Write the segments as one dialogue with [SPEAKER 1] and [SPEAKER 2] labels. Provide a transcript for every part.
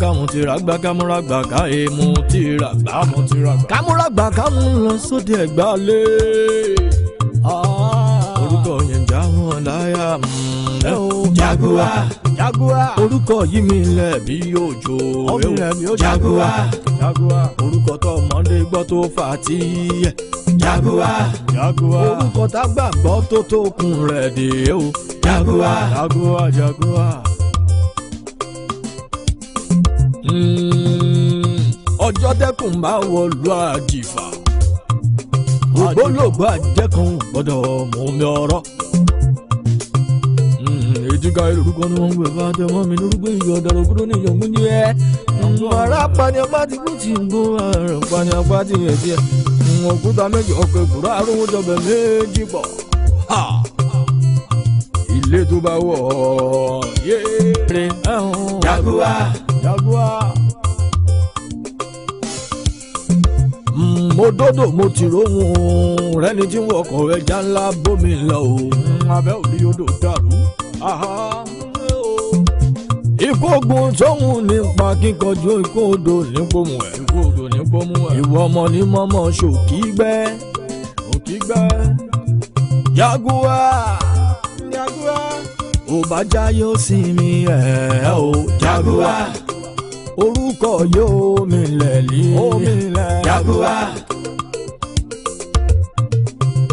[SPEAKER 1] ká mo ti rà gbà kámúràgbà ká èèmù ti rà gbà mo lọ sóde ẹ̀gbá lé. orúkọ yẹn já wọn láyà jagua mm. jagua orúkọ yìí mi lẹ̀ bí òjò jagua jagua orúkọ tó mọ́lé gbọ́ tó fà tí jagua jagua orúkọ tá gbàgbọ́ tó tó kun rẹ̀ dé o jagua jagua. jagua ọjọ́ dẹ́kun bá wọlú àdìfà ògbólógbò àjẹkùn gbọ́dọ̀ mú mi ọ̀rọ̀ hmm, ìdíga ìlúkọ ni wọ́n ń wẹ̀ bá tẹ wọ́n mi lórúkọ ìyọ̀ ọ̀dàrọ̀ òkúrò ní ìyọ̀ngún ni ẹ. ọ̀rá panìyàpá ti kú ti ń gbọ́ àrùn panìyàpá ti yẹ̀ díẹ̀. òkúta méjì ọ̀pẹ̀ kúrò àrùn jọbẹ̀ méjì pọ̀. ilé tó bá wọ̀ ọ́ yé. jagoa. Jaguar. mo dódò mo ti róhun rẹni tí wọn kọ ẹja ńlá bómi lọ o abẹ́ òní odò dàrú. ikú ogun tóhun nípa kíkanjú ikú odò nípòmù ẹ̀. ikú odò nípòmù ẹ̀. ìwọ ọmọ ní mọ́mọ́ ṣòkí gbẹ́. òkí gbẹ́. Jaguar. Jaguar. ò bá jáyé ó sinmi ẹ̀ ẹ́ o Jaguar orúkọ yóò milẹ̀ lé. Jaguwa.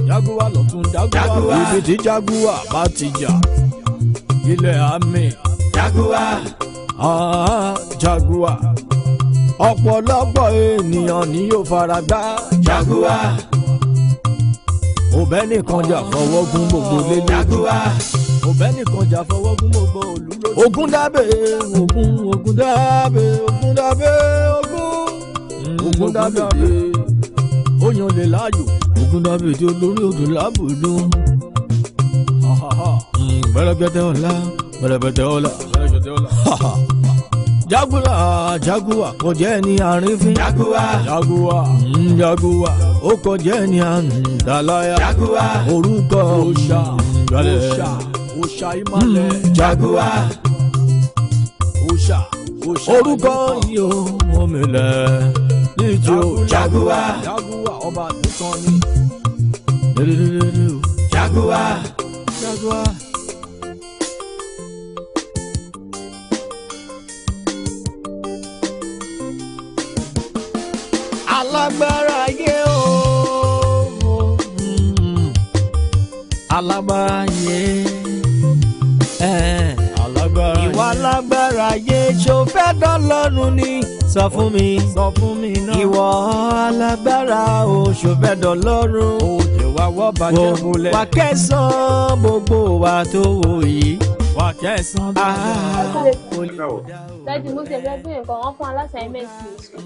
[SPEAKER 1] Jaguwa lọ́tún Jaguwa. Ibi tí Jaguwa bá ti jà, ilẹ̀ àmì. Jaguwa. Ah, Jaguwa. Ọ̀pọ̀lọpọ̀ ènìyàn ni yóò fara gbá. Jaguwa. Òbẹ́ nìkan jà fọwọ́ gún gbogbo lélẹ̀. Jaguwa ọbẹnìkan jà fọwọ́gún mo gbọ́ olúlo. ogun dábẹ́ ogun ogun dábẹ́ ogun dábẹ́ ogun
[SPEAKER 2] ogun dábẹ́
[SPEAKER 1] oyan lè láàyò. ogun dábẹ́ tí olórí odò lábùdó. bẹrẹbẹtẹ hmm, ọlá bẹrẹbẹtẹ ọlá jagula jagua kọjá ẹni àrífín. jagua jagua hmm, jagua ó kọjá ẹni àǹdàláyà. jagua orúkọ òòṣà hmm, òòṣà. Hmm, jagua usha, òòṣà orúkọ yìí ó mú mi lẹ̀ níjó jagua jagua ọba nìkan ni. jagua jagua. alágbára ye o hmm. alágbára ye ìwà lágbára yé ṣó fẹ́ dọ́lọ́run ni sọ fún mi ìwọ alágbára o ṣó dọ́lọ́run o wà kẹsàn-án gbogbo wa tó wò yìí wà
[SPEAKER 3] kẹsàn-án gbogbo wa tó wò yìí. Ah.
[SPEAKER 4] dájú mo ti fẹ́ gbé nǹkan wọn fún aláṣàmẹ́ǹtì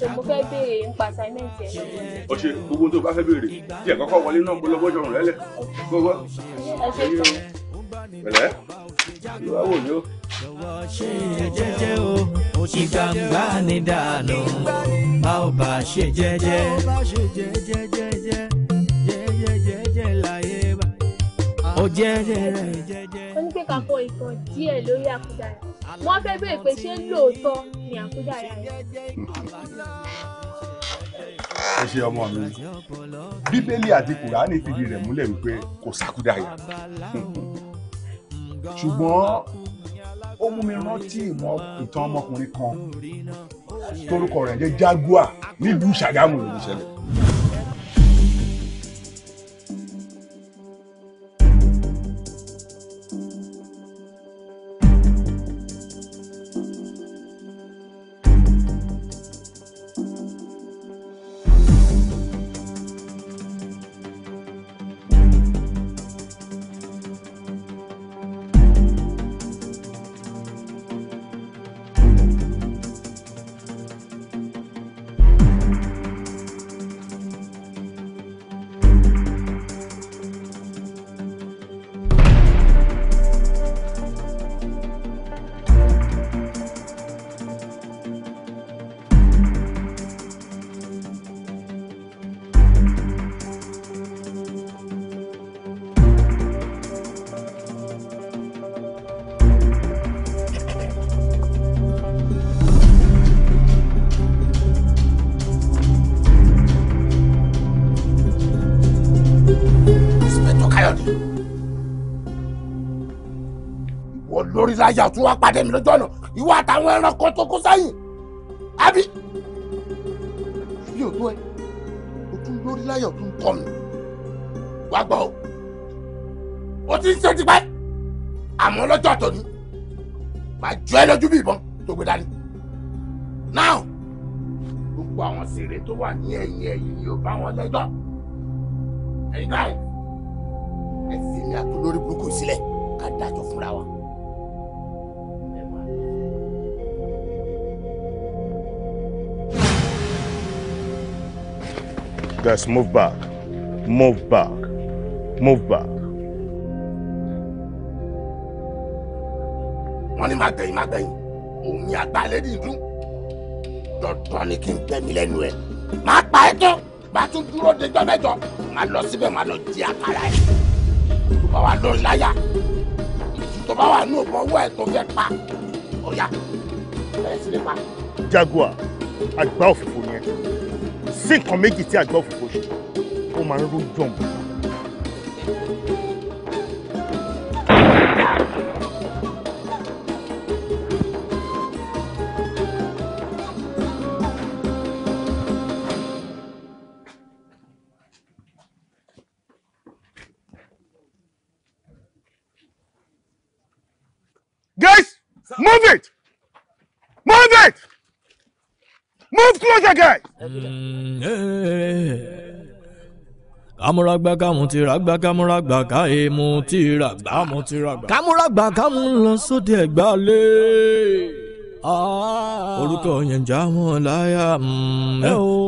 [SPEAKER 4] tó mo fẹ́ béèrè nípa aṣàmẹ́ǹtì ẹ̀.
[SPEAKER 3] ọ̀sẹ̀ gbogbo tó bá fẹ́ béèrè díẹ̀ kọ́kọ́ wọlé náà gbọ́dọ̀ bọ́jọ̀rùn lẹ́lẹ̀ gbogbo. ẹ ṣe tán olúwa wò ni ó.
[SPEAKER 1] lọ́wọ́ ṣe jẹ́jẹ́ o ìgbàgbá ni dànù bá ò bá ṣe jẹ́jẹ́. ó jẹ́jẹ́ rẹ̀ jẹ́jẹ́.
[SPEAKER 5] ó ní pé ká kọ ìtàn díẹ̀ lórí àkúdàáyà wọ́n fẹ́ bèèrè pé ṣé lóòótọ́
[SPEAKER 6] ni àkúdàáyà
[SPEAKER 5] rẹ̀.
[SPEAKER 3] ẹ ṣe ọmọ mi bíbélì àti kùránì fìdí rẹ̀ múlẹ̀ wípé kò sákúdàáyà ṣùgbọ́n ó mú mi rántí ìmọ̀ ìtàn ọmọkùnrin kan torúkọ rẹ̀ jẹ́ Jaguar nílùú Ṣàgámù ló ń àyà tún wá pàdé mi lójú ọ̀nà ìwọ àtàwọn ẹranko tó kó sẹ́yìn àbí àbí òtún ẹ òtún lórí láyọ̀ tún kọ́ mi wá gbọ́ o ti ń ṣe tipẹ́ àmọ́ lọ́jọ́ àtọ̀ni máa jọ ẹ lójú bí tó gbé dání náà gbogbo àwọn sèré tó wà ní ẹ̀yìn ẹ̀yìn yóò bá wọn lẹ́jọ́ ẹ̀yin náà. Yes, move back. Move back. Move back.
[SPEAKER 2] Wọ́n ní máa gbẹ̀yìn máa gbẹ̀yìn. Òun ni àgbà lédi ìlú.
[SPEAKER 3] Dandan ni kí n gbẹ̀mí lẹ́nu ẹ̀. Máa pa ẹ́ tán. Bá tún dúró déjọ́ mẹ́jọ. Máa lọ síbẹ̀ máa lọ di àkàrà ẹ̀. Olùkọ́ wa lọ láyà. Ìtú tó bá wà ní òpó owó ẹ̀ tó fẹ́ pa. Ó yá. Bẹ̀rẹ̀ sí pa. Jaguar, àgbá òfìfo ni ẹ sí nǹkan méjì tí àgbà òfófó ṣe ó máa ń rú jọ̀mù. move
[SPEAKER 1] closer guys. Mm. amúragbá kámú ti ragbá kámúragbá káyémú kamu ragbá mú ti ragbá. kámúragbá kámú lọ sóde ẹ̀gbá lé. Ah. orúkọ yẹn já wọn láyà mm.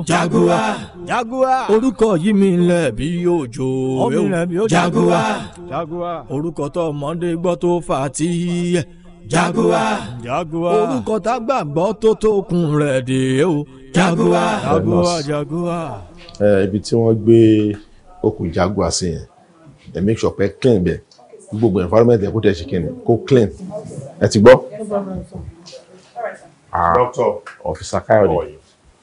[SPEAKER 1] jagua jagua orúkọ yìí mi lẹ̀ bí òjò jagua jagua orúkọ tó mọ́ndé gbọ́ tó fà á Jagua, jagua. orúkọ tá gbàgbọ́ tó tó kun rẹ̀ dé o. Jaguar. jagua, jagua.
[SPEAKER 3] ẹ ibi tí wọ́n gbé okùn jagua sí yẹn ẹ make sure pé clean bẹ gbogbo environment ẹ kó tẹ̀ ṣe kíni kó clean ẹ ti gbọ́. Ah, Doctor. Officer Kayode. you?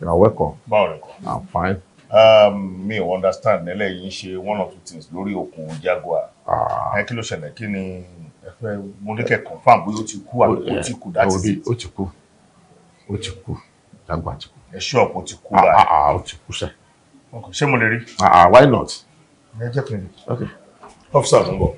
[SPEAKER 3] are welcome. Báwo ni kò? Ah, I'm fine. Um, mi ò understand nílẹ̀ yìí ń ṣe one or two things lórí okùn Jaguar. Ah. Ẹ kí ló ṣẹlẹ̀ kí ni mo ní kẹ́ confirm bóyá ó ti kú àbí ó ti kú dájú sí. ó ti kú ó ti kú dàgbà ti kú. ẹ ṣé ti kú báyìí. àà ah, ah, ah, ó ti kú sẹ́. ṣé mo lè rí. àà why not. ẹ jẹ́ kí n officer ló ń bọ̀.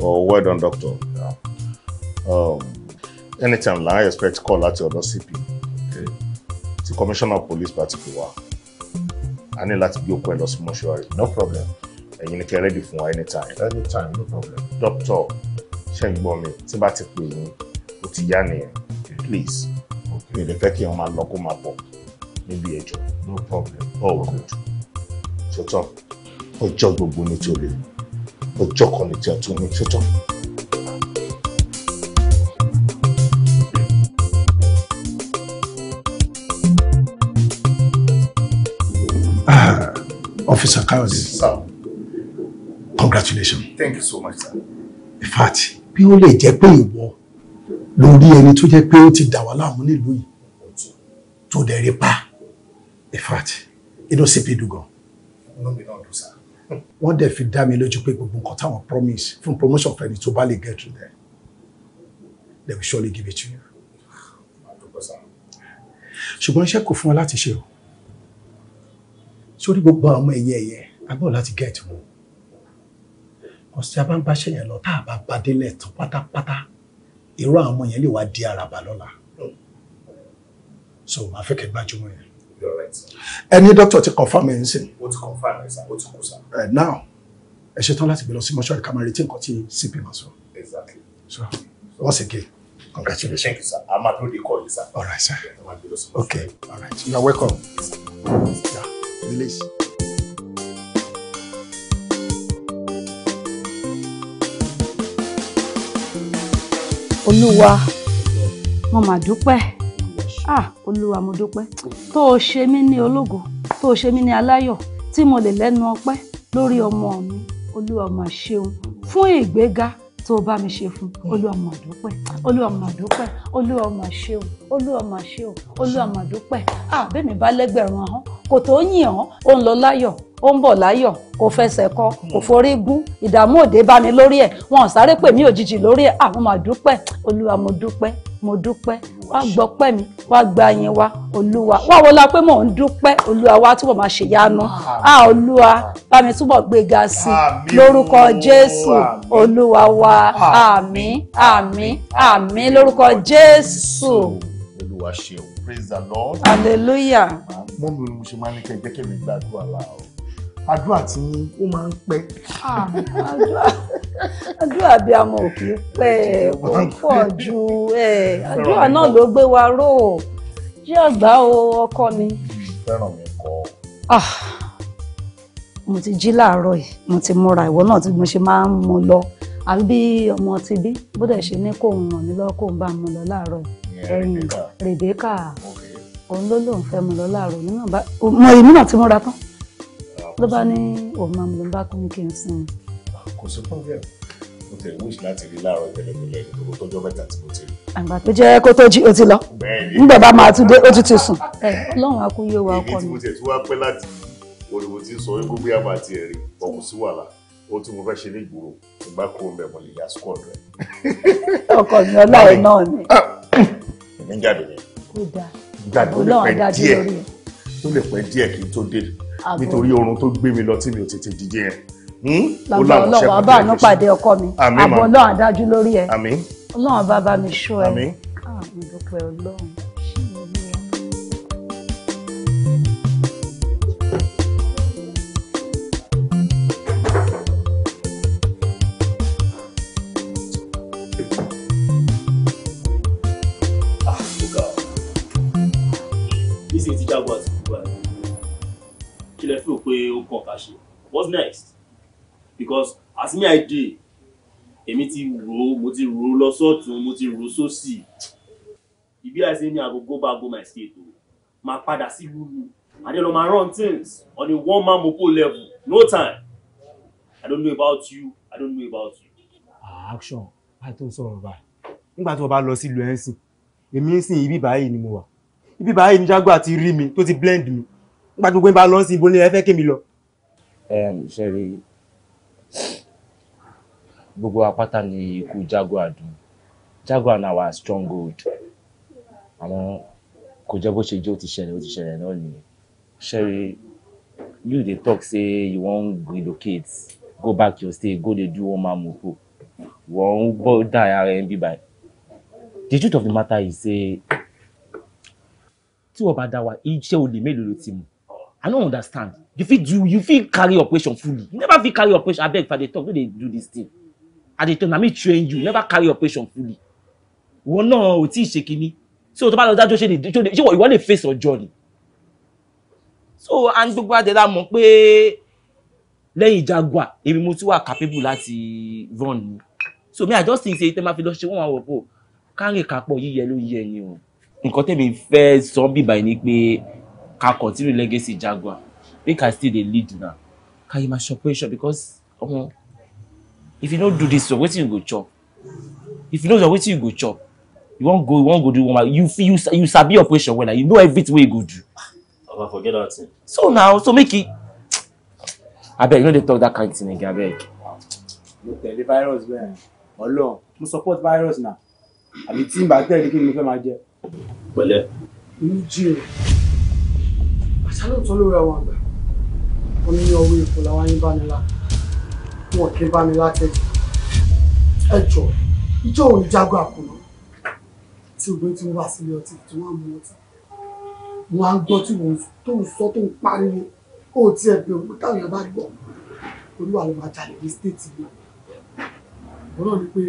[SPEAKER 3] Oh, well done, doctor um, anytime la I expect call láti ọ̀dọ̀ CP ti commissioner of police particular a ní láti gbé òkú ẹ lọ sí mọ́ṣúárì. no problem. ẹ̀yin ni kẹ́ ready fún wa anytime. anytime no problem. doctor ṣe ń gbọ́ mi tí bá ti pè yín ó ti yá nìyẹn please mi lè fẹ́ kí wọ́n máa lọ kó máa bọ̀ níbi ẹjọ́. no problem. all good. ṣètò ọjọ́ gbogbo nítorí ọjọ́ kan ní tí a ní ṣètò. Officer Kaozi. Sir. Congratulations. Thank you so much, sir. In fact, bí ó lè jẹ́ pé ìwọ ló rí ẹni tó jẹ́ pé ó ti dà wá láàmú nílùú yìí tó dẹ̀ rí pa. In fact, inú sì bí dùn gan. Inú mi náà dùn sá. Wọ́n dẹ̀ fi dá mi lójú pé gbogbo nǹkan táwọn promise fún promotion fẹ́ni tó bá lè get through there. They will surely give it to you. Ṣùgbọ́n iṣẹ́ kò fún ọ láti ṣe o sórí gbogbo àwọn ọmọ ẹ̀yẹ ẹ̀yẹ agbọ́n láti gẹ̀ẹ́tì wọn ọ̀sẹ̀ abáńbáṣẹ́ yẹn lọ tá a bá padé lẹ́tọ̀ pátápátá irú àwọn ọmọ yẹn lè wá di àràbà lọ́la so màá fẹ́ kẹ́ gbájúmọ́ yẹn. ẹni dókítà ti confirm ẹ̀ ń sìn. ó ti confirm ẹ̀ sá ó ti kú sá. ẹ now ẹ ṣetán láti gbé lọ sí mọ́ṣúárì ká máa retí nǹkan tí cp máa sọ. exactly. so once again congratulations. thank you sir i'm at no dey call sir. all right sir okay all right you are welcome. yeah village. olúwa
[SPEAKER 6] mo mà dúpẹ́ ah olúwa mo dúpẹ́ tó o ṣe mí ní ológo tó o ṣe mí ní aláyọ̀ tí mo lè lẹ́nu ọpẹ́ lórí ọmọ mi olúwa mà ṣeun fún ìgbéga tó bá mi ṣe fún olúwa mà dúpẹ́ olúwa mà dúpẹ́ olúwa mà ṣe o olúwa mà ṣe o olúwa mà dúpẹ́ àbẹ̀mí ah, bá lẹ́gbẹ̀rún ahọ́n kò tó yìn án ó ń lọ láyọ̀ ó ń bọ̀ láyọ̀ kò fẹsẹ̀ kọ kò forí gún ìdààmú òde bá mi lórí ẹ̀ wọn ò sáré pè mí òjijì lórí ẹ̀ àwọn mà dúpẹ́ olúwa mo dúpẹ́ mo dúpẹ́ wá gbọ́pẹ́ mi wá gba yín wá olúwa wá wọlá pé mò ń dúpẹ́ olúwa wá túbọ̀ máa ṣe yanu á ah, olúwa bá mi túbọ̀ gbéga sí lórúkọ jésù olúwa wa ah. àmín àmín àmín lórúkọ
[SPEAKER 3] jésù. olúwa praise the lord. hallelujah. mọ́mi mo ṣe máa ní kẹ́ gbẹ́kẹ̀lé gbàdúrà láàárọ̀ àdúrà tí ó máa ń pẹ́. Ah, àdúrà bí a mọ̀ kí
[SPEAKER 6] pẹ́ kò pọ̀ ju àdúrà náà ló gbé wa ró o ṣé àgbà o ọkọ mi.
[SPEAKER 7] fẹ́ràn mi kọ́.
[SPEAKER 6] Ah, mo ti jí láàárọ̀ yìí mo ti múra ìwọ náà tí mo ṣe máa ń mú lọ àbí bí ọmọ ti bí bó dẹ̀ ṣe ní kóun ràn mí lọ́wọ́ kóun bá mú lọ láàárọ̀ yìí Rebecca òun ló lóun fẹ́ mú lọ láàárọ̀ mo èmi náà ti múra tán
[SPEAKER 3] ló bá ní òun máa mú ló bá kún kí n sinmi. kò sí problem mo tẹ̀ wíṣ láti rí láàárọ̀ tẹ̀lẹ̀tẹ̀lẹ̀ ìdòwò tọ́jọ́ mẹ́ta tí mo ti rí. àgbà tó jẹ́ kó
[SPEAKER 6] tó jí o ti lọ nígbà bá máa tún dé ó tún ti sùn
[SPEAKER 3] lọ́run akú yóò wá ọkọ mi. èmi tí mo tẹ̀ tí wọ́n á pẹ́ láti òrìwò tí ń sọ wípé bí a máa tún mo fẹ́ ṣe ní ìgboro ìgbà kó ń bẹ̀ lè yá sùkọ́ ọ̀dọ̀
[SPEAKER 8] ọkọ mi ọláì náà ni.
[SPEAKER 3] èmi ń jáde ni. kódà ọlọ́run dájú lórí ẹ̀. ó lè pẹ́ díẹ̀ kí n tó dé nítorí oorun tó gbé mi lọ tí mi ò tètè dìde yẹn. lọ́wọ́ ọlọ́wọ́ abáàánú pàdé ọkọ mi àbọ̀ ọlọ́run
[SPEAKER 6] adájú lórí ẹ ọlọ́run bá bá mi ṣọ́ ẹ àmì
[SPEAKER 4] ìdúpẹ́ ah, ọlọ́run.
[SPEAKER 3] nǹkan ká ṣe what's next because as me i dey èmi ti rò ó mo ti rò ó lọ sọ́tún mo ti rò ó sósì ìbí àìsí mi àgò go back go my state o máa padà sí lulu adélọ́ máa run things on a one man mopo level no time i don't know about
[SPEAKER 7] you i don't know about you.
[SPEAKER 3] Ah, action báyìí tó ń sọ̀rọ̀ báyìí nígbà tí wọ́n bá lọ sílùú ẹ̀sìn èmi ń sìn ibi báyìí ni mo wà ibi báyìí ni jágbá ti rí mi tó ti blend mi nígbà tí gbogbo ń bá lọ sí ibo ni ẹ fẹ́ kí mi lọ
[SPEAKER 9] ṣe rí gbogbo apáta ni ikú jaguar dùn jaguar na our stronghold àwọn kò jẹ́ bó ṣe jẹ́ ó ti ṣẹlẹ̀ ó ti ṣẹlẹ̀ náà nìyẹn ṣe you dey talk say you wan relocate go back your state go dey do one man mopo wọ́n ń die dá ara ẹ̀ ń bíbá ẹ̀ the truth of the matter is say tí wọ́n bá dá wa iṣẹ́ olè mélòó ló ti mú i no understand you fit do you fit carry operation fully you never fit carry operation abeg if i dey talk no dey do this thing i dey talk na me train you never carry operation fully wọn náà ò tí ì ṣe kinní so tó bá lọ dájú ṣe lè ṣe ìwọ lè face ọjọ́ ni so and gbogbo adela mọ̀ pé lẹ́yìn Jaguar èmi mo tún wà capable láti run ni so me i just think say tẹ́ máa fi lọ ṣe wọ́n àwọn òpó oh, kárìn kápọ̀ yíyẹ ló yẹ ni o nǹkan tẹ̀mí fẹ́ sọ bíbá ẹ̀ ni pé ká continue legacy Jaguar make i still they lead now. Can you must wey shop because omo um, if you don't do this one wetin you go chop if you no do wetin you go chop you won't go you wan go do one. you fit you, you sabi operation when you know everything you go do. oga forget that thing. so now so make it. E, I beg, you know dey talk that kind thing again beg. mo tẹ̀lé virus bẹ́ẹ̀ ọlọ́run mo support virus now. àbí tí n
[SPEAKER 3] bá
[SPEAKER 8] tẹ̀lé kí ni mo fẹ́ máa jẹ. pẹ̀lẹ́. ní jí o àṣà náà tán ló ra wọn kan ní ọwọ́ èkó làwọn yín bá mi la wọn kì í bá mi látẹ̀jù ẹ jọ ìjọ òun jágó àkùnà tí ògbé tí wọ́n wá sílé ọtí tí wọ́n mú ọtí wọn á gbọ́ tí wọ́n tó ń sọ tó ń pariwo ó ti ẹ̀ bẹ̀rù pé táwọn yẹn bá gbọ́ olúwa ló máa jalè ní stéètì náà wọn náà ní pé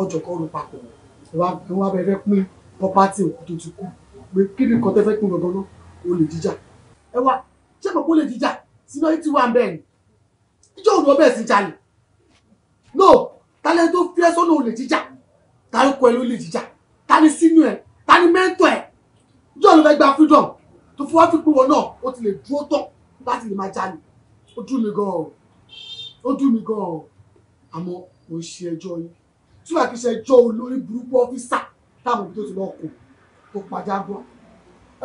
[SPEAKER 8] ọjọ́ kan ló papọ̀ wọn wá bẹ̀rẹ̀ pín pọ́pátì òkú tó ti kú pé kí ni nǹkan tẹ́ pín gangan náà olè jíjà
[SPEAKER 3] ẹ wá ṣé mo kó lè jíjà seniority wà bẹ́ẹ̀ ni ìjọ òun ọbẹ̀ sí jalè no talent e. e. tó fi ẹ sọ́nà olè jíjà ta ló kọ ẹ lólè jíjà ta ni senior ẹ ta ni mentor ẹ ìjọ òun fẹ́ gba freedom tó fi wá fi pé wọn náà ó ti lè dúró tán láti lè máa jalè ó dùn mí gan-an ó dùn mí gan-an àmọ́ mo ń ṣe ẹjọ́ yín tí wàá kí ṣe ẹjọ́ olórí burúkú ọ́fíìsà táwọn òbí tó ti lọ kó tó pàjágbọ́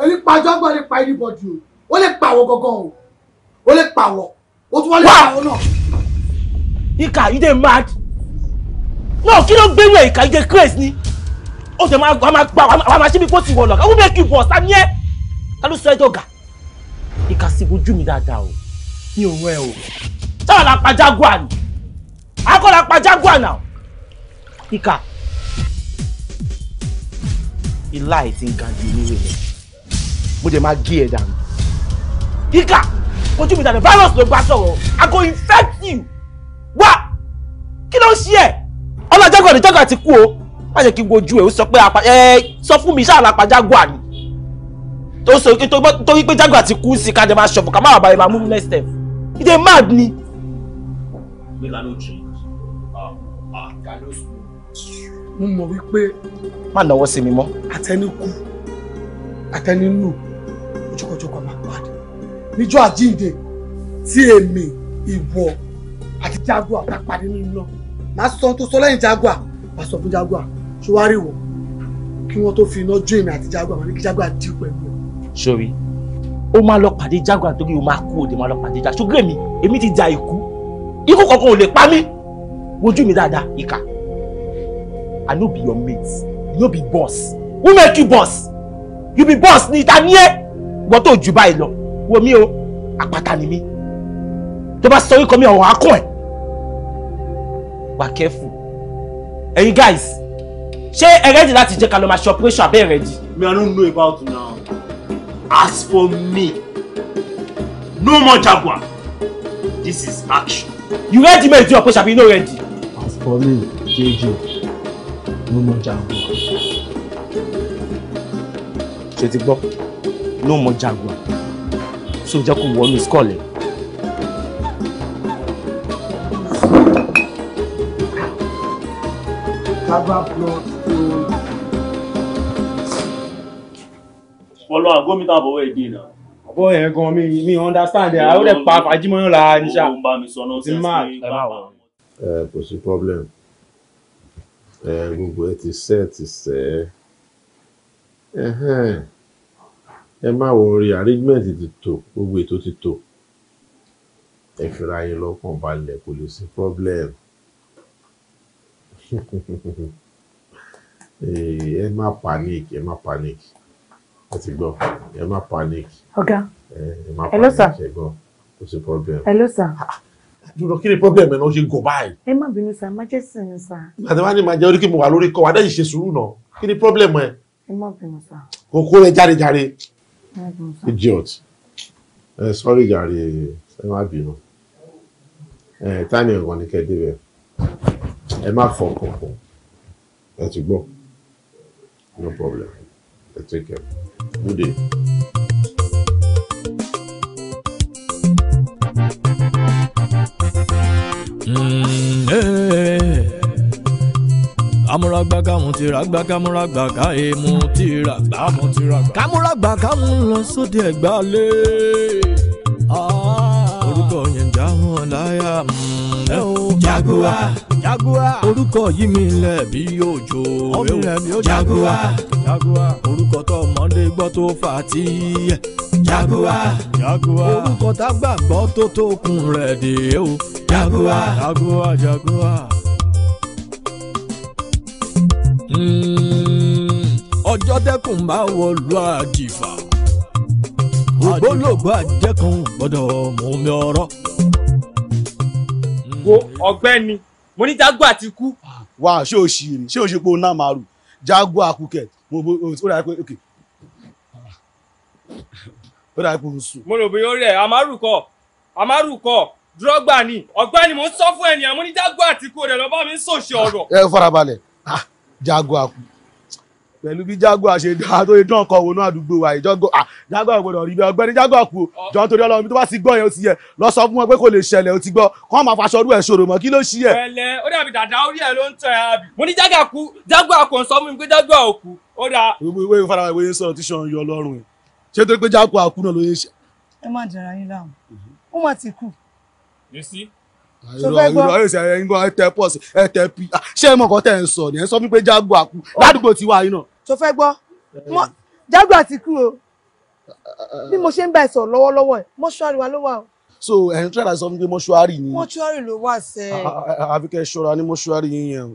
[SPEAKER 3] ẹni pàjágbọ́ lè pa anybody o ó lè pa àwọn gangan o ó lè pàwọ̀ ó tún wá lè pàwọ̀ náà. ìkà yìí dé mad náà kí ló gbé wẹ̀ ìkà yìí dé craze ni ó sì máa gbà wá máa ṣe bí kó ti wọ̀ lọ́gà ó bẹ́ẹ̀ kí bọ̀ sani ẹ́ ká ló sọ ẹ́ dọ̀gà ìkà sì wojú mi dáadáa o ní òun ẹ o sáwọn la pa jaguar ni akọ́ la pa jaguar náà ìkà ìlà ìsìn gàdí oníwèé mo dẹ̀ máa gé ẹ̀ dànù ìkà ojú mi dàbí virus ló gbà sọ̀rọ̀ i go infect you wá kí ló ń ṣe ẹ̀ ọlá jaguar ni jaguar ti kú o má jẹ́ kí n wojú ẹ̀ ó sọ pé ẹ sọ fún mi ṣáà lápá jaguar ni tó sọ pé tó yí pé jaguar ti kú sí kájọ máa ṣọ̀bù ká má bàbá rẹ̀ máa move next step he dey mad ni. Ah, ah, mo mọ̀ wípé. má náwó sí mi mọ́. àtẹnikù àtẹninú ojúkọjọkọ máa
[SPEAKER 8] níjọ́ àjíǹde tí èmi ìwọ àti jaguar bá pàdé nínú náà màá sọ tó sọ lẹ́yìn jaguar màá sọ fún jagua. ṣó wá rí wọ
[SPEAKER 3] kí wọ́n tó fi iná jó èmi àti jaguar màá ní kí jaguar dín pẹ̀lú ẹ̀. sori ó máa lọ pàdé jaguar torí o máa kú òde máa lọ pàdé jaguar ṣùgbọ́n èmi èmi ti ja ikú ikú kankan ò lè pa mí wojú mi dáadáa ìkà i no be your mate you no be boss who make you boss you be boss ni ìta ní ẹ ìwọ tó jù báyìí lọ wo mi o àpáta ni mi tó bá sọ wíkọ mi ọ̀hún á ẹ̀
[SPEAKER 9] wà careful ẹ̀yin guys ṣé ẹ ready láti jẹ́ ká lọ máa ṣe operation abẹ́ rẹ̀ di. me i no know about now as for me
[SPEAKER 3] no more jaguar this is action. you ready make you do operation abi you no ready. as for me J.J. no more jaguar.
[SPEAKER 9] ṣe ti gbọ́ no more jaguar so jẹ́ kó wọnú skọ́ọ̀lì.
[SPEAKER 3] Fọlọ́ àgọ́ mi tàbọ̀ wẹ̀ dín náà. Àbọ̀ yẹn gan mi mi understand ẹ̀ àwọn ọ̀dẹ̀ pa yóò la níṣà. Ó ń bá mi sọ sí ẹ̀ bá kò sí problem. gbogbo ẹ ti sẹ́ ti sẹ́ ẹ má wọrí arrangement ti tò gbogbo ètò ti tò ẹ fira yín lọ́kàn balẹ̀ kò lè sí problem ẹ má panic ẹ má panic ẹ ti gbọ́ ẹ má panic. ọ̀gá ẹ ló panic ẹ gbọ́ kò sí problem. ẹ ló sà. Dúró kí ni problem ẹ̀ náà ṣe gò báyìí?
[SPEAKER 10] Ẹ má bínú sá, má jẹ́ sìn sá. Àti
[SPEAKER 3] wá ní màá jẹ́ orí kí mo wà lórí kọ́, Adé yìí ṣe sùúrù náà. Kí ni problem ẹ?
[SPEAKER 2] Ẹ má bínú sá.
[SPEAKER 3] Kò kó jáde jáde idiot ẹ sọ́rí gàrí ẹ má bínú ẹ táìmì ẹ̀gbọ́n ni kẹ́ ẹ débẹ̀ ẹ má fọ kọ̀ọ̀kan ẹ ti gbọ́
[SPEAKER 7] no problem ẹ take care good day.
[SPEAKER 1] kámúrágbá kámú ti ràgbá kámúrágbá ká èmu ti lọ sóde ẹ̀gbá lé. orúkọ yẹn já wọn láyà jagua mm. jagua orúkọ yìí mi lẹ̀ bí òjò jagua jagua orúkọ tó ọmọdé gbọ́ tó fà tí jagua jagua orúkọ tá gbàgbọ́ tó tó kun rẹ̀ dé o jagua jagua jagua. jagua. Mm. ọjọ́ dẹ́kun bá wọlú àdìfà ògbólógbò
[SPEAKER 3] àjẹkùn gbọ́dọ̀ mú mi ọ̀rọ̀. Mm. wo ọ̀gbẹ́ni mo ní jaguar ti kú. wà á ṣé o ṣì rè ṣé o ṣe pé o ná màrú jaguar kúkẹ mo bó o rà pé ok ó dà pé o ń sùn. mo rò
[SPEAKER 1] bí ó rẹ̀ amaru kọ amaru kọ drọgba ni ọ̀gbẹ́ni mo ń sọ fún ẹnìyàn mo ní jaguar ti kú rẹ lọ bá mi ń sòṣì ọ̀rọ̀. ẹ
[SPEAKER 3] farabalẹ̀ Jaguar kù pẹ̀lú bí Jaguar ṣe dáa tó ṣe dán ọkọ̀ wọnú àdúgbò wa yìí Jaguar ah, gbọdọ̀ rí bí ọgbẹ́ni Jaguar kù o oh. jọ nítorí ọlọ́run tó bá ti gbọ́ yẹn ó ti yẹ lọ sọ fún wọn pé kò lè ṣẹlẹ̀ ó ti gbọ́ kọ́ ọ́n máa faṣọ ọdún ẹ̀ ṣòro mọ́ kí ló ṣí ẹ̀. ẹlẹ ó dàbí dàda orí ẹ ló ń tẹ ẹ àbí mo ní Jaguar kù Jaguar kò ń sọ fún mi pé Jaguar ò kù ó dáa. gbogbo ìwé ìfarahàn ìwé sọ̀rọ̀ tí sọ̀rọ̀ yọ lọ́rùn ẹ̀ ṣé torí pé Jaguar kù náà ló yẹ ṣe.
[SPEAKER 10] ẹ má jẹrà yín láwọn mhm. ó má ti kù.
[SPEAKER 2] lè sí
[SPEAKER 3] ayọ̀ ṣe ẹ ń gbọ́ ẹ tẹ pi ah, ṣé ẹ mọ̀ nǹkan tẹ̀ ń sọ ni ẹ sọ wípé jágbó àkú ládùúgbò tiwa yìí náà.
[SPEAKER 10] tó fẹ́ gbọ́ eh. jágbó àti kú o
[SPEAKER 2] eh,
[SPEAKER 10] bí mo ṣe ń bá ẹ sọ̀rọ̀ lọ́wọ́lọ́wọ́ ẹ̀ mọ́ṣúárì wa ló wà o.
[SPEAKER 3] so ẹ̀ ń tẹ́lá sọ wípé mọ́ṣúárì ni.
[SPEAKER 10] mọ́ṣúárì ló wà sẹ́.
[SPEAKER 3] Ah, ah, àfi kẹ́ ẹ ní mọ́ṣúárì yín yẹn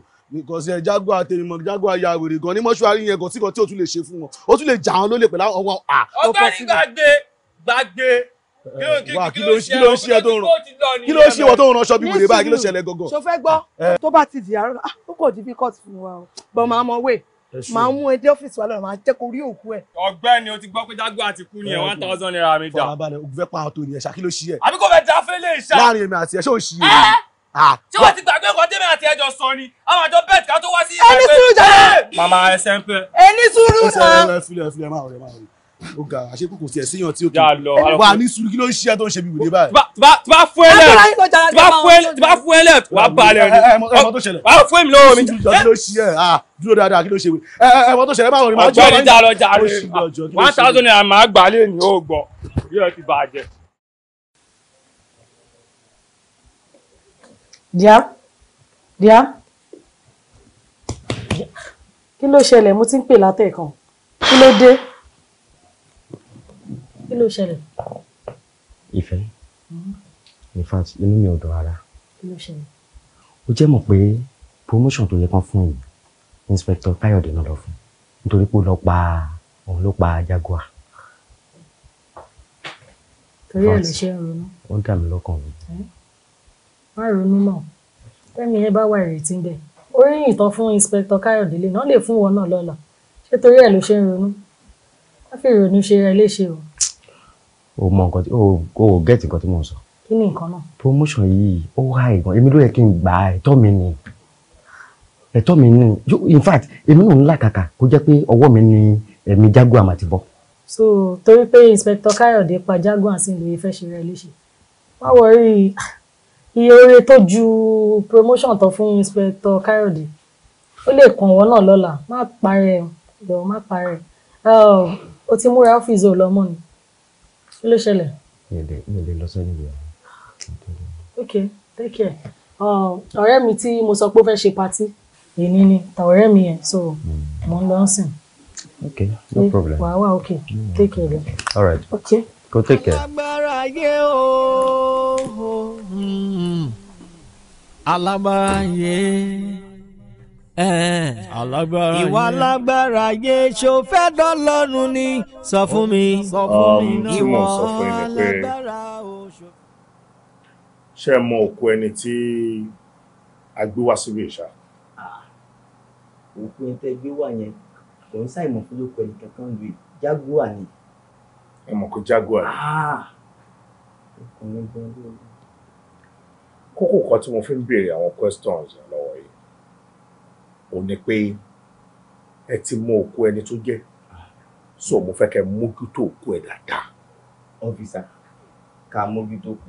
[SPEAKER 3] o sí ẹ jágbó àtẹnumọ jágbó àyà wèrè gan ní mọ́ṣúárì yẹn gan síkan tí o tún lè ṣe fún wọn o tún lè jà wọn lólè pẹ̀lú àwọn ọwọ́ à. ọgbẹ́ni gbàgbé gbàgbé kí ló ń ṣe ẹ tó ń rọ
[SPEAKER 1] kí ló ń ṣe ìwọ tó ń ránṣọ bí wèrè báyìí kí ló ṣẹlẹ̀ gangan. so
[SPEAKER 10] fẹ́ gbọ́ eh. tó bá ti di àárọ̀ ah, ó kò di bí kóòtù fún wa o bọ́ hmm. máa mọ wé máa mú ẹdẹ ọ́fíìsì wa lọ́nà máa jẹ́ kó rí òkú ẹ̀. ọ̀gbẹ́ni o ti gbọ́ pé jágbó àti kú ni ẹ̀ one thousand
[SPEAKER 3] naira mi dà. fọlábalẹ̀ o fẹ́ pa àwọn tó ní ẹ̀ṣà kí ló ṣe ẹ̀. àbí kò fẹ́ da
[SPEAKER 10] fẹ́lẹ̀ ìṣá. láàrin
[SPEAKER 3] èmi àti ẹ̀ṣọ́ òṣì ẹ̀. tí wọ́n ti gbàgbé nǹkan tẹ́mi àti ẹjọ́ sọ ni àwọn àjọ bẹ́ẹ̀tì ká tó wá sí. ẹni sùúrù jẹ́. Eh!
[SPEAKER 9] màmá ẹsẹ̀ ń
[SPEAKER 3] pẹ́. ẹni sùúrù náà ó ga àṣekú kò tiẹ̀ síyàn tí ó kì wà ní sùúrù kí ló ń ṣiṣẹ́ tó ń ṣe bí wùdí báyìí. tí bá fún ẹlẹ tí bá fún ẹlẹ wà á balẹ̀ ni wà á fún èmi lọ́wọ́ mi. dúró ló ṣiṣẹ́ ah dúró dáadáa kí ló ṣe wí ẹ ẹ mọ́tò ṣẹlẹ̀ báwo ni màá jẹ́ ọ̀gbẹ́ni jà lọ jà rẹ̀ one thousand naira màá gbà lé ní òògbọ̀ yóò ti bàjẹ́. díà
[SPEAKER 6] díà kí ló ṣẹlẹ̀ mo ti ń pè
[SPEAKER 5] látẹ̀kan kí ló dé kí ló ṣẹlẹ̀.
[SPEAKER 7] ìfẹ́ in fact inú mi ò dùn rárá. kí ló ṣẹlẹ̀. ó jẹ́ mọ̀ pé promotion tó yẹ kán fún yìí inspector Káyọ̀dé náà lọ fún nítorí pé ó lọ pa òun ló pa jaguar.
[SPEAKER 5] torí ẹ̀ ló ṣe ń ronú.
[SPEAKER 7] ó dà mí lọ́kàn mi.
[SPEAKER 5] má ronú mọ́ fẹ́mi ẹ bá wà ìrètí ń bẹ̀ oríyìn tán fún inspector Káyọ̀dé lè náà lè fún wọn náà lọ́la ṣé torí ẹ̀ ló ṣe ń ronú. ká fi ìrònú ṣe ẹ léṣe o
[SPEAKER 9] o mọ nǹkan tí
[SPEAKER 7] o o get nǹkan tí mò ń sọ. kí ni nǹkan náà. promotion yìí ó wá ìgbọ̀n èmi ló yẹ kí n gbà á ẹ̀tọ́ mi ni ẹ̀tọ́ mi ni in fact èmi náà ń làkàkà kó jẹ́ pé ọwọ́ mi ni ẹ̀mí jaguar mà ti bọ́.
[SPEAKER 5] so torí pé inspector Káyọ̀dé pa jaguar sí ìlú ìfẹ́ ṣe rẹ léṣe wá wọrí iye oore tó ju promotion tán fún inspector Káyọ̀dé ó lè kàn wọ́n náà lọ́la má parẹ́ lọ má parẹ́ ó ti múra ọ́fíìsì ò lọ́mọ ni kí ló ṣẹlẹ̀.
[SPEAKER 8] mi ò lè lọ sẹ́yìn ìyá.
[SPEAKER 5] ok take care um, ọ̀rẹ́ mi tí mo sọ pé ó fẹ́ ṣe patí èyí ni tàwọ̀rẹ́ mi yẹn so hmm. mo ń lọ sìn.
[SPEAKER 1] ok no problem.
[SPEAKER 5] wàá wà ok take care. all right ok
[SPEAKER 1] go take care. alágbára ayé o hmm. alágbára ayé alágbára yé. ìwà alágbára yé ṣó fẹ́ dọ́lọ́run ni sọ fún mi. sọ fún mi náà ìwà alágbára o ṣó.
[SPEAKER 3] ṣé ẹ mọ òkú ẹni tí a gbé wá síbi ìṣá. Ah, òkú ẹni tẹ gbé wá yẹn kò ń ṣàìmọ̀ fún lóko ẹni kankan lu jaguar ni. ẹ mọ̀ kó jaguar ni. Ah! kókó kan tí mo fi ń béèrè àwọn questions lọ́wọ́ yìí ò ní pé ẹ ti mọ òkú ẹni tó jẹ́ so mo fẹ́ kẹ́ mójútó òkú ẹ̀ dáadáa.
[SPEAKER 7] ọ́fíìsà ká mójútó kù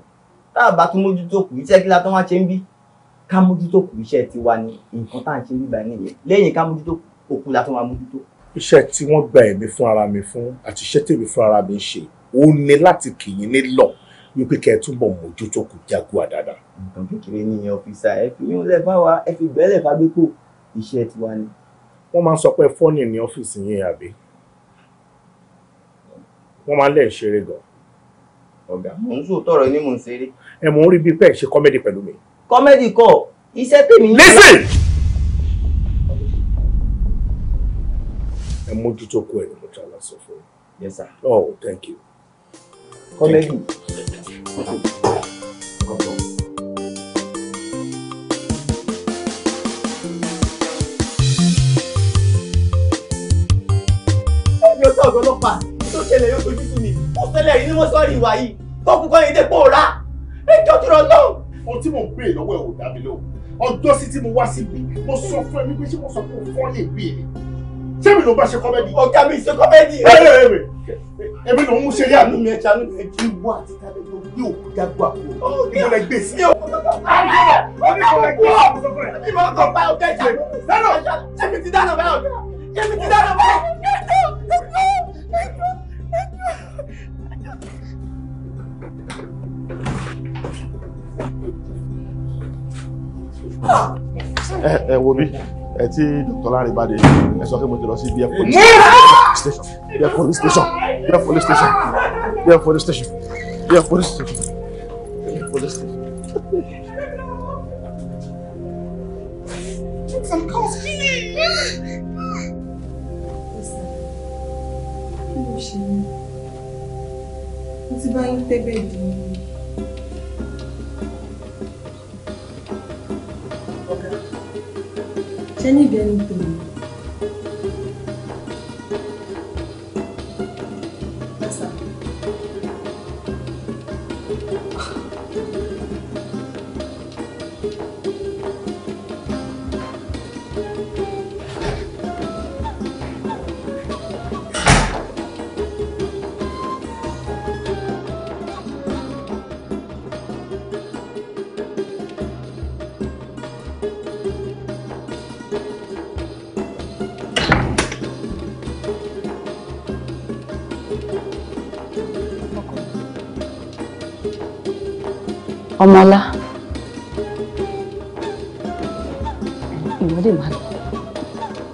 [SPEAKER 7] tá a bá tún mójútó kù iṣẹ́ kí la tán wá ṣe ń bí ká mójútó kù iṣẹ́ tiwa ni nǹkan tá à ń ṣe nígbà nìyẹn lẹ́yìn ká mójútó òkú la tún wá mójútó.
[SPEAKER 3] iṣẹ́ tí wọ́n gba ẹ̀mí fún ara mi fún àti iṣẹ́ tèmi fún ara mi ń ṣe ó ní láti kìyìn nílọ̀ wípé kẹ́ ẹ túbọ̀ mójútó kù jágùá dáadáa. nǹkan kékeré iṣẹ́ tiwa ni. wọ́n máa ń sọ pé fọ́ọ̀nì ní ọ́fíìsì yín àbí wọ́n máa ń lẹ̀ ṣeré gan. ọ̀gá mò ń sòótọ́ ọ̀rọ̀ ni mò ń ṣeré. ẹ mò ń rí bí pẹ́ẹ́ ṣe kọ́mẹ́dì pẹ̀lú mi.
[SPEAKER 7] kọ́mẹ́dì kọ́ iṣẹ́ tèmi. listen.
[SPEAKER 3] ẹ mójútó kú ẹ ní mo tààlà sọ fún yín. yes sir. oh thank you. kọ́mẹ́dì. ọ̀dọ̀ ọlọ́pàá tó ṣẹlẹ̀ yóò fojú sùn ni ó ṣẹlẹ̀ yìí ní wọ́n sọ́ọ̀rì ìwà yìí kọ́kùn kan èdè pò rà ẹjọ́ tó rọ ohun tí mò ń béèrè lọ́wọ́ ẹ̀ ò dá mi ọjọ́ sí tí mo wá síbi mo sọ fún ẹ wípé ṣé mo sọ fún fún lè bí ẹ ṣé mi ló bá ṣe kọ́mẹ́dì. ọ̀gá mi ṣe kọ́mẹ́dì. èmi ló ń mú ṣe yá mi. mi ẹja mi ẹjú wá àti tábẹ́ tó ní òkú àpò.
[SPEAKER 2] ìbò lẹ gbèsè. mi ò kọ́ bá ọ̀gá ìjà. sẹ́nu ṣé mi ti dáná báyọ̀ ṣé mi ti dáná báyọ̀.
[SPEAKER 3] ẹ wo bí ẹ tí dr larry bá dé ẹ sọ pé mo ti lọ sí bia police station bia police station bia police station bia police station bia police station bia police station.
[SPEAKER 2] Some calls, please. Listen.
[SPEAKER 10] Kí ló ṣe mí? Mo ti bá yín tẹ́bẹ̀ẹ́ yìí. ṣe níbẹ̀ ni tòun.
[SPEAKER 6] ọmọlá ìwọ lè má lọ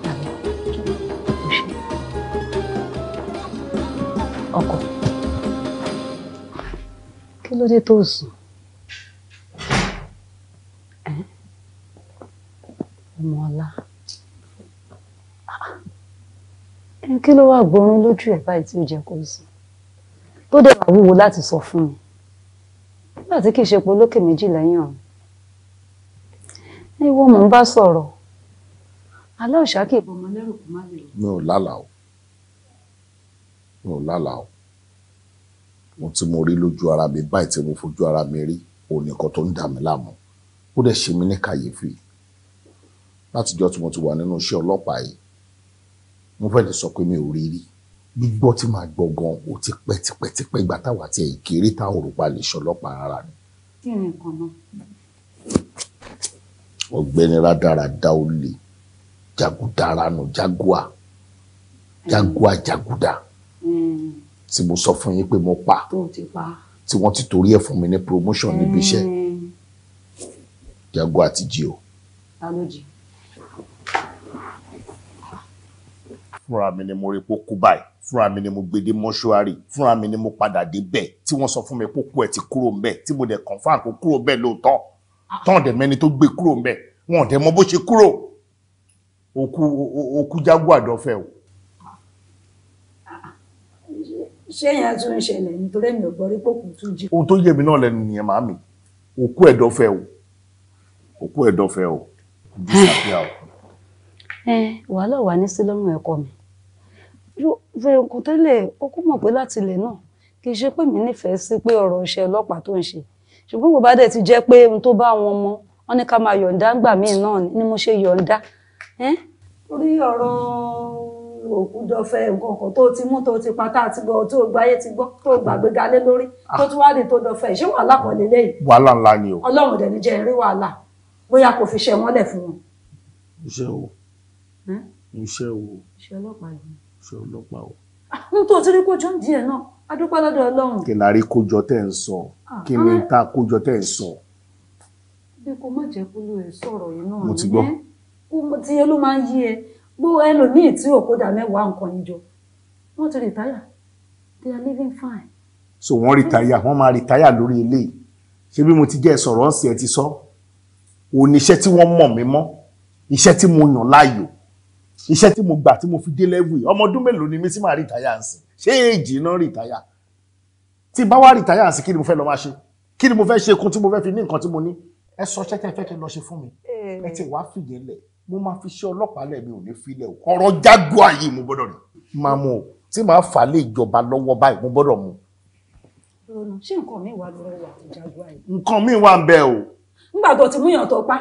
[SPEAKER 6] àmì ò ṣe ọkọ kí ló dé tó sùn ọmọlá kí ló wà gbọrun lójú ẹ báyìí tí ó jẹ kó sùn tó dẹ̀ wà wúwo láti sọ fún mi nígbà tí kì í ṣe pé olókè méjì lẹ́yìn ọ̀run ní wọ́n mò ń bá sọ̀rọ̀ alẹ́ òṣà kì í bọ́ ọmọ lẹ́rù kó má lè
[SPEAKER 3] rí. mi ò lálàá o mi ò lálàá o ohun tí mo rí lójú ara mi báyìí tí mo fojú ara mi rí òun nìkan tó ń dà mí láàmú ó dẹ̀ ṣe mí ní kàyéfì látijọ́ tí mo ti wà nínú iṣẹ́ ọlọ́pàá yìí mo fẹ́ lè sọ pé mi ò rí rí gbígbọ́ tí màá gbọ́ gan ó ti pẹ́ ti pẹ́ ti pẹ́ ìgbà táwa ti ẹ̀yìn kéré tá ò rò pa lè ṣọlọ́pàá rárá ni.
[SPEAKER 6] kí ni nǹkan náà.
[SPEAKER 3] ọ̀gbẹ́ni rádaràda ó lè jagudára jagua jagua jaguda tí mo sọ fún yín pé mo pa tí wọ́n ti torí ẹ̀ fún mi ní promotion níbi iṣẹ́ mm. jagua ti jí o. ta ló jí. fúnra mi ni mo rí pé ó kú báyìí fúnra mi ni mo gbé dé mọ́ṣúárì fúnra mi ni mo padà dé bẹ́ẹ̀ tí wọ́n sọ fún mi pé kó ẹ̀ ti kúrò ń bẹ̀ tí mo dẹ̀ confirm kó kúrò bẹ́ẹ̀ lóòótọ́ tán dẹ̀ mẹ́ni tó gbé kúrò ń bẹ̀ wọn ò dẹ̀ mọ bó ṣe kúrò òkú òkú jágùn àdọ́fẹ́ o.
[SPEAKER 6] ṣé èèyàn tún ń ṣẹlẹ̀ nítorí èmi ò gbọ́ rí pòkú tún
[SPEAKER 3] jí. ohun tó yé mi náà lẹ́nu nìyẹn màámi òkú ẹ̀dọ́fẹ́ o òkú ẹ̀dọ́fẹ́ o disappear o.
[SPEAKER 6] ẹ wàhálà wà ní sílọ́mù ẹ̀kọ́ mi. Reverend Kòtẹ́lẹ̀ ó kú mọ̀ pé láti ilẹ̀ náà kì í ṣe pé mi nífẹ̀ẹ́ sí pé ọ̀rọ̀ iṣẹ́ ọlọ́pàá tó ń ṣe ṣùgbọ́n bó bá ti jẹ́ pé ohun tó bá wọn mọ wọn ní ká máa yọ̀ǹda ńgbà míì náà ni mo ṣe yọ̀ǹda. orí ọ̀rọ̀ òkúdọ̀fẹ́ nǹkan kan tó ti mú tó ti pa tá a ti gbọ́ tó gbáyé ti gbọ́ tó gbàgbéga lé lórí ah. tó tún wá ní tó dọ̀fẹ́ ṣé wàhálà kan lè léyìí.
[SPEAKER 3] wàhálà ńlá ni o.
[SPEAKER 6] ọlọ́run dẹ̀ ní jẹ́ rí wàhálà bóyá kò fi ṣẹ́ mọ́lẹ̀ fún wọn.
[SPEAKER 3] iṣẹ́ wo iṣẹ́ wo.
[SPEAKER 6] iṣẹ́ ọlọ́pàá yìí
[SPEAKER 3] ṣé o lọ́pàá o.
[SPEAKER 6] nítorí tí kò jọ ń di ẹ̀ náà a dúpẹ́ lọ́dọ̀ ọlọ́run.
[SPEAKER 3] kí la rí kójọ tẹ́ ń sọ ah, kí ni ta kójọ tẹ́ ń sọ.
[SPEAKER 6] bí kò má jẹ́ kó ló ẹ̀ sọ̀rọ̀ yìí náà mo ti gbọ́. ti ẹ ló máa ń yí ẹ bó ẹlòmíì tí ò dà mẹ́wàá nǹkan yìí jọ wọ́n ti rìtáyà they are living fine.
[SPEAKER 3] so wọ́n rìtáyà wọ́n máa rìtáyà lórí eléyìí ṣé bí mo ti jẹ́ sọ̀rọ̀ ọ̀sìn ẹ ti sọ òun ni iṣẹ́ tí wọ́n mọ̀ mí mọ́ iṣẹ́ tí mo yàn láàyò iṣẹ́ tí mo gbà tí mo fi dé level yìí ọmọ ọdún mélòó ni mi sì máa rìtáyà ǹsìn ṣé èjì náà rìtáyà tí bá wá rìtáyà ǹsìn kí ni mo fẹ́ lọ máa ṣe kí ni mo fẹ́ ṣe kún tí mo fẹ́ fi ní nǹkan tí mo ní ẹ sọ ṣẹ́tẹ́ fẹ́ kí n lọ ṣe fún mi eh. ẹ ti wàá fìyẹn lẹ̀ mo máa fi ṣe ọlọ́pàá lẹ̀ mi ò ní filẹ̀ o ọ̀rọ̀ jágọ́ ayé mo gbọ́dọ̀ rí máa mu o tí màá fà lé ìjọba lọ́wọ́ báyìí mo gbọ́dọ̀ mu. ṣé
[SPEAKER 6] nǹkan mi wà lọ́wọ́ àti
[SPEAKER 3] jágọ́ ayé. nǹkan mi wà ń bẹ o.
[SPEAKER 6] nígbà tó ti mú yàn tó pa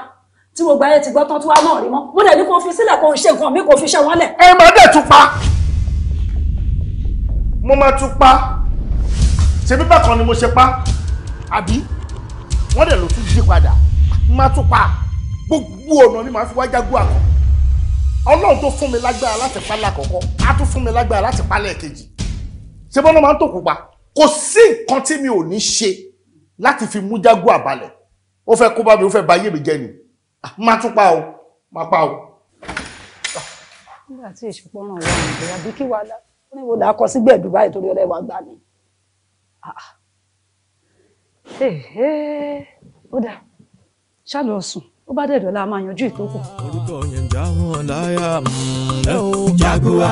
[SPEAKER 6] tí gbogbo ayé ti gbọ́ tán tí wàá náà rí mọ́ mo dẹ̀ ní kó fi sílẹ̀ kó ṣe nǹkan mi kó fi ṣe wọ́n lẹ̀. ẹ máa dẹ̀ tún pa
[SPEAKER 3] mo máa tún pa ṣebí bákan ni mo ṣe pa àbí wọ́n dẹ̀ ló tún jí padà mo máa tún pa gbogbo ọ̀nà ni màá fi wá jágó àkọ́ ọlọ́run tó fún mi lágbára láti pa lákọ̀ọ́kọ́ á tún fún mi lágbára láti pa lẹ́ẹ̀kejì ṣé bọ́n náà máa ń tòkù pa kò sí nǹkan tí mi ò ní ṣe láti fi mú jágó àbálẹ̀ ó fẹ́ kó bá mi ó fẹ́ bà ayé mi jẹ́ ni máa tún pa o máa pa o.
[SPEAKER 6] nígbà tí ìṣùpọ̀ràn wà ní ìgbéyà bí kí wàá níbo dà á kọ sí gbẹ̀dù báyìí torí ọlẹ́wà gbà mí. Ah, ah. ó dà ṣálọ sùn ó bá dẹ̀dọ̀ la máa yanjú ìtókù. orúkọ
[SPEAKER 1] yẹn já wọn láyà mm, ẹ o jagua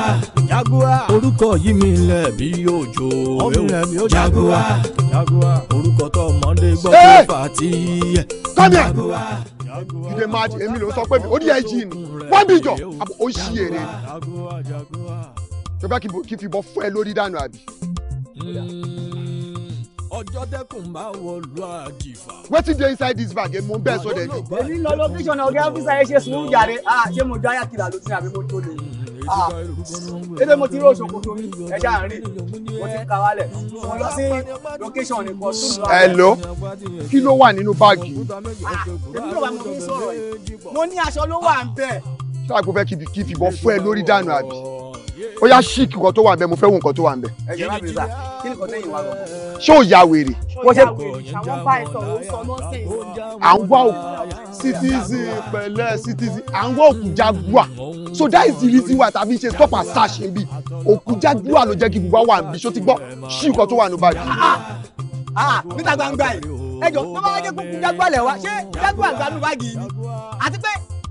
[SPEAKER 1] jagua orúkọ yìí mi lẹ bí òjò ọbìnrin mi ó jagua jagua orúkọ tó ọmọdé gbọ́dọ̀ fà á jagua
[SPEAKER 3] you dey mad èmi ló sọ pé mi ó ní ni wọ́n bí jọ ó ṣí èrè ni yorùbá kì í fi bọ́ fún ẹ lórí dànù àbí.
[SPEAKER 1] Hmm. ọjọ́ dẹ́kun bá wọ àjìfà.
[SPEAKER 3] wetin dey inside this bag èmi mo bẹ́ẹ̀ sọ dẹ̀ èmi ń lọ lọ́fíìsì ọ̀nà ọ̀gá
[SPEAKER 10] ọ́fíìsì ayé ṣe sùúrù jàre ah, ṣé mo jẹ́ ayákìlá lóṣìṣẹ́ àbí mo tó lè. Ah, ebe mo
[SPEAKER 8] ti rí òṣòkòtò mi ẹja àárín mo ti ka wálẹ̀ mo lọ sí location nìkan tún lọ. ẹ lọ
[SPEAKER 3] kí ló wà nínú báàgì.
[SPEAKER 8] Ah, èmi ló
[SPEAKER 7] wà mo fi ń sọ̀rọ̀ yìí
[SPEAKER 3] mo ní aṣọ ló wà ń bẹ̀. sáà kò fẹ́ kí fi fún ẹ lórí dànù àbí ó yá ṣíìkì kan tó wà bẹ́ẹ̀ mo fẹ́ wo nǹkan tó wà bẹ́ẹ̀.
[SPEAKER 7] ẹ jẹ́ láti sá kí nǹkan tẹ́yìn wá lọ.
[SPEAKER 3] ṣé ò ya wèrè. wọ́n ṣe àwọn
[SPEAKER 10] bá ẹ sọ̀rọ̀ ó sọ nọ́ọ̀sì.
[SPEAKER 3] à ń wá òkú pẹ̀lẹ́ citizi à ń wá òkú so that is the reason why tàbí ṣe stop and search ń bì òkú jaguar ló jẹ́ kí gbogbo wa ń bì ṣó ti gbọ́ ṣíìkì kan tó wà ní báyìí. Ah, ah,
[SPEAKER 10] ah, níta gbangba yìí ẹ jọ tó bá wá jẹ́ kó kú jaguar lẹ̀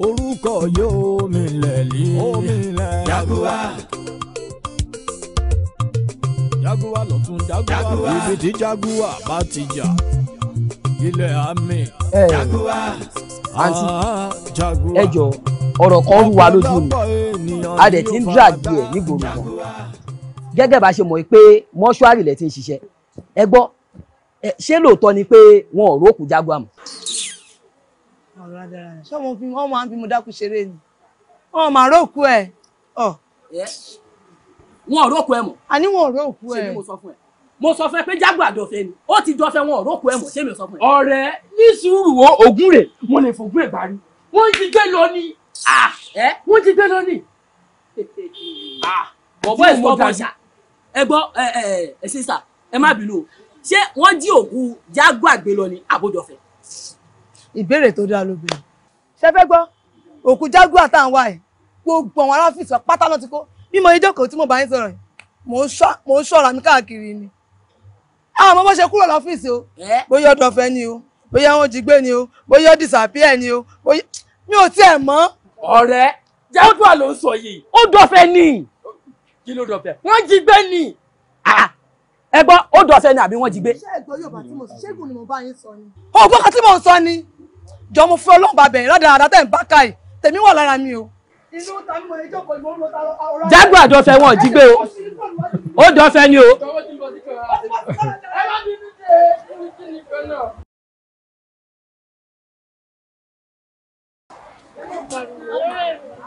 [SPEAKER 3] orúkọ
[SPEAKER 1] yóò milẹ̀ lé. Jaguwa. Jaguwa lọ́tún Jaguwa. Ibi tí Jaguwa bá ti jà, ilẹ̀ àmì. Jaguwa.
[SPEAKER 4] Àǹtí ẹ ah, jọ
[SPEAKER 3] ọ̀rọ̀ kan rú wa lójú ni a dẹ̀ ti ń dragi ẹ̀ nígboro kan gẹ́gẹ́ bá ṣe mọ̀ pé mọ́ṣúárì lẹ ti ń ṣiṣẹ́ ẹ gbọ́ ṣé lóòótọ́ ni pé wọn ò rókù Jaguwa mọ́
[SPEAKER 10] ọ̀rọ̀ adára rẹ̀ ṣé wọ́n fi wọ́n máa ń fi mo dákú ṣeré ni wọ́n máa rókù ẹ̀ ọ̀. wọn ò rókù ẹ mọ. a ní wọn ò rókù ẹ. ṣé mi mo sọ fún ẹ mo sọ fún ẹ pé jágbà dọ̀fẹ́ ni ó ti dọ̀fẹ́ wọn ò rókù ẹ mọ ṣé mi sọ fún ẹ. ọ̀rẹ́ ní sùúrù wo ògùn rẹ̀ mo lè fògùn ẹ̀ parí wọ́n ti gbé lọ ni
[SPEAKER 3] wọ́n ti gbé lọ ni. bọ̀bọ̀ ẹ̀ sọ́kọ̀ ṣá
[SPEAKER 10] ẹ gbọ́ ẹ ẹ sísà ẹ má bínú ṣé wọ́n jí òkú jágbà gbé lọ ni àbójọfẹ́ ìbéèrè tó dáa ló béèrè ṣe fẹ́ gbọ́ òkú jágúà tá à ń wá ẹ̀ gbogbo àwọn aráfíìsì pátá ló ti kó bí mo ìjókòó tí mo bá yín sọ̀rọ̀ yìí mò ń ṣọ́ra mi káàkiri ni àwọn ọmọ bó ṣe kúrò lọ́fíìsì o bóyá ọdún ọ̀fẹ́ ni o bóyá wọn jí gbé ni o bóyá ó disappear ni o mi ò tiẹ̀ mọ̀. ọ̀rẹ́ jágúà ló ń sọ yìí ó dọ̀fẹ́ ni
[SPEAKER 8] kí ló dọ̀fẹ́ wọ́n
[SPEAKER 3] jí
[SPEAKER 10] gbé ni ẹ gbọ́ ó dọ̀fẹ́ ni àbí wọ́n jí gbé. ṣé ẹ̀gbọ́n yóò bá tí mo ṣẹ́gun ni mo bá yín sọ ni. ọgbọ́n kan tí mo ń sọ ni jọ mo fẹ́ ọlọ́run bàbẹ̀ ládàáda tẹ̀ ń bá ká ẹ̀ tèmi wà lára mi o. inú ta mi mọ ẹjọ́ kan ìmọ̀ ló ta ọ̀rọ̀. jágbó àjọfẹ́ wọn jí gbé o
[SPEAKER 3] ó jọfẹ́ ni o.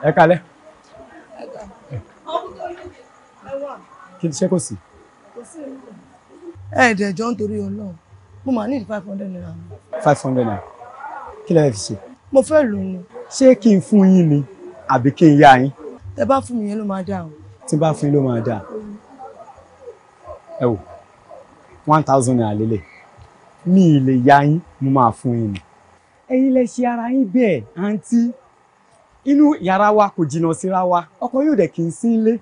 [SPEAKER 2] ẹ kalẹ̀
[SPEAKER 8] kí ni ṣe kò sí.
[SPEAKER 10] ẹ̀ẹ́dẹ̀jọ́ nítorí ọlọ́run mo máa ní five hundred naira.
[SPEAKER 8] five hundred naira kí lẹ́yìn fi ṣe.
[SPEAKER 10] mo fẹ́ lò ó ni.
[SPEAKER 8] ṣé kí n fún
[SPEAKER 3] yín ni àbí kí n yá yín.
[SPEAKER 10] tẹ bá fún mi yẹn ló máa dà o.
[SPEAKER 3] tí n bá fún yín ló máa dà. ẹ wò one thousand naira lélẹ̀ mi ì lè yá yín mo máa fún yín ni.
[SPEAKER 8] ẹ̀yin lè ṣe ara yín bẹ́ẹ̀ àǹtí
[SPEAKER 10] inú yàrá wa kò jìnnà síra wa ọkọ yóò dẹ̀ kí n sí ilé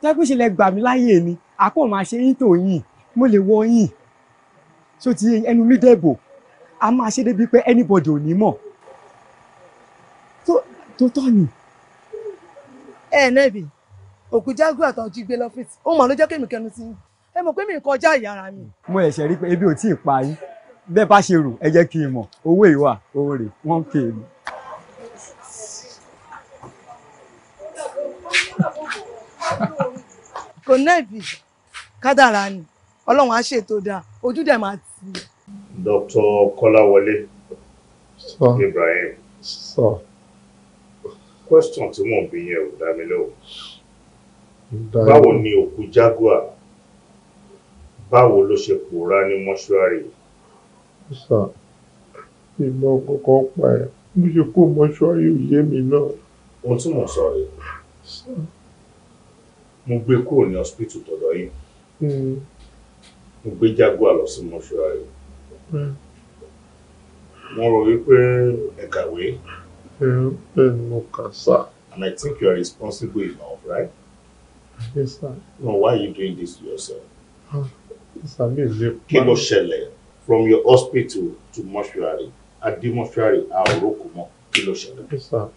[SPEAKER 10] tẹ́gbẹ́sẹ̀ lẹ gbà mí láyè ni àpò máa ṣe yín tòyìn mo lè wọ yín so ti ẹnu mi dẹ̀ bò a máa ṣe débi pé anybody ò ní mọ̀ tó tọ́ ni. ẹ ẹ nẹ́ẹ̀bì òkú jágùn àtàwọn jí gbé lọ́fíìsì ó mà ló jẹ́ kémi kẹnu sí ẹ mọ̀ pé mi kọjá ìyára mi.
[SPEAKER 3] mo ẹ̀ṣẹ̀ rí i pé ebi ò tí ì pa yín bẹ́ẹ̀ bá ṣe rò ẹ jẹ́ kí n mọ̀ owó ìwà oore wọ́n kè é.
[SPEAKER 10] kò nẹ́ẹ̀bì kádàrá ni ọlọ́run á ṣètò dáa ojú dẹ̀ máa tì í.
[SPEAKER 3] Dr. Kọ́láwọlé Ibrahim. question tí mò ń bí yẹn ò dá mi lóhùn. báwo ni òkú jaguar báwo ló ṣe pòórá ní mọ́ṣúárì? ìmọ̀ kọ̀ọ̀kan pa ẹ̀ bí ṣe kó mọ́ṣúárì ò yé mi náà. o tí mo sọ rèé mo gbé kúrò ní hospital tọ̀dọ̀ yìí hmm. mo gbé jaguar lọ sí mọ́ṣúárì mo rò wípé ẹ kàwé. mo kà sá. and I think you are responsible enough right.
[SPEAKER 4] yes sir. now
[SPEAKER 3] why are you doing this to yourself. sàbí ìlé pa. kí ló ṣẹlẹ̀ from your hospital to mortuary adi mortuary àròkù mọ́ kí ló ṣẹlẹ̀. yes sir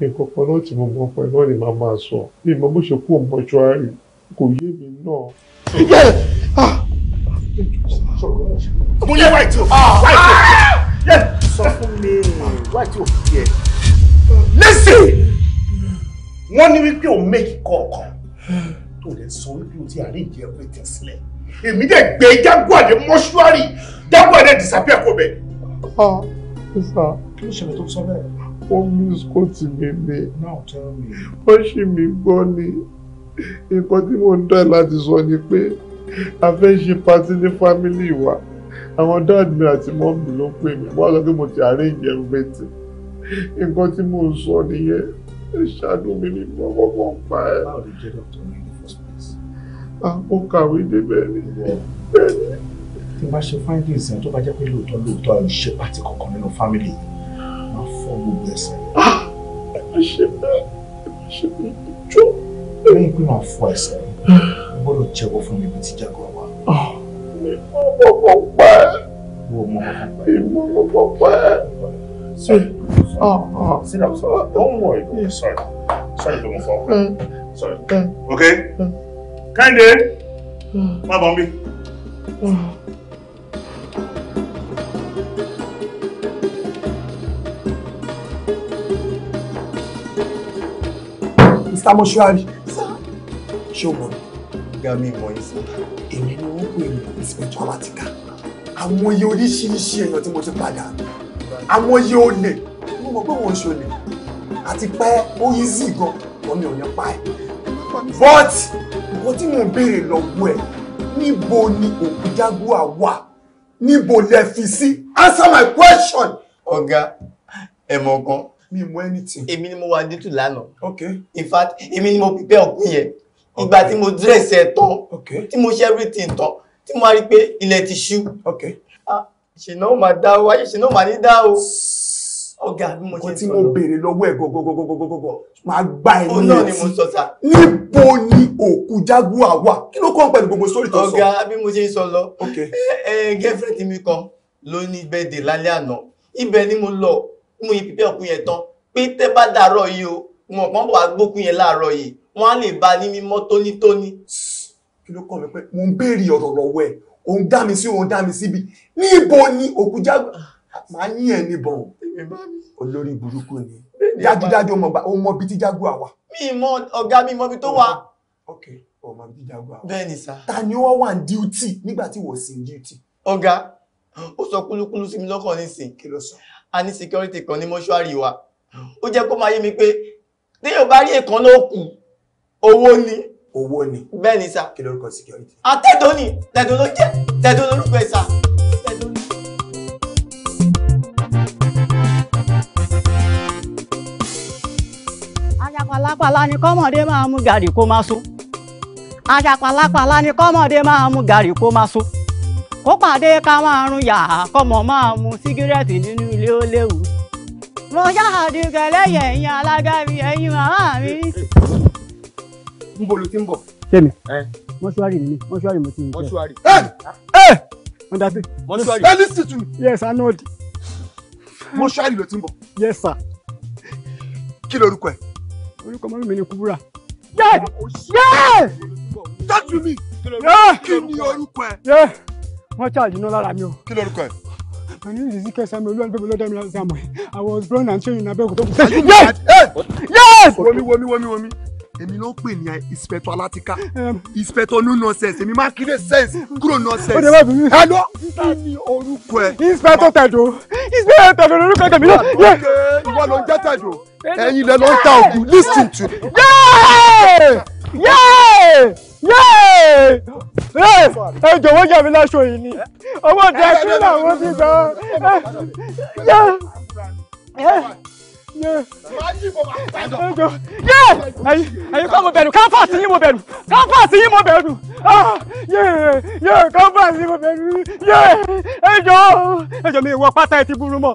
[SPEAKER 3] nǹkan kan náà tí mo mọ pẹ̀lú ọ̀nì máa máa sọ bí mo bó ṣe kú mortuary kò yé mi náà. Ah! mo yẹ wáìtì o wáìtì o sọ fún mi wáìtì o fi ẹ lẹ́sìn wọ́n ní wípé o make kọ̀ọ̀kan tó lè sọ wípé o ti arrange everything sílẹ̀ èmi dẹ̀ gbé jágbọ́dẹ mọ́ṣúárì jágbọ́dẹ disappear kò bẹ̀. sísá kí ló ṣẹlẹ̀ tó sọ bẹ́ẹ̀. ó miss kó ti bèbè wọ́n ṣì mí gbọ́ ni nǹkan tí mò ń dá láti sọ ni pé a fẹ́ ṣe pati ní fámílì wa àwọn dáàdì mi àti mọ́mì ló pè mí wọ́n sọ pé mo ti arrange everything nǹkan tí mò ń sọ nìyẹn ẹ ṣàánú mi ní mo kọ́kọ́ ń pa ẹ́. báwo lè jẹ́ dọ́kítọ̀ ní the first place. mo kàwé débẹ̀ ni. tí wọ́n bá ṣe findings yẹn tó bá jẹ́ pé lóòótọ́ lóòótọ́ àwọn ìṣe pàtì kankan nínú fámílì máa fọ́ gbogbo ẹsẹ̀. ẹ ṣe bẹ́ẹ̀ ẹ ṣe bẹ́ẹ̀ jọ. lẹ́yìn pé máa fọ ẹsẹ̀ gbọ́dọ̀ jẹ́wọ́ fún mi bí ti jágọ̀ wá. mi ò mọ̀ kọ́ pẹ́. wo mọ̀ kọ́ pẹ́. mi ò mọ̀ kọ́ pẹ́. ṣe ọ ọ ṣe ọ ṣe ọ ìlú. sorry sorry ló ń fọ ọkọ. sorry mm. ok mm. kẹ́hìndé má mm. bọ̀ mí. Mr. Moshuari. Ṣé o mọ̀ mi? ṣúgà mi wọ̀nyí sí èmi ni wọ́n pè ní inspector alatika àwọn iye oríṣiríṣi èèyàn tí mo ti padà àwọn iye olè mo mọ̀ pé wọ́n ń ṣolè àti pẹ́ ó yí sí gan wọ́n mi ò ní pa ẹ̀ but nǹkan tí mò ń béèrè lọ́wọ́ ẹ̀ níbo ni òkú jaguar wà níbo lẹ fi sí answer my question. ọ̀gá ẹ̀ mọ̀ gan mi mú anything. èmi ni mo
[SPEAKER 7] wà dítù lánàá. ok in fact èmi ni mo prepare ọ̀gbìn yẹn ìgbà tí mo dress ẹ̀ tán tí mo ṣe everything tán tí mo rí pé ilẹ̀ ti ṣú ṣìnà ó máa dá wáyé ṣìnà ó máa ní dá o ọ̀gá bí mo ṣe sọ lọ. tí mo
[SPEAKER 3] béèrè lọ́wọ́ ẹ̀ gọ́gọ́gọ́gọ́gọ́gọ́ máa gba ẹ̀mí ẹ̀ sí. náà ni mo sọ sá. níbo ni òkú jaguar wà kí ló kàn pẹ̀lú gbogbo sórí tó sọ. ọ̀gá bí mo ṣe sọ lọ girlfriend mi kan ló ní birthday lálẹ́ àná ibẹ̀ ni mo lọ mo yí pípẹ́ òkú yẹn tán pé tẹ́ bá dàárọ̀ yìí o mo kàn bọ̀ wá gbókú yẹn láàárọ̀ yìí wọ́n á lè bá ní mímọ́ tónítóní. kí ló kọ́ mi pé mo ń béèrè ọ̀rọ̀ lọ́wọ́ ẹ̀ òun dá mi sí òun dá mi síbi níbo ni òkú jágbá máa ń yín ẹ̀ níbọn olórí burúkú ni dájúdájú ó mọ bí tí jágbá wà. mi mọ ọ̀gá mi mọ bí tó wà. ok ọmọ bí jágbá wà. bẹ́ẹ̀ni sá. ta ni wọ́n wà ní díútì nígbà tí wọ́n sì ń díútì. ọ̀gá ó sọ kúlúkúlú
[SPEAKER 7] sí mi lọ́kàn nísìn kí ló sọ. a ní security kan ní mọ́ṣúárì wa ó jẹ́ kó máa yé mi pé téèyàn bá rí èèkàn náà kù owó ni. owó ni. bẹ́ẹ̀ ni sà. kí lorúkọ security. àtẹ̀dọ́ ah, ni tẹ̀dọ́ ló jẹ́ tẹ̀dọ́ lorúkọ ẹ̀ sà.
[SPEAKER 4] ajápalápalá ni kọ́mọdé máa mú gàrí kó má so ajápalápalá
[SPEAKER 6] ni kọ́mọdé máa mú gàrí kó má so kó pàdé ká máa rún yàrá kọ́mọ
[SPEAKER 10] máa mú sígírẹ́tì nínú ilé ó léwu mo yára di gẹlẹ́yẹ̀ ẹ̀yin alágàbí ẹ̀yin màmá mi ń bolo ti ń bọ̀. tèmi
[SPEAKER 3] mọ́ṣúárì ni mọ́ṣúárì mo ti ń jẹ. mọ́ṣúárì. ẹ ẹ understand. mọ́ṣúárì. ẹ listen to me. yes i know. mọ́ṣúárì ló ti ń bọ̀. yes sir. kí
[SPEAKER 8] lorúkọ ẹ. orúkọ mọ́mí mi ni Kubura. yẹ yẹ talk to me. kí ni orúkọ ẹ. yẹ wọ́n charge, náà lára mi o. kí lorúkọ ẹ. My name is Ike Samuel Oluwadupe Olodamila Samuel. I was born and trained in Abeokuta. Yes!
[SPEAKER 3] Yes! Womi womi womi womi èmi ló ń pè ní ìspẹ̀tọ̀ alátíká ìspẹ̀tọ̀ no nonsense èmi máa kílè sense kúrò nonsense. ó dé bá mi. ẹ ta ni orúkọ ẹ. ìspẹ̀tọ̀ tẹ̀dọ̀ ìspẹ̀tọ̀ tẹ̀dọ̀ lórúkọ tẹ̀mí náà. ìwọ ló ń jẹ́ tẹ̀dọ̀ ẹ̀yin lẹ ń ta ògùn listen to.
[SPEAKER 1] ẹ jọ̀wọ́ yà mí láṣọ yìí ni
[SPEAKER 3] ọmọ dẹ́kun làwọn ti gbọ́
[SPEAKER 10] ẹyin kọ́ mo bẹ̀rù káfáàsì yín mo bẹ̀rù káfáàsì yín mo bẹ̀rù káfáàsì ah, yín mo bẹ̀rù ẹjọ́ ẹjọ́ mi ìwọ pátá ẹ ti burú mọ́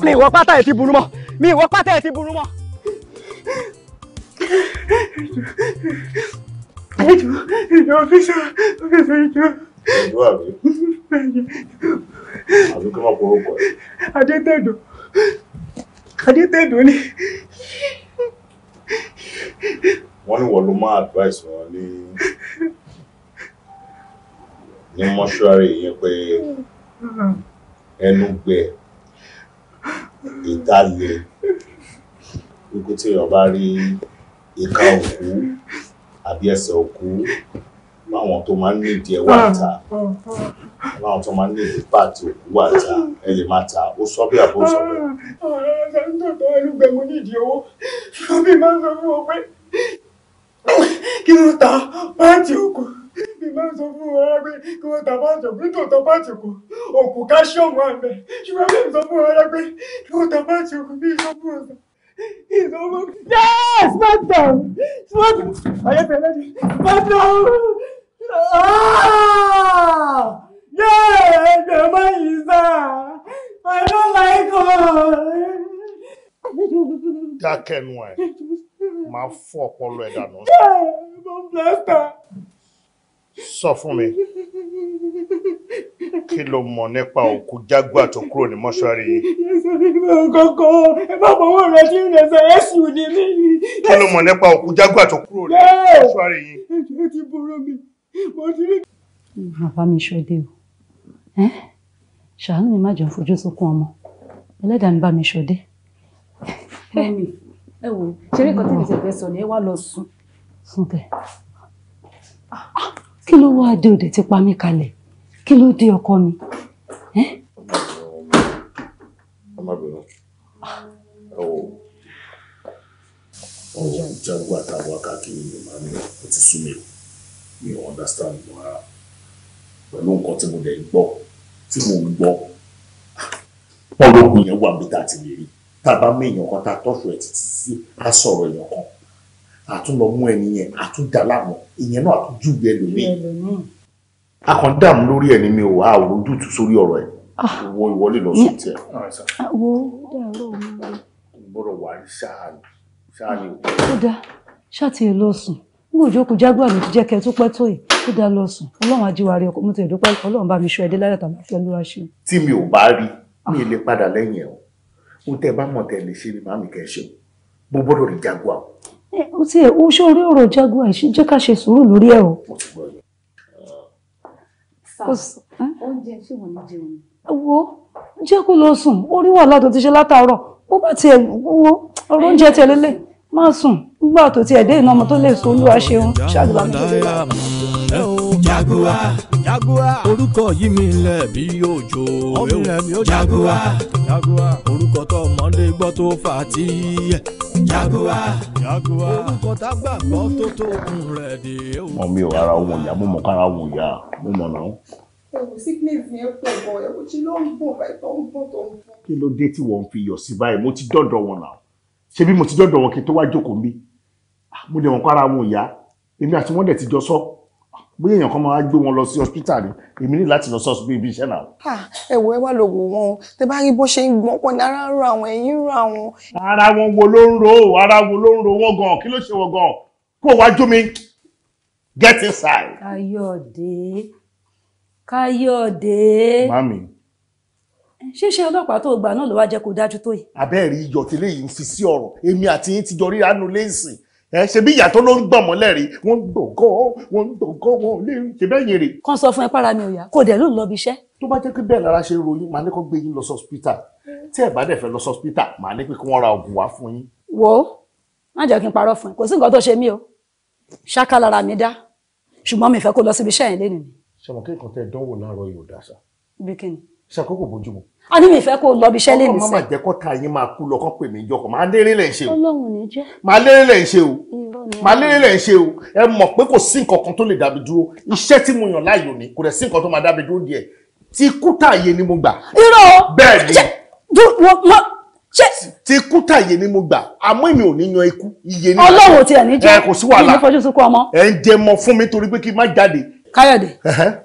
[SPEAKER 10] mi ìwọ pátá ẹ ti burú mọ́ mi ìwọ pátá ẹ ti burú mọ́.
[SPEAKER 2] ẹjọ́ ẹjọ́ ọfíìsà ọfíìsà ẹjọ́. ẹjọ́ àbí àbí kí
[SPEAKER 3] wọ́n kọ́ ọ́ kọ́ ẹ.
[SPEAKER 2] adé tẹ̀dọ̀ adétẹ̀dùn ni.
[SPEAKER 3] wọ́n ní wọ́n ló máa advice wọn ní ní mọ́ṣúárì yẹn pé ẹnu gbẹ ìdálẹ̀ ikú tí èèyàn bá rí ìka òkú àbí ẹsẹ̀ òkú báwọn tó máa ń nídìí ẹwà ìta ọlọ́run tó máa ń lè bá àti òkú àta ẹ lè máa ta ó sọ bí àbó sọ
[SPEAKER 2] bẹ́ẹ̀. ọ̀rọ̀ ẹ̀sẹ̀ ń tọ̀tọ̀ ẹlúgbẹ̀mú
[SPEAKER 3] nídìí owó bí máa ń sọ fún ọ pé
[SPEAKER 8] kí wọ́n ta páàtì òkú
[SPEAKER 10] bí máa ń sọ fún ọ pé kí wọ́n ta páàtì òkú bí tòótọ́ páàtì òkú òkú káṣíọ̀mù àgbẹ̀ ṣùgbọ́n bí mo sọ fún ọ pé kí wọ́n ta páàtì òkú bí sọ fún ọ
[SPEAKER 2] He's almost...
[SPEAKER 10] Yes!
[SPEAKER 2] Yeah, Grandma
[SPEAKER 10] Isa. I don't like her.
[SPEAKER 3] Dákẹ́ nu ẹ̀, máa fọ́ ọpọlọ ẹ̀ dànù. Sọ fún mi, kí lo mọ̀ nípa òkú jágbà tó kúrò ní mọ́ṣúárì yìí?
[SPEAKER 10] Kọ̀kọ̀ ẹ má bọ̀wọ́ rẹ̀ tí ń rẹ̀sẹ̀ ẹ̀sùn ní mí.
[SPEAKER 3] Kí lo mọ̀ nípa òkú jágbà tó
[SPEAKER 10] kúrò ní mọ́ṣúárì yìí?
[SPEAKER 3] Bàbá mi ṣọdẹ o
[SPEAKER 6] ṣàánú mi má jẹun fojú sunkún ọmọ ẹlẹ́dàá mi bá mi ṣọdẹ.
[SPEAKER 5] mẹ́mi ẹ wo ṣeré kan tí mi ti fẹ́ sọ ni ẹ wá lọ sùn.
[SPEAKER 6] sùn kẹ kí ló wá dé òde ti pa mí kalẹ̀ kí ló dé ọkọ mi.
[SPEAKER 10] ọmọbìnrin ẹ wo
[SPEAKER 3] ọ̀rọ̀ jágbó àtàwọn akáàkiri ló máa ń lọ ti sú mi mi ò understand wọn rárá pẹ̀lú nǹkan tí mo dẹ̀ gbọ́ tí mò ń gbọ́ wọn lókun yẹn wà níta àti lè rí tá a bá mú kan tá a tọ́jú ẹ títí sí a sọ̀rọ̀ èèyàn kan àtún lọ mú ẹni yẹn àtún dá láàmú ìyẹn náà àtún jù yẹn lómi akọ̀ndàmú lórí ẹ̀ ni mi ò wá òun dùtù sórí ọ̀rọ̀ ẹ̀ ah. wo ìwọlé lọ sí tiẹ̀.
[SPEAKER 2] wo dàrú òun. gbọ́dọ̀ wà ní ṣáà ní.
[SPEAKER 6] ó dáa ṣáà tiẹ̀ lọ sùn nígbà òjòkú jaguar ló ti jẹ́ kẹ́ tó pẹ́ tó yìí ó dá lọ sùn ọlọ́run ajíwárí ọkọ mo ti dúpẹ́ ọlọ́run bá mi ṣọ́ ẹdẹ láyàtà máa fẹ́ lóra ṣe.
[SPEAKER 3] tí mi ò bá rí mi ah. lè padà lẹ́yìn ẹ̀ o ó tẹ bá mọ̀ tẹ́lẹ̀ ṣe ni màmí kẹ́ ṣe bó gbọ́dọ̀ rí jaguar.
[SPEAKER 6] ẹ o ti ẹ o ṣe orí ọ̀rọ̀ jaguar yìí jẹ́ ká ṣe sùúrù lórí ẹ̀ o. oúnjẹ ṣé wọn ní jẹun. wo jẹ́ kó lọ sùn orí wà má sùn nígbà tó tiẹ̀ dé iná ọmọ tó lè so olúwa ṣeun
[SPEAKER 1] ṣáàdùbà mi tó lè wà. jagua jagua orúkọ yìí mi lẹ̀ bí òjò jagua jagua orúkọ tó mọ́lé gbọ́ tó fà á tí jagua jagua orúkọ tá gbàgbọ́ tó tó kun rẹ̀ dé.
[SPEAKER 3] mọ mi ò ara òun ìyá mo mọ kára òun ìyá mo mọ náà.
[SPEAKER 10] ẹwù sickness ni ẹ pọ̀ bọ̀ ẹwù tí ló ń bọ̀ báyìí tó ń bọ̀ tó ń bọ̀.
[SPEAKER 3] kí ló dé tí wọ́n fi yọ̀ sí báyìí mo ti dọ́dọ̀ wọn náà ṣe bí mo ti dọ́dọ̀ wọn kí n tó wá jókòó mi ah, mo dẹ̀ wọ́n kọ́ ara wọn ìyá èmi àti wọ́n dẹ̀ ti jọ sọ ah, bóyá èèyàn kan máa gbé wọn lọ sí hospital ni èmi ní láti lọ sọ́ọ̀sì bí ibi iṣẹ́ náà.
[SPEAKER 2] Ah,
[SPEAKER 10] ẹ wo ẹ wá lọ wò wọn o tẹ bá rí bó ṣe ń gbọn pọ ní ara ń ro àwọn ẹ̀yìn ń ro àwọn. ara wọn
[SPEAKER 3] wo ló ń ro ara wo ló ń ro wọn gan kí ló ṣe wọn gan kó wá mi get inside. Káyọ̀dé
[SPEAKER 6] Káyọ̀dé.
[SPEAKER 3] mami ṣíṣe ọlọ́pàá tó gbà náà ló wá jẹ́ kó dájú tó yìí. abẹ́rẹ́ iyọ̀ tí léyìí ń fi sí ọ̀rọ̀ èmi àti yín ti jọ ríra nu léèsì ẹ ṣe bí ìyàtọ̀ ló ń gbọ̀n mọ́lẹ̀ rí wọ́n ń gbọ̀ngọ́ wọ́n ń gbọ̀ngọ́ wọn ò lè ṣe bẹ́ẹ̀ yẹn rè. kàn sọ fún ẹ para mi ò yá kò dẹ̀ ló ń lọ bí iṣẹ́. tó bá jẹ́ pé bẹ́ẹ̀ lára ṣe ròyìn màá ní kó gbé yín lọ sọ́spítà tí ẹ̀ bá dẹ̀ fẹ́ lọ sọ́spítà màá ní pé kí wọ́n ra oògùn wá fún yín.
[SPEAKER 6] wo má jẹ́ kí n parọ́ fún ẹ kò sí nǹkan tó ṣe mí o ṣáká lára mi dá ṣùgbọ́n mi fẹ́ kó lọ síbi iṣẹ́ yẹn lénìí.
[SPEAKER 3] ṣọmọkẹ́ ṣàkókò bójúmu. a ní mi fẹ́ kó lọ bí iṣẹ́ lè nìṣẹ́. ọkọ máma jẹ́ kó ta yín máa kú lọ kó pè mí jọkọ̀ máa lérè lẹ̀ ń ṣe o.
[SPEAKER 6] ọlọ́run ní jẹ́.
[SPEAKER 3] máa lérè lẹ̀ ń ṣe o.
[SPEAKER 6] máa lérè lẹ̀ ń ṣe
[SPEAKER 3] o. ẹ mọ̀ pé kò sí nǹkan kan tó lè dàbí dúró iṣẹ́ tí mo yàn láàyò ni kò dẹ̀ sí nǹkan tó máa dàbí dúró díẹ̀ tí kúta yé ni mo gbà. irọ́ bẹ́ẹ̀ ni. ti kúta yé ni mo gbà àmọ́ èmi ò ní yan ikú iye ni. ọlọ́run ti ẹ̀ ní jẹ́ ẹ kò sí wàhálà ẹ ń jẹ mọ fún mi torí pé kí n má jáde káyọ̀dé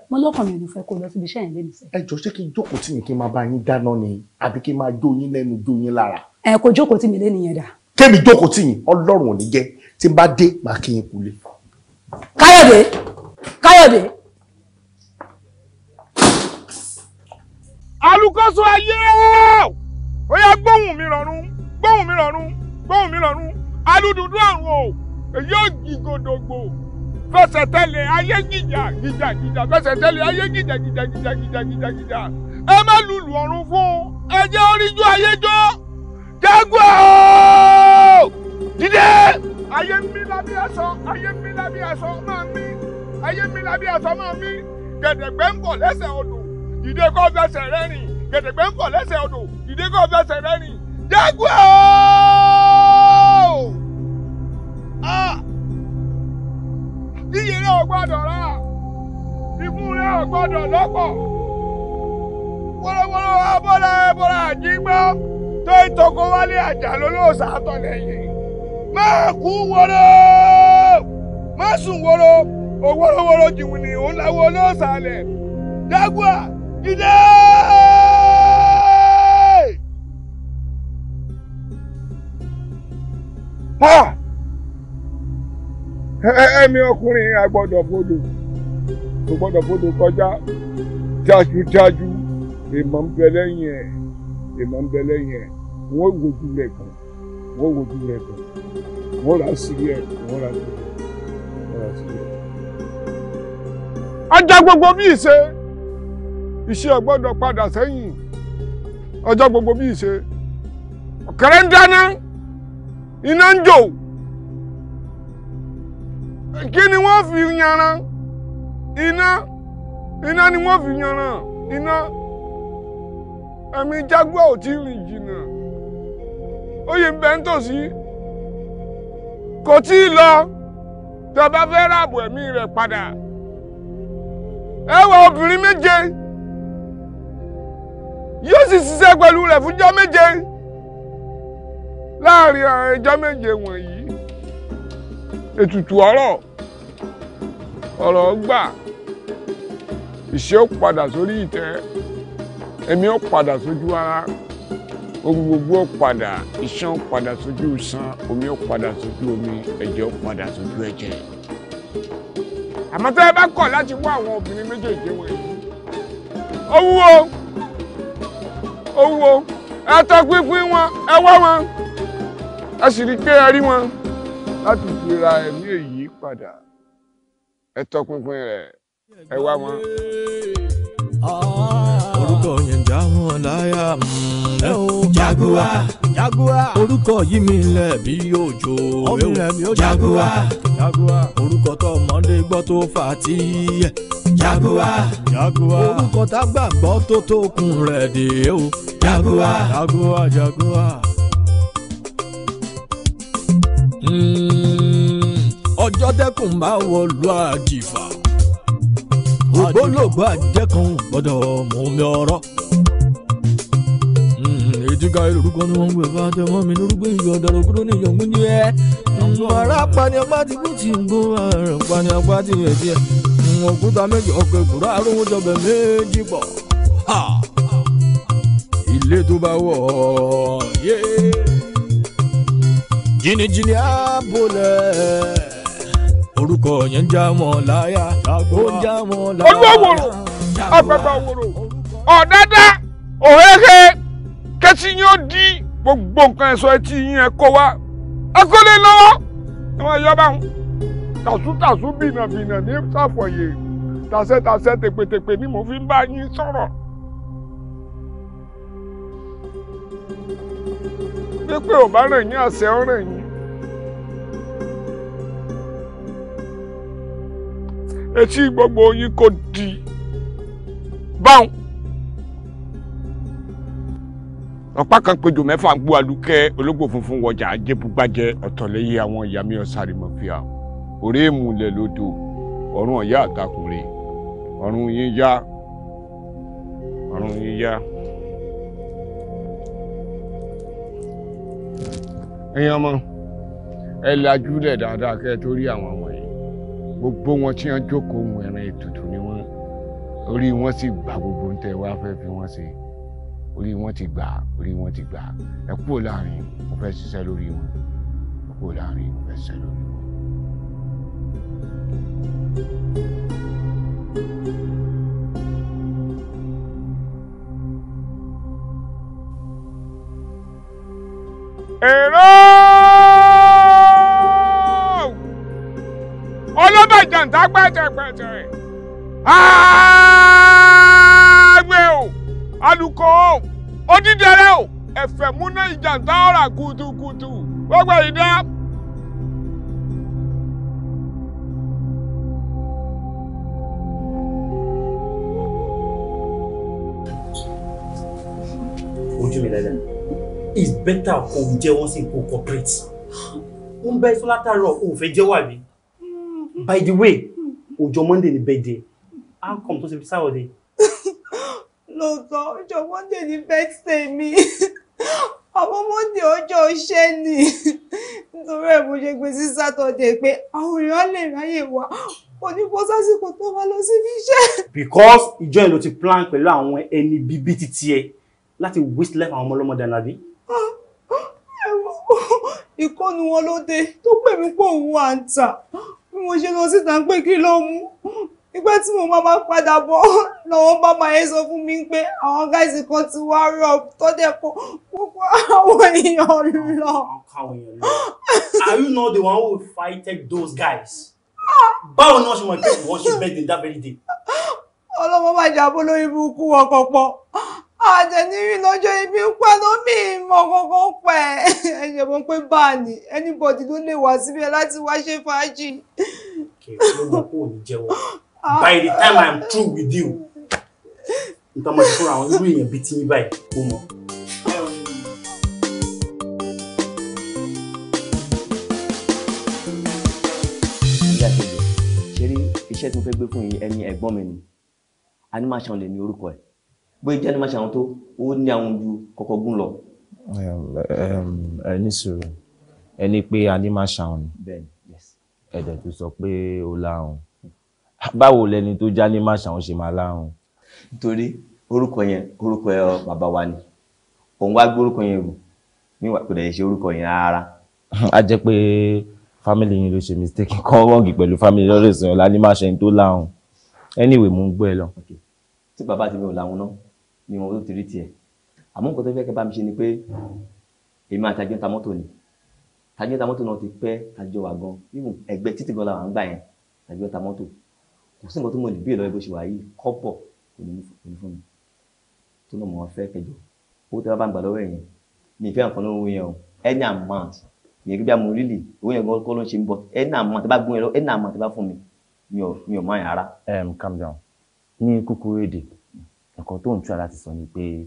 [SPEAKER 6] mo lọ́kàn mi ò ní fẹ́ kó lọ síbi iṣẹ́ yẹn lé mi sẹ́.
[SPEAKER 3] ẹ jọ ṣé kí n jókòó tí mi kí n máa bá yín dáná ni àbí kí n máa jó yín lẹ́nu jó yín lára. ẹ kò jókòó tí mi lé nìyẹn dà. kémi jókòó tí yín ọlọ́run ò ní jẹ́ tí n bá dé màá kí yín kulẹ̀. káyọ̀dé káyọ̀dé. alukoso ayé ó yá gbóhùn mi rọrùn gbóhùn mi rọrùn gbóhùn mi rọrùn alúdùdú àrùn ò èyí ò jìgòdògbò fẹsẹ̀ tẹ̀lé ayé jìjà jìjà jìjà fẹsẹ̀ tẹ̀lé ayé jìjà jìjà jìjà jìjà jìjà jìjà ẹ má lùlù ọ̀run fún ẹ jẹ́ oríjú ayé jọ jágbá o dìde. ayé mi lábí aṣọ ayé mi lábí aṣọ máa mi ayé mi lábí aṣọ máa mi gẹ̀dẹ̀gbẹ́ ń bọ̀ lẹ́sẹ̀ odò dìde kó fẹsẹ̀ rẹ rìn gẹ̀dẹ̀gbẹ́ ń bọ̀ lẹ́sẹ̀ odò dìde kó fẹsẹ̀ rẹ rìn jágbá
[SPEAKER 2] o. Ah! níyì rẹ ọgbọdọ rà ìfún rẹ ọgbọdọ lọ́pọ̀
[SPEAKER 3] wọ́lọ́wọ́lọ́ abọ́dá ẹbọra àjígbọ́ tó ń tọkọ wálé àjà lólóòsà àtọ̀lẹ́yìn má kú ma má sùn Ah! ẹ̀mí ọkùnrin agbọ́dọ̀ bodò kò gbọ́dọ̀ bodò kọjá tíájútíájú èèmọ̀ ń bẹ lẹ́yìn ẹ̀ èèmọ̀ ń bẹ lẹ́yìn ẹ̀ wọ́n wojú rẹ̀ wọ́n wojú rẹ̀ wọ́n rà sí ẹ̀ wọ́n rà sí ẹ̀ wọ́n rà sí ẹ̀. ajá gbogbo bí ìṣe iṣẹ́ ọgbọ́dọ̀ padà sẹ́yìn ọjọ́ gbogbo bí ìṣe ọ̀kẹ́rẹ́ ń iná kí ni wọ́n fi yanran iná iná ni wọ́n fi yanran iná ẹ̀mí jaguar ò tí ì rìn jìnnà oyè ń bẹ ń tòsí kò tí ì lọ tó bá fẹ́ ẹ̀mí rẹ̀ padà ẹ wá obìnrin méje yóò sì ṣiṣẹ́ pẹ̀lú rẹ̀ fúnjọ́ méje láàrin àwọn ẹjọ́ méje wọ̀nyí ètùtù ọ̀rọ̀ ọ̀rọ̀ gbà ìṣe ó padà sórí ìtẹ́ ẹ̀mí ó padà sójú ara ohun gbogbo ó padà iṣan ó padà sójú iṣan omi ó padà sójú omi ẹ̀jẹ̀ ó padà sójú ẹ̀jẹ̀ àmọ́ tẹ́ ẹ bá kọ̀ láti wá àwọn obìnrin méjèèjì wọ̀nyí ó wúwo ó pínpín wọn ẹ wọ́ wọn ẹ sì rí pé ẹ rí wọn láti fi ra ẹ̀mí èyí padà ẹ tọpinpin rẹ̀ ẹ wá wọn. orúkọ
[SPEAKER 1] yẹn já wọn láyà mm, jagua jagua orúkọ yìí mi lẹ bí òjò jagua jagua orúkọ tó ọmọdé gbọ́ tó fà tí jagua jagua orúkọ tá gbàgbọ́ tó tó kun rẹ̀ dé o jagua jagua. jagua ọjọ́ tẹ́kùn bá wọlú àdìfà ògbólógbò àjẹkùn gbọ́dọ̀ mú mi ọ̀rọ̀ hmm, ìdíga ìrúkọ ni wọ́n ń gbé bá tẹ mọ́ mi lórúkọ ìyọ̀ ọ̀dọ̀rọ̀ kúrò ní ìyọ̀ngún ni ẹ. ọ̀rá panìyàpá ti kú ti ń gbó àrùn panìyàpá ti yẹ̀ díẹ̀. Hmm, òkúta méjì ọ̀pẹ̀ kúrò àrùn jọbẹ̀ méjì pọ̀. ilé tó bá wọ̀ ọ́ yéé jìnnìjìnnì àbọ̀lẹ̀ orúkọ yẹn ń já wọn láyà ó ń já wọn láyà. olúwòrò
[SPEAKER 3] agbábáwòrò ọ̀dádá òhèhè kẹ́sí yín ó di gbogbo nǹkan ẹ̀sọ́ etí yín ẹ̀ kó wa ẹ kó lè lọ́wọ́ ẹ máa yọ tàṣútàṣú bìnàbìnà ní sàfọ̀yè tàṣẹ́tàṣẹ́ tẹ̀pẹ̀tẹ̀pẹ̀ ni mo fi ń bá yín sọ̀rọ̀. pípé ò bá rìn yín àṣẹ ó rìn yín. etí gbogbo yín kò di báwọn. ọ̀pá kan pejò mẹ́fà ń gbó alukẹ́ ológbò funfun wọjà ajébúgbàjẹ́ ọ̀tọ̀lẹ́yẹ àwọn ìyá mi ọ̀sàrìmọ̀fíà òré ìmùlẹ̀ lódò ọ̀run ọ̀yá àtàkùnrin ọ̀run yín ọ̀run yín ẹ̀yin ọmọ ẹ lajúlẹ̀ dáadáa kẹ́ ẹ tó rí àwọn ọmọ yìí gbogbo wọn tí wọ́n jókòó ohun ẹ̀rìn ètùtù ni wọ́n orí wọn sì gbà gbogbo ń tẹ wá fẹ́ fi wọ́n ṣe orí wọn ti gbà orí wọn ti gbà ẹ kúrò láàrin mo fẹ́ ṣiṣẹ́ lórí wọn ẹ kúrò láàrin mo fẹ́ ṣiṣẹ́ lórí.
[SPEAKER 2] èrò olóbàjàn tá
[SPEAKER 3] pẹ́tẹ̀pẹ́tẹ̀ àgbẹ̀ o alukó o odídẹrẹ́ o ẹ̀fẹ̀ múná ìjàǹtá ọ̀rà kùtùkùtù gbogbo ìdá. ojú mi lẹ́lẹ̀ it's better kò jẹ́wọ́ sí kò cooperate ó ń bẹ sọ látàárọ̀ o ò fẹ́ jẹ́wọ́ àbí by the way ọjọ́ monday ni birthday how come tó ṣe fi saturday.
[SPEAKER 10] lóòótọ́ ọjọ́ monday ni birthday mi ọmọ monday ọjọ́ iṣẹ́ ni nítorí ẹ̀ mo ṣe gbé sí saturday pé àwọn èèyàn lè ráyè wá onípo sásìkò tó wá lọ sí iṣẹ́.
[SPEAKER 3] because ìjọ yẹn ló ti plan pẹ̀lú àwọn ẹni bíbí títí ẹ láti waste life àwọn ọmọ ọlọ́mọ dànù àbí
[SPEAKER 10] ìkọ́nu wọn ló dé tó pè mí pé òun wà ń tà bí mo ṣe lọ síta pé kí ló mú ìgbà tí mo máa padà bọ̀ lọ́wọ́ bá máa yẹ sọ fún mi pé àwọn gáìsì kan ti wá rọ̀ tó kó gbogbo àwọn èèyàn lọ.
[SPEAKER 3] Are you not the one who fighted those guys?
[SPEAKER 10] báwo ni wọ́n ṣe mọ̀ pé wọ́n ṣe
[SPEAKER 3] bẹ́ẹ̀ dé that very day.
[SPEAKER 10] ọlọ́mọ máa jà bó lórí burúkú wọn kọ̀ àtẹnirí lọ́jọ́ ibi ń pẹ́ lómi ìmọ̀ kankan pẹ̀ ẹ̀yẹ̀ mọ̀ pé báàní anybody ló lè wá síbẹ̀ láti wá ṣe fàájì.
[SPEAKER 3] by the time i'm through with you nǹkan mọ̀ fún àwọn irú èèyàn bíi tí yín báyìí kó mọ̀.
[SPEAKER 7] ìyá kejì ṣe rí iṣẹ́ tí mo fẹ́ gbé fún yín ẹni ẹ̀gbọ́n mi ni animation lè ní orúkọ ẹ̀ bó jẹ́ ní máṣe àwọn tó ó ní àwọn ju kọ̀kọ́ gún lọ.
[SPEAKER 9] ẹni sọ̀rọ̀ ẹni pé a ní máa ṣàwọn ni ẹ̀dẹ̀ tó sọ pé ó láhùn
[SPEAKER 7] báwo lẹni tó já ní máa ṣàwọn ṣe máa láhùn. nítorí orúkọ yẹn orúkọ ẹ bàbá wa ni òun wá gbé orúkọ yẹn rù níwà kò dẹ̀ ṣe orúkọ yẹn rárá.
[SPEAKER 9] a jẹ́ pé family yín ló ṣe mistake kọ́ wọ́ọ̀gì pẹ̀lú family lọ́rọ̀ ìsìn ọ̀la ní máa ṣe ń tó láhùn anyway mò ń gbọ́ ẹ lọ.
[SPEAKER 7] tí bàbá ti mi ò láhùn náà mi mọ̀ tó tìrí tiẹ̀ àmọ́ nǹkan tó fẹ́ kẹ́ bá mi ṣe ni pé èmi àti àjọ ta mọ́tò ni àjọ ta mọ́tò náà ti pẹ́ àjọ wà gan even ẹgbẹ́ títí gan làwọn gbà yẹn àjọ ta mọ́tò kò sí nǹkan tó mọ̀ lè bí ìlọ́wọ́ bó ṣe wà yìí kọ́pọ̀ kò ní fún mi tó náà mọ̀ wọ́n fẹ́ kẹjọ owó tí wọ́n bá ń gbà lọ́wọ́ yẹn mi ìfẹ́ nǹkan lówó yẹn o any amount yẹn kí bí lílì owó yẹn gan kọ́ ló ń ṣe ń bọ̀ any amount bá gún yẹn lọ any amount bá fún mi mi ò mi ò máa yàrá.
[SPEAKER 9] calm down ní kúkúrú èdè nǹkan tó ń tura láti sọ ni pé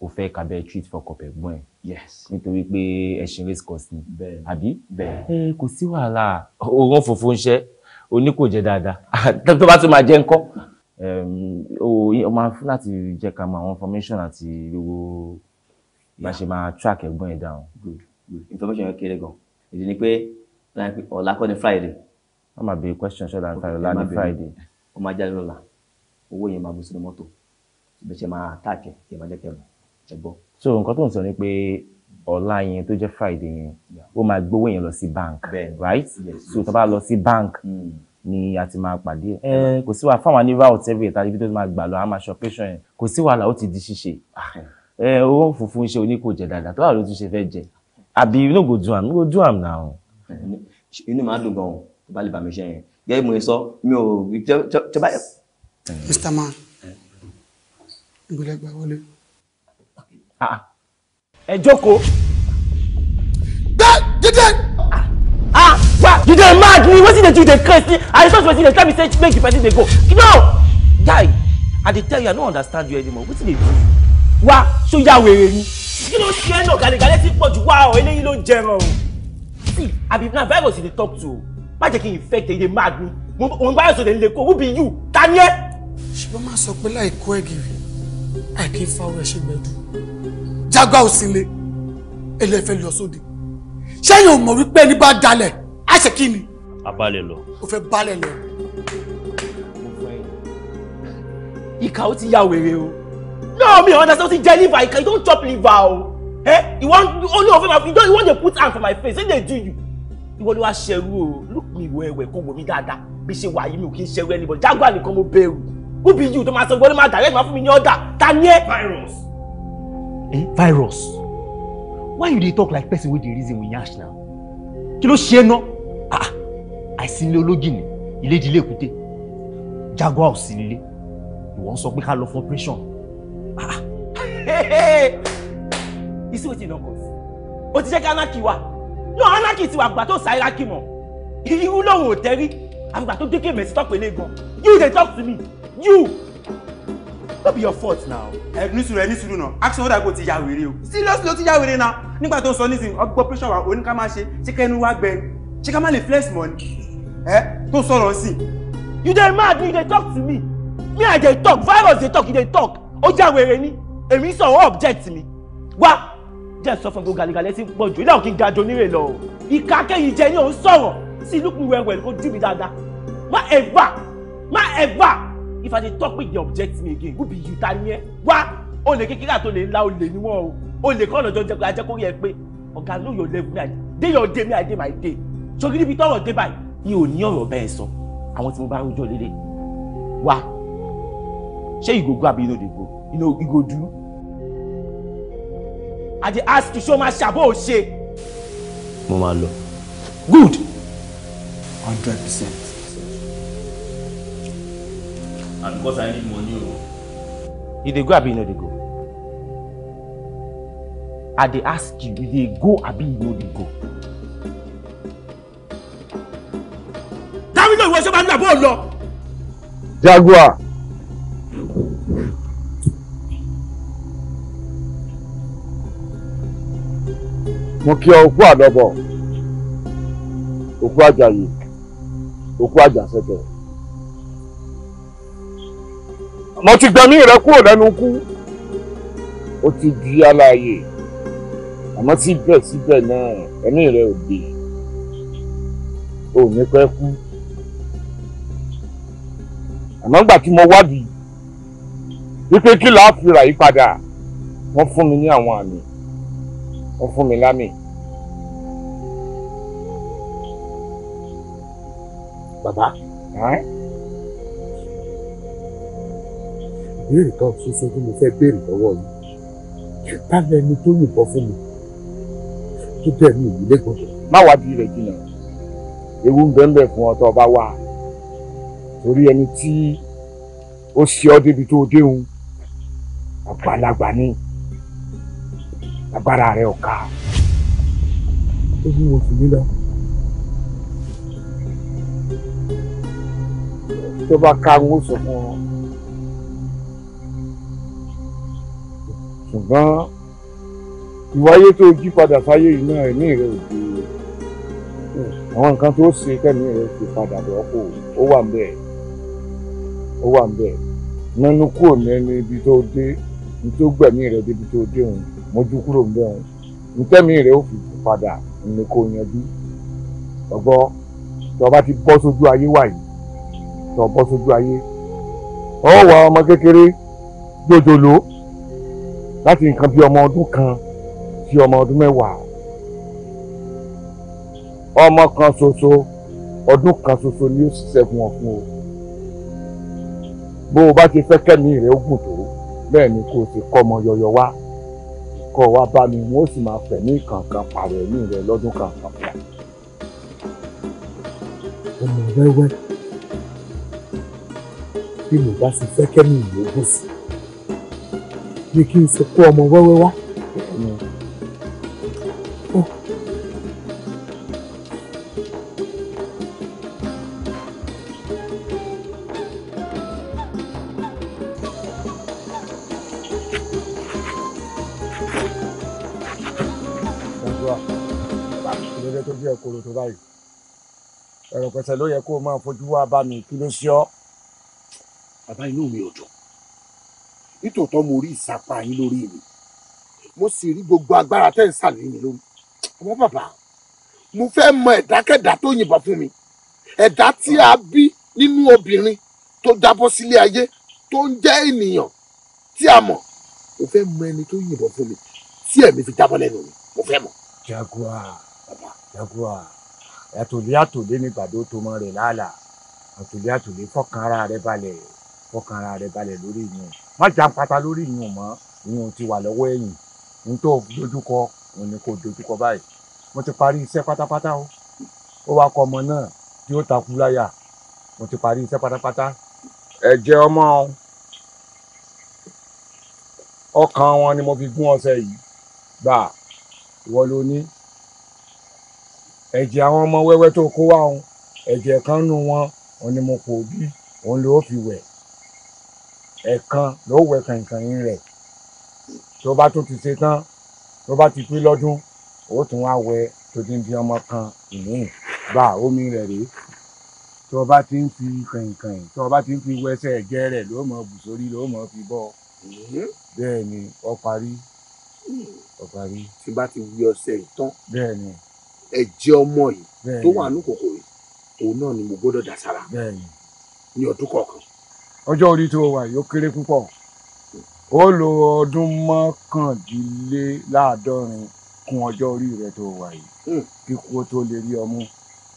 [SPEAKER 9] o fẹ́ ká bẹ́ẹ̀ treat fọkàn ẹ̀gbọ́n ẹ̀. yes nítorí pé ẹṣin race course ni. bẹ́ẹ̀ àbí bẹ́ẹ̀. ẹ kò sí wàhálà oorun fòfo ń ṣe oní kò jẹ dáadáa tó bá tún máa jẹ ńkọ́. o máa fún láti jẹ́ ká mọ àwọn information àti gbogbo bá ṣe máa track ẹ̀gbọ́n ẹ̀ down. good good information yẹn kéré
[SPEAKER 7] gan ìdí ni pé ọ̀la kọ́ ni friday. wọ́n máa béèrè question ṣọ́dá ọ̀la ni friday. ó máa jáde lọ́la owó yẹn máa bù sínú mọ́tò bẹ́ẹ̀ ṣe máa táàkì kí ẹ máa jẹ́ kẹrù ẹ gbọ́.
[SPEAKER 9] so nǹkan tó ń sọ ni pé ọ̀la yẹn tó jẹ́ friday yẹn ó máa gbowó yẹn lọ sí bank right so tó bá lọ sí bank hmm. ni a ti máa pàdé ẹ kò sí wàhálà fáwọn aníwá ọ̀tẹ́rì ẹ̀ta ibi tó máa gbà lọ àmà ṣọpẹ́ṣọ yẹn kò sí wàhálà ó ti di ṣíṣe ẹ owó funfun ṣe oní kò jẹ dáadáa tó wà ló ti ṣe fẹ́ jẹ àbí inú go do am go
[SPEAKER 7] do am na o. inú màá dùn gan-an tó bá lè bàmí ṣe yẹn gẹ́gẹ́ bí mo sọ mi ò tí ó bá. mr man
[SPEAKER 8] ìgbélé gbà wọlé.
[SPEAKER 7] Ah, ah.
[SPEAKER 3] ẹ jókòó. gbẹ jíjẹ.
[SPEAKER 9] ah wa
[SPEAKER 2] you dey mad me wetin dey do you dey craze
[SPEAKER 9] i just wetin dey tell me say make the person dey go no guy i dey tell you i no understand you anymore wetin dey do you wa so ya wèrè ni. kí ló ṣe é náà gàlẹ́gàlẹ́ ti pọ̀ jù wá ọ eléyìí ló ń jẹran o.
[SPEAKER 3] see abi na virus you dey talk to o má jẹ́ kí n infect ẹ you dey mad me mo n bá yẹn sọ̀rọ̀ ẹ̀ ń who be you ta ni ẹ. ṣùgbọ́n máa sọ pé láì kó ẹ̀gì rè àìkí fáwọn ẹṣẹ gbẹdú jágbá òsínlé ẹlẹ́fẹ́ lọ sóde ṣẹ́yìn ò mọ̀ wípé ẹni bá dalẹ̀ á ṣe kí ni. abalẹ̀ lọ. o fẹ́ balẹ̀ lọ. ìkà ó ti ya wèrè o no mi ọ̀dà sọ ti jẹ liver ìkà you don chop liver o eh? you wan only of them you don you wan dey put hand for my face say dey do you ìwọ ni wàá ṣerú o look me wẹ̀wẹ̀ kó wò mí dáadáa bí ṣe wà yìí mi ò kí ń ṣerú anybody jágbá nìkan mo bẹ̀rù who be you tó máa sọ gbọ́dọ̀ máa direct máa fún mi ní order ta ni ẹ. virus. Eh, virus why you dey talk like person wey dey reason with yansh now kí ló ṣe é ná ah àìsílẹ̀ ológìnì ilé ìdílé èkúté
[SPEAKER 9] jaguar ò sí nílé ìwọ ń sọ pé ká lọ fún operation
[SPEAKER 3] ah. isu wetin e don cause o ti jẹ́ kí anarchy wà no anarchy ti wà àgbà tó sa iraki mọ̀ irú lòun ò tẹ́rí àgbà tó dékè mẹ́sì tọ́pẹ́lẹ́ gan you dey talk to me you no be your fault now. ẹ ní sùúrù ẹ ní sùúrù náà action order go ti ya wèrè o seriously o ti ya wèrè náà nígbà tó ń sọ nísìnyí ọgbọ́ pressure wa òní ká máa ṣe ṣé ká ẹnu wá gbẹ ṣé ká má lè flex mọ́ ni ẹ tó sọ̀rọ̀ sí. you dey mad me. you dey talk to me me i dey talk virus dey talk you dey talk ó já wèrè ni èmi sọ ọ object mi wá jẹ́ sọ fún gbogbo gàlígàlẹ́ tí ń pọ̀ jù iná kí n gajo níre lọ o ìka kẹ́yìn jẹ ní òun sọ̀rọ̀ sí ìlú kùn wẹ̀wẹ̀ kó dì mí dáadáa má ẹ̀ gbà má ẹ̀ gbà if i dey talk with the object me again who be you ta ni ẹ wá olè kékeré àti olè ńlá olè ni wọn o olè kọ́ lọ́jọ́ jẹ́ ajẹ́kórí ẹ pé ọ̀gá ló yọ lẹ́gùn náà dé yọ dé mi àdé máa dé sókè níbi tọ́rọ̀ dé báyìí mi ò ní ọ̀rọ̀ bẹ́ẹ̀ sọ àwọn tí mo bá rújọ lélẹ̀ wá ṣé ìgògó àbí inú òdìgbò inú ìgòdú
[SPEAKER 9] i dey ask you ṣé o máa ṣàbò ò ṣe.
[SPEAKER 3] mo máa lọ good hundred percent
[SPEAKER 9] and because I need money o. Oh. You dey go abi you no dey go? I dey ask you, you dey go abi you no dey go?
[SPEAKER 3] Dáwídọ̀ ìwọ ṣe máa ń gbà bọ́ọ̀lù lọ. Jaguar. mo kí ọ òkú àdọ́bọ̀ òkú àjàyè òkú àjàsẹ́kẹ̀ẹ́. mo ti gbẹ̀mí rẹ kúrò lẹ́nu kú ó ti di aláàyè àmọ́ síbẹ̀síbẹ̀ náà ẹ̀mí rẹ ò dé ò ní pẹ́ kú àmọ́ gbà tí mo wádìí wípé kí làá fi rà yí padà
[SPEAKER 9] wọ́n fún mi ní àwọn àmì wọ́n fún mi lámì. bàbá.
[SPEAKER 3] ìbéèrè kan ṣoṣo tí mo fẹ́ béèrè lọ́wọ́ yìí ta lẹni tó yìnbọn fún mi tó dẹ̀ mí ìlú lẹ́gbọ̀dọ̀. má wá bí rẹ̀ jìnnà ewu ń bẹ́ẹ̀ bẹ́ẹ̀ fún ọ tó bá torí ẹni tí ó ṣe ọ débi tó déhùn àgbàlagbà ni agbára rẹ ò ká. ó sì ní tó bá ká ń wò sọ fún ọ. ṣùgbọ́n ìwáyé tó jí padà sáyé yìí náà ẹ̀mí rẹ̀ ò ju àwọn nǹkan tó ṣe tẹ̀mí rẹ̀ ti padà bọ̀ kó ó wà ń bẹ̀ ó wà ń bẹ̀ nínú kúrò ní ẹni ibi tó dé ibi tó gbẹ̀mí rẹ̀ débi tó dé òun mójú kúrò ń bẹ̀ òun ntẹ́mi rẹ̀ ó fi padà ní kò yanjú ọgbọ́ tó ti bọ́ sójú ayé wà yìí tó bọ́ sójú ayé ọ wà ọmọ kékeré gbòdòló láti nǹkan bí ọmọ ọdún kan sí ọmọ ọdún mẹ́wàá ọmọ kan ṣoṣo ọdún kan ṣoṣo ni ó ṣiṣẹ́ fún ọ fún o bó o bá ti fẹ́ kẹ́mi rẹ̀ ó gùn tó bẹ́ẹ̀ ni kò sì kọ́ ọmọ yọyọ wá kọ́ wa bá mi wọ́n sì máa fẹ̀mí kankan pààrọ̀ ẹ̀mí rẹ̀ lọ́dún kankan fún wa. ọmọ bí mo bá ti fẹ́ kẹ́mi rẹ̀ ó gùn sí i bí kí n sìnkú ọmọ wẹ́wẹ́ wá. Oh. ẹ̀rọ pẹ̀sẹ̀ ló yẹ kó o máa fojú wá bá mi kí ló ṣe ọ́. bàbá inú mi ò dùn nítòótọ́ mo rí ìsapá yín lórí mi mo sì rí gbogbo agbára tẹ́ ń sàlẹ̀ mi lórí ọmọ bàbá mo fẹ́ mọ ẹ̀dákẹ́dá tó yìnbọn fún mi ẹ̀dá tí a bí nínú obìnrin tó jábọ́ sílé ayé tó ń jẹ́ ènìyàn tí a mọ̀ mo fẹ́ mọ ẹni tó yìnbọn fún mi tí ẹ̀mí fi jábọ́ lẹ́nu mi mo fẹ́ mọ̀. jaguar jaguar àtòlé àtòlé ní gbàdó tó mọ rẹ lálàá àtòlé àtòlé fọkàn ara rẹ balẹ̀ fọkàn ara rẹ balẹ̀ lórí yẹn má jà pátá lórí ìyún mọ́ ìyún ti wà lọ́wọ́ ẹ̀yìn ní tó dojúkọ òun ni kò dojúkọ báyìí mo ti parí iṣẹ́ pátápátá o ó wá kọ ọmọ náà tí ó takú láyà mo ti parí iṣẹ́ pátápátá ẹ̀jẹ̀ ọmọ ọkàn wọn ni mo fi gún ọṣẹ yìí gbà ìwọ ló ní ẹ̀jẹ̀ àwọn ọmọ wẹ́wẹ́ tó kó wá òun ẹ̀jẹ̀ kan nù wọn òun ni mo kò bí òun ló fi wẹ̀ ẹ̀ẹ̀kan ló wẹ kànkàn rẹ̀ tó bá tó ti ṣe tán tó bá ti pé lọ́dún ó tún wá wẹ tó ti ń di ọmọ kan ìmíì gba omi rẹ̀ rèé tó bá ti ń fi kànkàn tó bá ti ń fi wẹsẹ̀ jẹ́ rẹ̀ ló mọ̀ bù sórí ló mọ̀ fi bọ́ mm-hmm. bẹ́ẹ̀ ni ó parí mm-hmm. ó parí. tí bá ti wí ọṣẹ ìtàn bẹ́ẹ̀ ni ẹ̀jẹ̀ ọmọ yìí tó wà ní kòkòrò òun náà ni mo gbọ́dọ̀ dà sára ní ọdún kọ̀ọ̀kan ọjọ́ orí tó wà yìí ó kéré púpọ̀ ó lo ọdún mọ́kàndínláàádọ́rin kún ọjọ́ orí rẹ tó wà yìí hmm. kíkú ó tó lè rí ọmú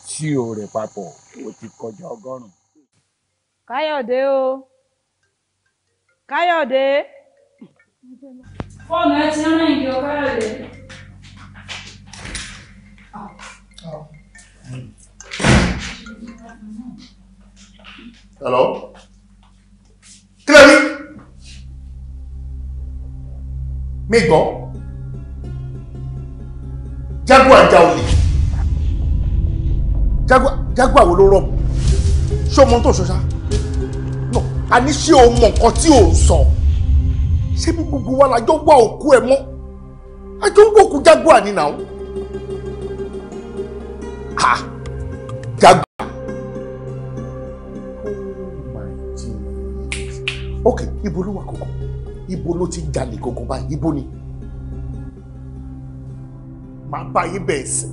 [SPEAKER 3] sí o rẹ papọ̀ ó ti kọjá ọgọ́rùn.
[SPEAKER 6] káyọ̀dé o káyọ̀dé. fóònù ẹ ti rìn ìjọ káyọ̀dé.
[SPEAKER 3] hello. mi gbọ́ jaguar ja olè jaguar wo ló rọ̀ mọ́ ṣé o mọ tó ṣoṣa no a ní ṣé o mọ nǹkan tí o sọ ṣé bí gbogbo wa la jọ wá òkú ẹ mọ́ a jọ ń gbòkú jaguar ni nàá ha jaguar. Oh ok ibo ló wà kókó ibo ló ti jalè gógó báyìí ibo ni màá bá yín bẹ̀ sìn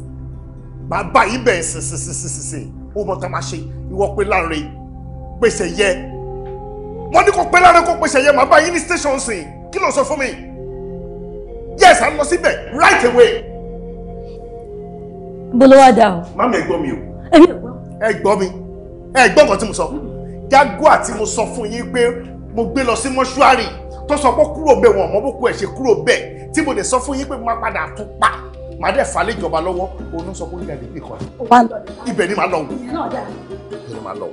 [SPEAKER 3] màá bá yín bẹ̀ sìn sìn sìn sìn sìn ó mọ tá a máa ṣe ìwọ pé láàrin gbèsè yẹ wọn ní kò pé láàrin kò gbèsè yẹ màá bá yín ní station sìn kí ló sọ fún mi yes à ń lọ síbẹ̀ right away. bolowa da o. má mi ẹ gbọ́ mi o. ẹ gbọ́ mi ẹ gbọ́ nǹkan tí mo sọ mm-hmm. jágó àti mo sọ fún yín pé mo gbé lọ sí mọ́ṣúárì tó sọ pé kúrò bẹ́ẹ̀ wọn ọmọ bó kú ẹ̀ ṣe kúrò bẹ́ẹ̀ tí mo lè sọ fún yín pé mo máa padà tún pa màá dẹ̀ fà á lé ìjọba lọ́wọ́ òun sọ pé ó jáde bí kan ibẹ̀ ni màá lọ wò ibẹ̀ ni màá lọ wò.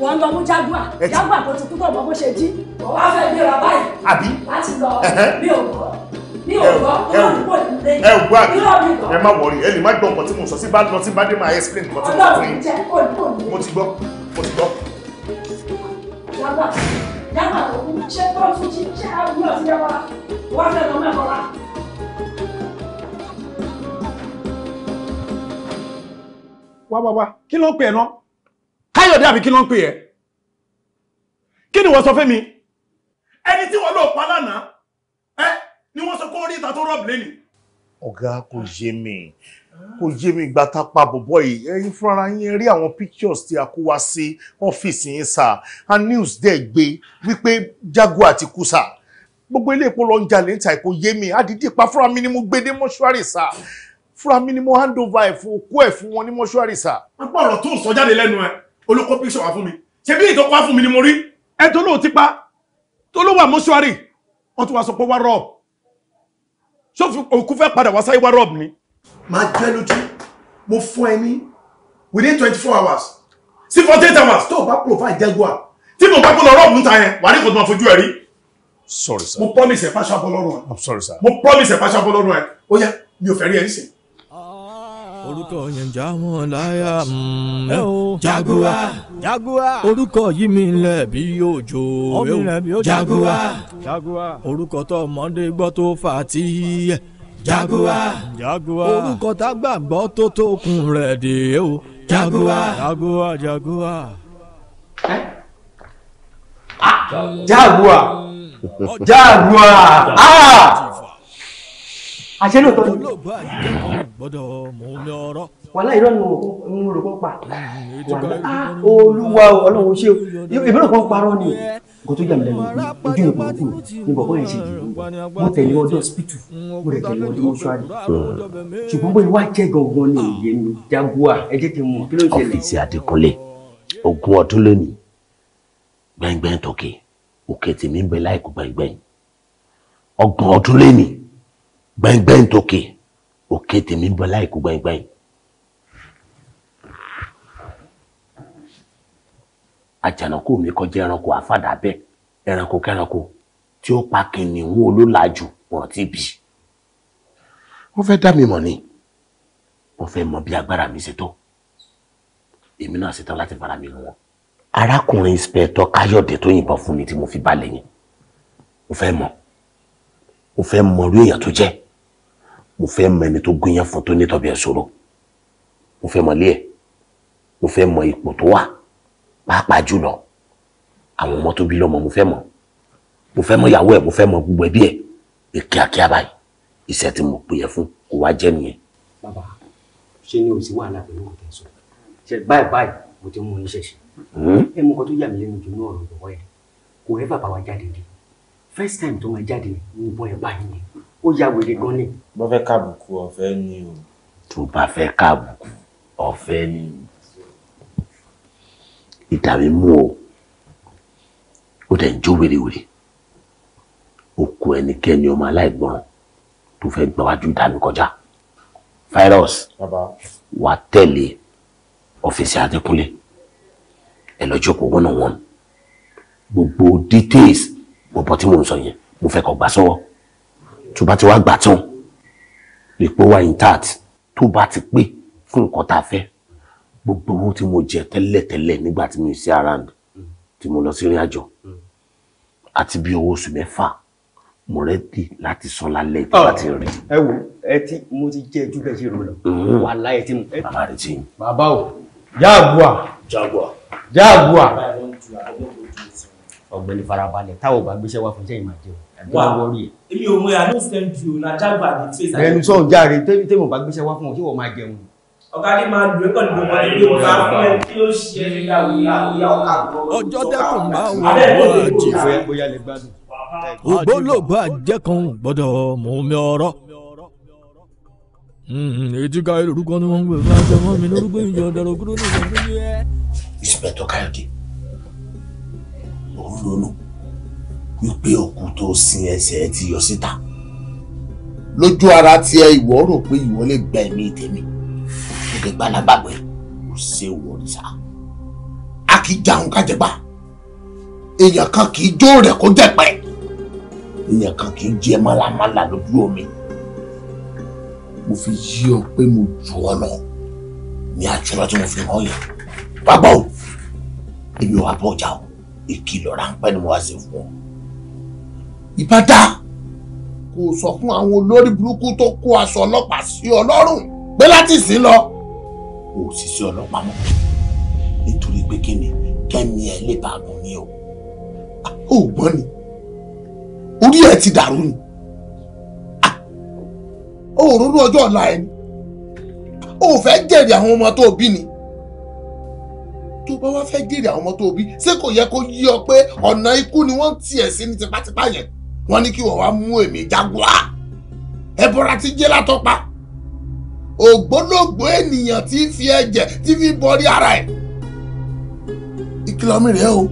[SPEAKER 6] wọ́n ń lọ mú jágbà jágbà tó ti kú tó mọ bó ṣe jí wọ́n á fẹ́ gbéra báyìí láti lọ
[SPEAKER 3] bí òwò mi ò gbọ́ tó wà nípò ìdílé yìí irọ́ mi ẹ má wọrí ẹ lè má gbọ́ nǹkan tí mo sọ sí bá lọ sí máa explain nǹkan tí mo sọ fún yín mo ti gbọ́ mo ti gbọ́
[SPEAKER 6] yàrá òkú ṣe tọ́jú jí ṣe àwọn ọ̀sẹ̀ yẹn wá wá fẹ́ lọ
[SPEAKER 3] mẹ́kọ̀ọ́ kí ló ń pè ẹ́ náà káyọ̀dé àbí kí ló ń pè ẹ́ kí ni wọ́n sọ fún mi ẹni tí wọ́n lò pa lánàá ẹ ni wọ́n sọ kó rí ìta tó rọ̀bù lẹ́nu. ọ̀gá kò yé mi kò yé mi ìgbà tá a pa bọ̀bọ̀ yìí ẹ̀yin fúnra yín rí àwọn pictures tí a kó wá sí ọ́fíìsì yín sà á news dẹ̀ gbé wípé Jaguar ti kú sà gbogbo ilé ìpolọ ń jalè ń ta ìkó yé mi àdídì pa fúnra mi ni mo gbé dé mọ́ṣúárì sà fúnra mi ni mo hand over ẹ̀ fún òkú ẹ̀ fún wọn ní mọ́ṣúárì sà. pápá ọ̀rọ̀ tó ń sọ jáde lẹ́nu ẹ olóko picture wá fún mi ṣé bí ìtọ́kọ wá fún mi ni mo rí ẹ tó lóò ti pa tó ló wà máa jẹ́ lójú mo fún ẹ ní within twenty four hours sí forty hours tó o bá provide jaguar tí mo bá gbọ́dọ̀ ọ̀rọ̀ òun ta yẹn wà ní kò máa fojú ẹ̀ rí. sorry sir mo promise ẹ pàṣẹ abọ́ ẹ. i'm sorry sir mo promise ẹ pàṣẹ abọ́ lọ́rùn ẹ ó yá mi ò fẹ́ rí ẹ nísìn.
[SPEAKER 1] orúkọ yẹn já wọn láyà mm, eh, ẹ o jaguar jaguar orúkọ yìí mi lẹ bí òjò ẹ eh o jaguar jaguar orúkọ tó ọmọdé gbọ́ tó fà á tí Jaguar Jaguar orúkọ tá gbàgbọ́ tó tó kun rẹ̀ dé o Jaguar Jaguar Jaguar.
[SPEAKER 2] Ah! Jaguar Jaguar ah!
[SPEAKER 3] àṣẹ ló tọ́jú. wàhálà
[SPEAKER 8] irọ́ ni mo rò kó pa ah,
[SPEAKER 7] olúwa ọlọ́run ṣe ìbéèrè kan parọ́ ni nǹkan tó jà mí lẹ́nu ojú mi burúkú ni bọ̀bọ́ yẹn ṣe dìbò mo tẹ̀lé
[SPEAKER 3] ọdún hospital mo rẹ̀ tẹ̀lé ọdún mọ́ṣúárì ṣùgbọ́n bóyá wá jẹ́ gangan ni òye mi jagua ẹ jẹ́ kí kí ló ń ṣẹlẹ̀. ọ́fíìsì
[SPEAKER 9] Adékúnlé ogún ọdún lónìí gbẹ̀ngbẹ̀ng tókè òkè tèmi ń bẹ láìkú gbẹ̀ngbẹ̀ng ọgbọ̀n ọdún lónìí gbẹ̀ngbẹ̀ng tókè òkè tèmi ń bẹ láìkú gbẹ̀ngbẹ̀ng àjànàkú mi
[SPEAKER 3] kọjá ẹranko àfàdà bẹ́ẹ̀ ẹranko kẹranko tí ó pa kìnìún olólàjù wọn ti bì. wọ́n fẹ́ dá mi mọ̀ ni wọ́n fẹ́ mọ bí agbára
[SPEAKER 9] mi ṣe tó èmi náà ṣetán láti bára mi wọn. arákùnrin inspector káyọ̀dé tó yìnbọn fún mi tí mo fi balẹ̀ yẹn mo fẹ́ mọ̀ mo fẹ́
[SPEAKER 3] mọ orí èèyàn tó jẹ́ mo fẹ́ mọ ẹni tó gbìyàn fún tó ní tọ́bi ẹ̀ sọ̀rọ̀
[SPEAKER 9] mo fẹ́ mọ ilé ẹ̀ mo fẹ́ mọ ipò tó wà pàápàá jùlọ àwọn ọmọ tó bí lọ́mọ mo fẹ́ mọ̀ mo fẹ́ mọ̀ ìyàwó ẹ̀ mo fẹ́ mọ̀ gbogbo ẹbí ẹ̀ ní kíákíá báyìí iṣẹ́ tí mo pè ẹ́ fún kò wá jẹ́ nìyẹn. bàbá
[SPEAKER 7] ṣé ni o ti wàhálà pẹ̀lú òkè sọ ṣe báyìí báyìí mo ti mú un ṣe ṣe ẹ mú ọkọ tó yà mí lẹ́nu jù ní ọ̀rọ̀ ìbọ̀wọ́ yẹn kò ẹ bàbá wa jáde rí first time tó máa jáde ní ìbọn ẹ̀ báyìí ni ó ya wèrè gan ni.
[SPEAKER 9] bọ́ fẹ́ kábùkù ọ̀fẹ́ ni o. tó bá fẹ́ kábùkù ọ̀fẹ́ ni o ìdà mi mú ọ ó dẹ̀ ń jó wèrèwèrè ó kó ẹnikẹ́ni ọmọ aláìgbọràn tó fẹ́ gbáwájú ìdà kọjá virus wà tẹ̀lé ọ́fíìsì Adékúnlé ẹ lọ jókòó one on one gbogbo details gbogbo tí mo ń sọ yẹn mo fẹ́ kó gbà sọ́wọ́
[SPEAKER 3] tó bá ti wá gbà tán lè pọ́ wá intact tó bá ti pé fún nǹkan
[SPEAKER 9] tá a fẹ́ gbogbo owó tí mo jẹ tẹ́lẹ̀tẹ́lẹ̀ nígbà tí mi sí around tí mo lọ sí ìrìn àjò àti bí owó oṣù mẹ́fà mo rẹ́dì láti san
[SPEAKER 7] lálẹ́ tí wàá ti ah, rí. ẹ wo ẹ ti mo ti jẹ ojú bẹ́ẹ̀ ṣe rò lọ mm-hmm. wà láyé tí mo. bàbá
[SPEAKER 3] rẹ ti. bàbá o jaagua. jaagua. jaagua.
[SPEAKER 7] ọ̀gbẹ́ni farabalẹ̀ táwọn ọba gbéṣẹ́ wá fún sẹ́yìn máa jẹun wà wọrí ẹ.
[SPEAKER 9] èmi ò mọ ẹ i no send you na jaagua dey trace. ẹnu
[SPEAKER 7] sọ̀n járe tẹ́mi tẹ́mi ò fún ọ kí wọ́n máa jẹun
[SPEAKER 9] ọ̀gá ní máa lù ẹ́ pẹ̀lú ọmọ
[SPEAKER 3] ní yorùbá fún ẹ
[SPEAKER 9] tí ó ṣe é nígbà wíyá wíyá ọ̀gá gbọ́. ọjọ́ dẹ́kun
[SPEAKER 1] bá wà
[SPEAKER 2] wọ́n jì fún ẹ bóyá lè gbádùn. ògbólógbò
[SPEAKER 1] àjẹkùn gbọ́dọ̀ mú mi ọ̀rọ̀. etí ká lórúkọ ni wọ́n ń gbé fún ajẹmọ́
[SPEAKER 3] mi lórúkọ ìjọ
[SPEAKER 1] ọ̀dọ̀rọ̀ kúrò ní ìjọba ní ẹ.
[SPEAKER 3] ìsìpẹ̀tọ̀ káyọ̀dé òun lónà wípé òkú tó sin ẹsẹ̀ ti yọ síta lójú ara tiẹ̀ ìwọ rò pé ìwọ lè gba ẹ̀mí tèmi gẹ́gẹ́ gbalagbàgbẹ́ kò séwu ọ̀rìṣà a kì í jàun ká jẹgbà èèyàn kan kì í jó rẹ̀ kó jẹ̀pẹ̀ èèyàn kan kì í jẹ mọ́lámọ́lá lójú omi mo fi yí ọ pé mo jù ọ lọ ní àjọyọ tí mo fi hàn yẹn gbàgbọ́ o èmi ò wá bọ̀ ọjà o ìkìlọ̀ ráńpẹ́ ni mo wá sí fún ọ ìbá dáa kò sọ fún àwọn olórí burúkú tó kó aṣọ ọlọ́pàá sí ọ pé láti sí lọ òṣìṣẹ́ ọlọ́pàá mọ́ nítorí pé kí ni kẹ́mi ẹ̀ lè bá gùn ni o ò ah, gbọ́n ni orí ẹ̀ ti dàrú ni ah, ó ronú ọjọ́ ọ̀la ẹ̀ ni ó fẹ́ jèrè àwọn ọmọ tó bí ni tó bá wá fẹ́ jèrè àwọn ọmọ tó bí ṣé kò yẹ kó yí ọ pé ọ̀nà ikú ni wọ́n tiẹ̀ sí ní tipátipá yẹn wọ́n ní kí wọ́n wá mú èmi jagunlá ẹ̀bọ̀ra ti jẹ́ látọ́pa ògbólógbòó ènìyàn tí ń fi ẹ̀jẹ̀ ti fi bọrí ara ẹ̀ ìkìlọ̀ mi rèé o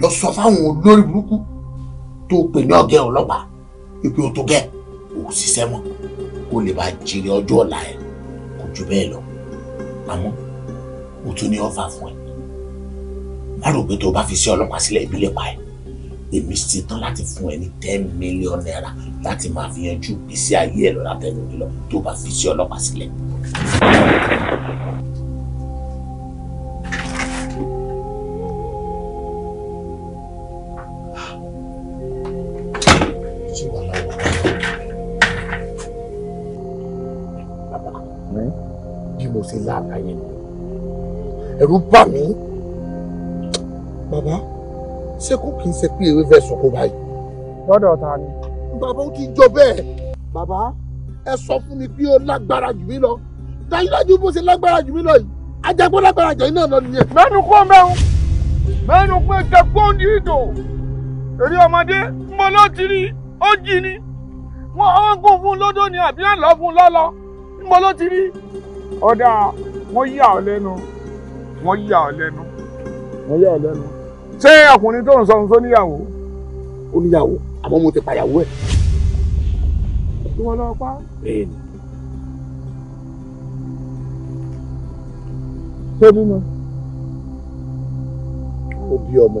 [SPEAKER 3] lọ sọ fáwọn olórí burúkú tó pè ní ọ̀gá ọlọ́pàá ìpè o tó gẹ̀ ò ṣiṣẹ́ mọ́ kó lè bá jèrè ọjọ́ ọ̀la ẹ̀ kò jù bẹ́ẹ̀ lọ àmọ́ o tún ní ọ̀fà fún ẹ má rò pé tó o bá fi sí ọlọ́pàá sílẹ̀ ìbílẹ̀ pa ẹ̀ èmi ti tán láti fún ẹ ní ten million naira láti máa fi yanjú ìgbésí ayé ẹ lọ látẹnu mi lọ tó bá fi sí ọlọ́pàá sílẹ̀. Hm? bí mo ṣe láàbà yẹn ẹ̀rù bà mí ṣé kò kí n ṣe pé ewé fẹ́ sọkó báyìí. lọ́dọ̀ ta ni. bàbá ó ti jọ bẹ́ẹ̀ bàbá ẹ sọ fún mi pé ó lágbára jù mí lọ dájúdájú bó ṣe lágbára jù mí lọ yìí ajagbó lágbára jù iná lọ nìyẹn. mẹ́nu kó mẹ́rún mẹ́nu pé jagbó ní ìdò èrè ọmọdé ń bọ́ láti rí ó jì ní wọn àwọn gùn fún lọ́dọ̀ ni àbí àlọ́ fún lọ́lọ́ ń bọ́ láti rí. ọ̀dà wọ́n yà ọ́ lẹ́nu wọ́n yà ọ́ lẹ́nu wọ́n yà ọ́ lẹ́nu ṣé ọkùnrin tó ń sọ ohun tó níyàwó. ó níyàwó àmọ́ mo ti pàyàwó ẹ̀. kí wọ́n lọ pa. bẹ́ẹ̀ ṣé bímọ. ó bí ọmọ.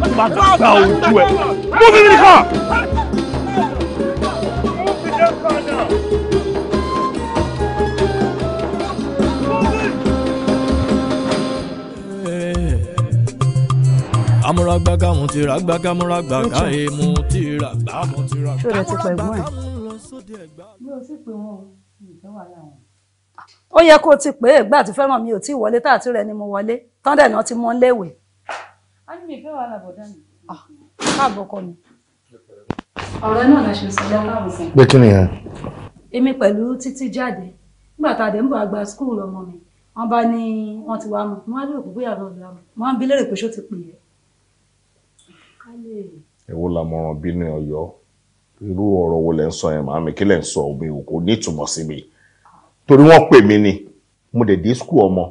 [SPEAKER 2] bá gba move in the car. move in the car now.
[SPEAKER 1] amúragbága mo ti ra gbága múragbága èèmù eh, ti ra gbá mo ti ra gbá. ṣé o lè ti pẹ̀ gbọ́n ẹ̀.
[SPEAKER 6] mi ò tí pè wọn mi ò fẹ́ wà láwọn. ó yẹ kó o ti pè é ìgbà tí fẹ́ràn mi ò tí ì wọlé tá rẹ ni mo wọlé tọ́ndẹ̀ náà ti mọ́ léèwé mi fẹ́ wàhálà bọ̀dá mi. Ah, káàbọ̀ kọ ni. ọ̀rọ̀ náà la ṣe sọ lákàrún fún. pé kí ni yẹn. èmi pẹ̀lú títí jáde nígbà tá a dẹ̀ ń bọ̀ àgbà skul ọmọ mi wọ́n bá ní wọ́n ti wá mu wọ́n á lérò pé bóyá lọ́ọ́ lọ́ọ́ wọ́n á bí lérò pé ṣó ti pè é.
[SPEAKER 3] èwo la mọ̀ràn bí ní ọ̀yọ́ irú ọ̀rọ̀ wo lẹ ń sọ yẹn màámi kí lẹ ń sọ omi òkò nítumọ̀ sí mi torí wọ́n pè mí ni mo dẹ̀ dé skul ọmọ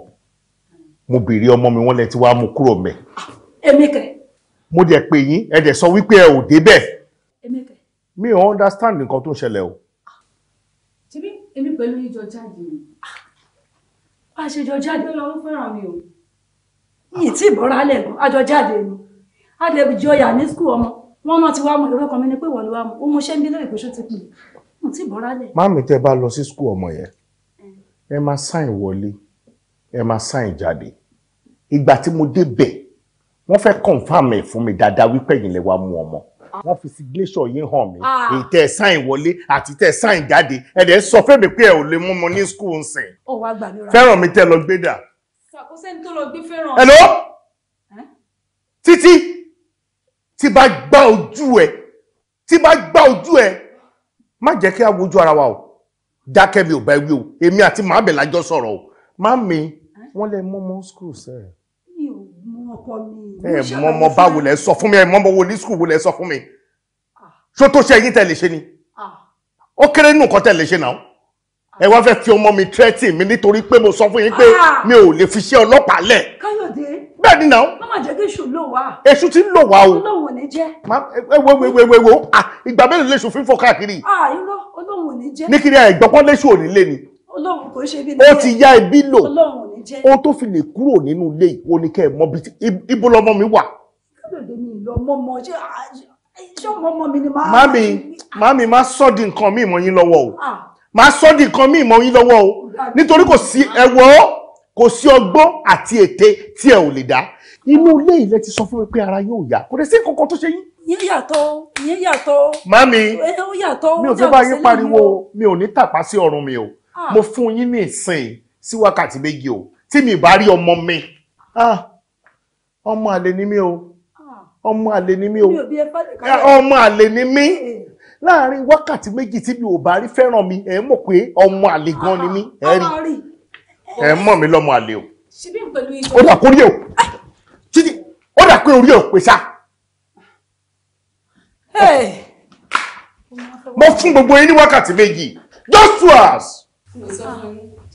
[SPEAKER 3] mo bèrè ọmọ mi wọ́n lẹ ti wá mu kúrò mẹ́ èmi kẹ̀. mo dẹ̀ pè yín ẹ dẹ̀ sọ wípé ẹ ò débẹ̀. èmi mi ò understand nǹkan tó ń ṣẹlẹ̀ o. Ah.
[SPEAKER 6] tìbí èmi pẹ̀lú ìjọ jáde ni a ah. ṣe jọ jáde ọlọ́run fẹ́ràn mi o yìí tí ìbọ̀rọ̀ alẹ̀ gan a jọ jáde ni a dẹ̀ jọ yà ní skul ọmọ wọn náà ti wá mú ìró kan mi ni pé wọ́n ló wá mú ó mú ṣẹ́ńbí lórí ìpèsè ti pè yìí tí
[SPEAKER 4] ìbọ̀rọ̀ alẹ̀.
[SPEAKER 3] máàmì tẹ bá lọ sí skul ọmọ yẹn eh. ẹ máa sáìn wọlé ẹ máa sáìn jáde ìgbà tí mo débẹ̀ wọ́n fẹ́ confam ẹ̀ fún mi dáadáa wípé ẹ̀yin lẹ wá mú ọmọ ah. wọ́n fi signature yín hàn mí ah. èyí tẹ́ ẹ sáìn wọlé àti tẹ́ ẹ sáìn jáde ẹ dẹ̀ sọ fún mi pé ẹ ò lè mú mo ní school ń sìn. mi tẹ́ lọ gbé dà.
[SPEAKER 6] sàkóso tó lọ gbé fẹ́ràn. hello
[SPEAKER 3] títí tí bá gbá ojú ẹ tí bá gbá ojú ẹ má jẹ́ kí a wojú ara wa o dákẹ́ mi ò bá ewé o èmi àti màá bẹ̀ lájọ́ sọ̀rọ̀ o má mi wọ́n lè mú mọ́ school sẹ́ẹ̀ ẹ mọ ọmọ bá wo lẹ sọ fún mi ẹ mọ ọmọ wo ní skul wo lẹ sọ fún mi ah. ṣó tó ṣe eyín tẹ̀lé ṣe ni ah. ó kéré nù kan tẹ̀lé ṣe náà ah. ẹ wá fẹ́ fi ọmọ mi tírẹ́tì mi nítorí pé mo sọ fún yín pé mi ò lè fi ṣe ọlọ́pàá lẹ̀. káyọ̀dé bẹ́ẹ̀ ni náà.
[SPEAKER 6] mama jẹ́ kí èṣù lò wá.
[SPEAKER 3] èṣù ti ń lò wá o. ọlọ́run ò ní jẹ́. wo wo wo wo wo ìgbà mélòó lèṣù fífọ́ káàkiri.
[SPEAKER 6] irọ́ ọlọ́run ò ní jẹ́. ní kiri àìgbọ́pọ́ lèṣù ohun
[SPEAKER 3] tó fi le kúrò nínú ilé yìí ó ní kẹ́ ẹ mọ ibo lọmọ mi wà.
[SPEAKER 6] kábíyèdè mi lọ mọ́mọ́ ṣé ọmọ mi ni máa. mami
[SPEAKER 3] mami má sọ di nǹkan mi ìmọ̀ yín lọ́wọ́ o má sọ di nǹkan mi ìmọ̀ yín lọ́wọ́ o nítorí kò sí ẹ̀wọ́ kò sí ọgbọ́n àti ète tí ẹ ò lè dá inú ilé yìí ti sọ fún mi pé ara yóò yá kò dé sí kankan tó
[SPEAKER 6] ṣe yín ìyẹn yàtọ̀ ìyẹn yàtọ̀. mami mi ò fẹ́ bá yín pariwo
[SPEAKER 3] mi ò ní tàpá sí ọrùn mi o mo fún yín ní ìsìn sí wákàtí méjì o tí mi bá rí ọmọ mi ah, ọmọ àlè ni mí o ọmọ àlè ni mí o ah, ọmọ àlè ni mí eh. láàárín wákàtí méjì tí mi ò bá rí fẹ́ràn mi ẹ̀ mọ̀ pé ọmọ àlè gan ni mí ah, ẹ̀ rí ẹ̀ mọ̀ mi lọ́mọ àlè o ó dà kórí o títí ó dà pé orí ò pé sá. mo fún gbogbo yín ní wákàtí méjì just two hours.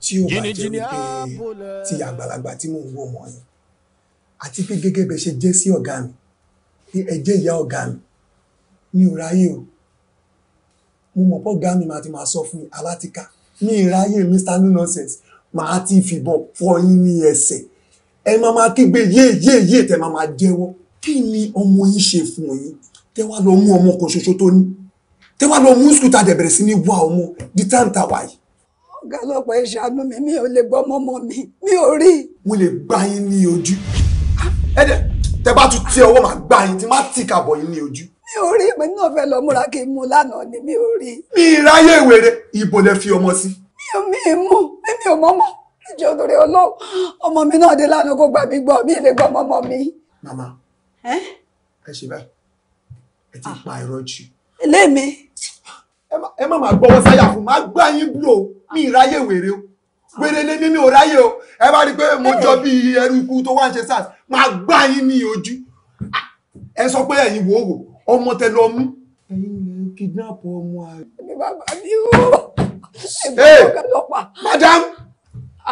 [SPEAKER 3] tí ó bá jẹ́ wípé ti àgbàlagbà tí mò ń wò mọ́ yìí àti pé gẹ́gẹ́ bẹ ṣe jẹ́ sí ọ̀gá mi pé ẹ ìyá ọ̀gá mi mi ò ráyè o mo mọ̀ pọ̀ ọ̀gá mi máa ti máa sọ fún mi alátìká mi ì ráyè mr nonsense màá ti fìbọn fọ́ yín ní ẹsẹ̀ ẹ máa máa kígbe yéèyéèyé tẹ máa máa jẹ́wọ́ kí ni ọmọ yín ṣe fún yín tẹ wá lọ mú ọmọ kan ṣoṣo tó ní tẹ wá lọ mú skúta dẹ̀ sí ní wá ọmọ di táǹtà wáyé ọ̀gá ọlọ́pàá ẹ ṣàánú mi mi ò lè gbọ́ ọmọ mi mi ò rí. mo lè gbá yín ní ojú ẹ dẹ tẹ bá tún tẹ ọwọ́ màá gbá yín tí má tì kàbọ̀ yín ní ojú.
[SPEAKER 10] mi ò rí èmi náà fẹ́ lọ múra kí n mu lánàá ni mi ò rí.
[SPEAKER 3] mi ìráyè ìwèrè ibo lẹ fi ọmọ
[SPEAKER 10] sí. mi ò mi ì mú mi ò mọ́mọ́ ìjọ torí ọlọ́run ọmọ mi náà dé lánàá kó gbà mí gbọ́ mi lè gbọ́ ọmọ mi. màmá ẹ
[SPEAKER 3] ṣe báyìí ẹ ti pa irọ́ jù. lémi ẹ má máa gbọ́wọ́ sáyà fún máa gbá yín búlò mi ìráyè wèrè o wèrè lé nínú òráyè o ẹ bá rí i pé mo jọ bí ẹrú ikú tó wá ń ṣe sars máa gbá yín ní ojú ẹ sọ pé ẹ̀yin wò ó wò ọmọ tẹ lọ mú. ẹ̀yin ni kidnap ọmọ ààrẹ. ẹni bàbá mi ò ṣe é madam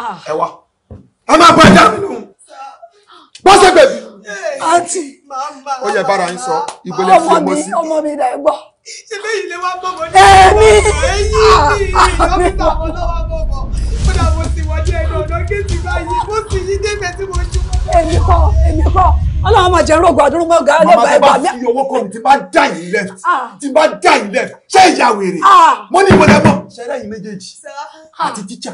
[SPEAKER 3] ah. ẹ wá a máa bọ ẹja mi nù bọ́sẹ̀ bèbí. àǹtí ó yẹ bára yín sọ ìbò lè ọmọ sí.
[SPEAKER 10] ọmọ mi dẹ̀ gbọ́ ṣe lẹ́yìn lè wá bọ̀bọ̀ ní ọmọ ẹ̀yìn ní ah. ìyọ́pítà wọn lọ́wọ́ bọ̀bọ̀ kódà mo ti wọ́n ní ẹnu ọ̀dọ́ kéèsì báyìí mo sì yí débẹ̀ tí mo ṣu mọ́. èmi kọ èmi kọ ọlọ́run máa jẹ rògbò àdúró mọ́ ọ̀gá
[SPEAKER 8] ẹgbẹ́ bàbá mi.
[SPEAKER 10] màmá tí bá fi owó kọ́ mi tí bá
[SPEAKER 3] dà yín lẹ̀ ah. tí bá dà yín lẹ̀ ṣé ìyá wèrè ah. mo ní ìmọ̀lẹ́ mọ̀
[SPEAKER 8] ṣẹ́rẹ́ yìí méjèèjì
[SPEAKER 3] àti tíṣà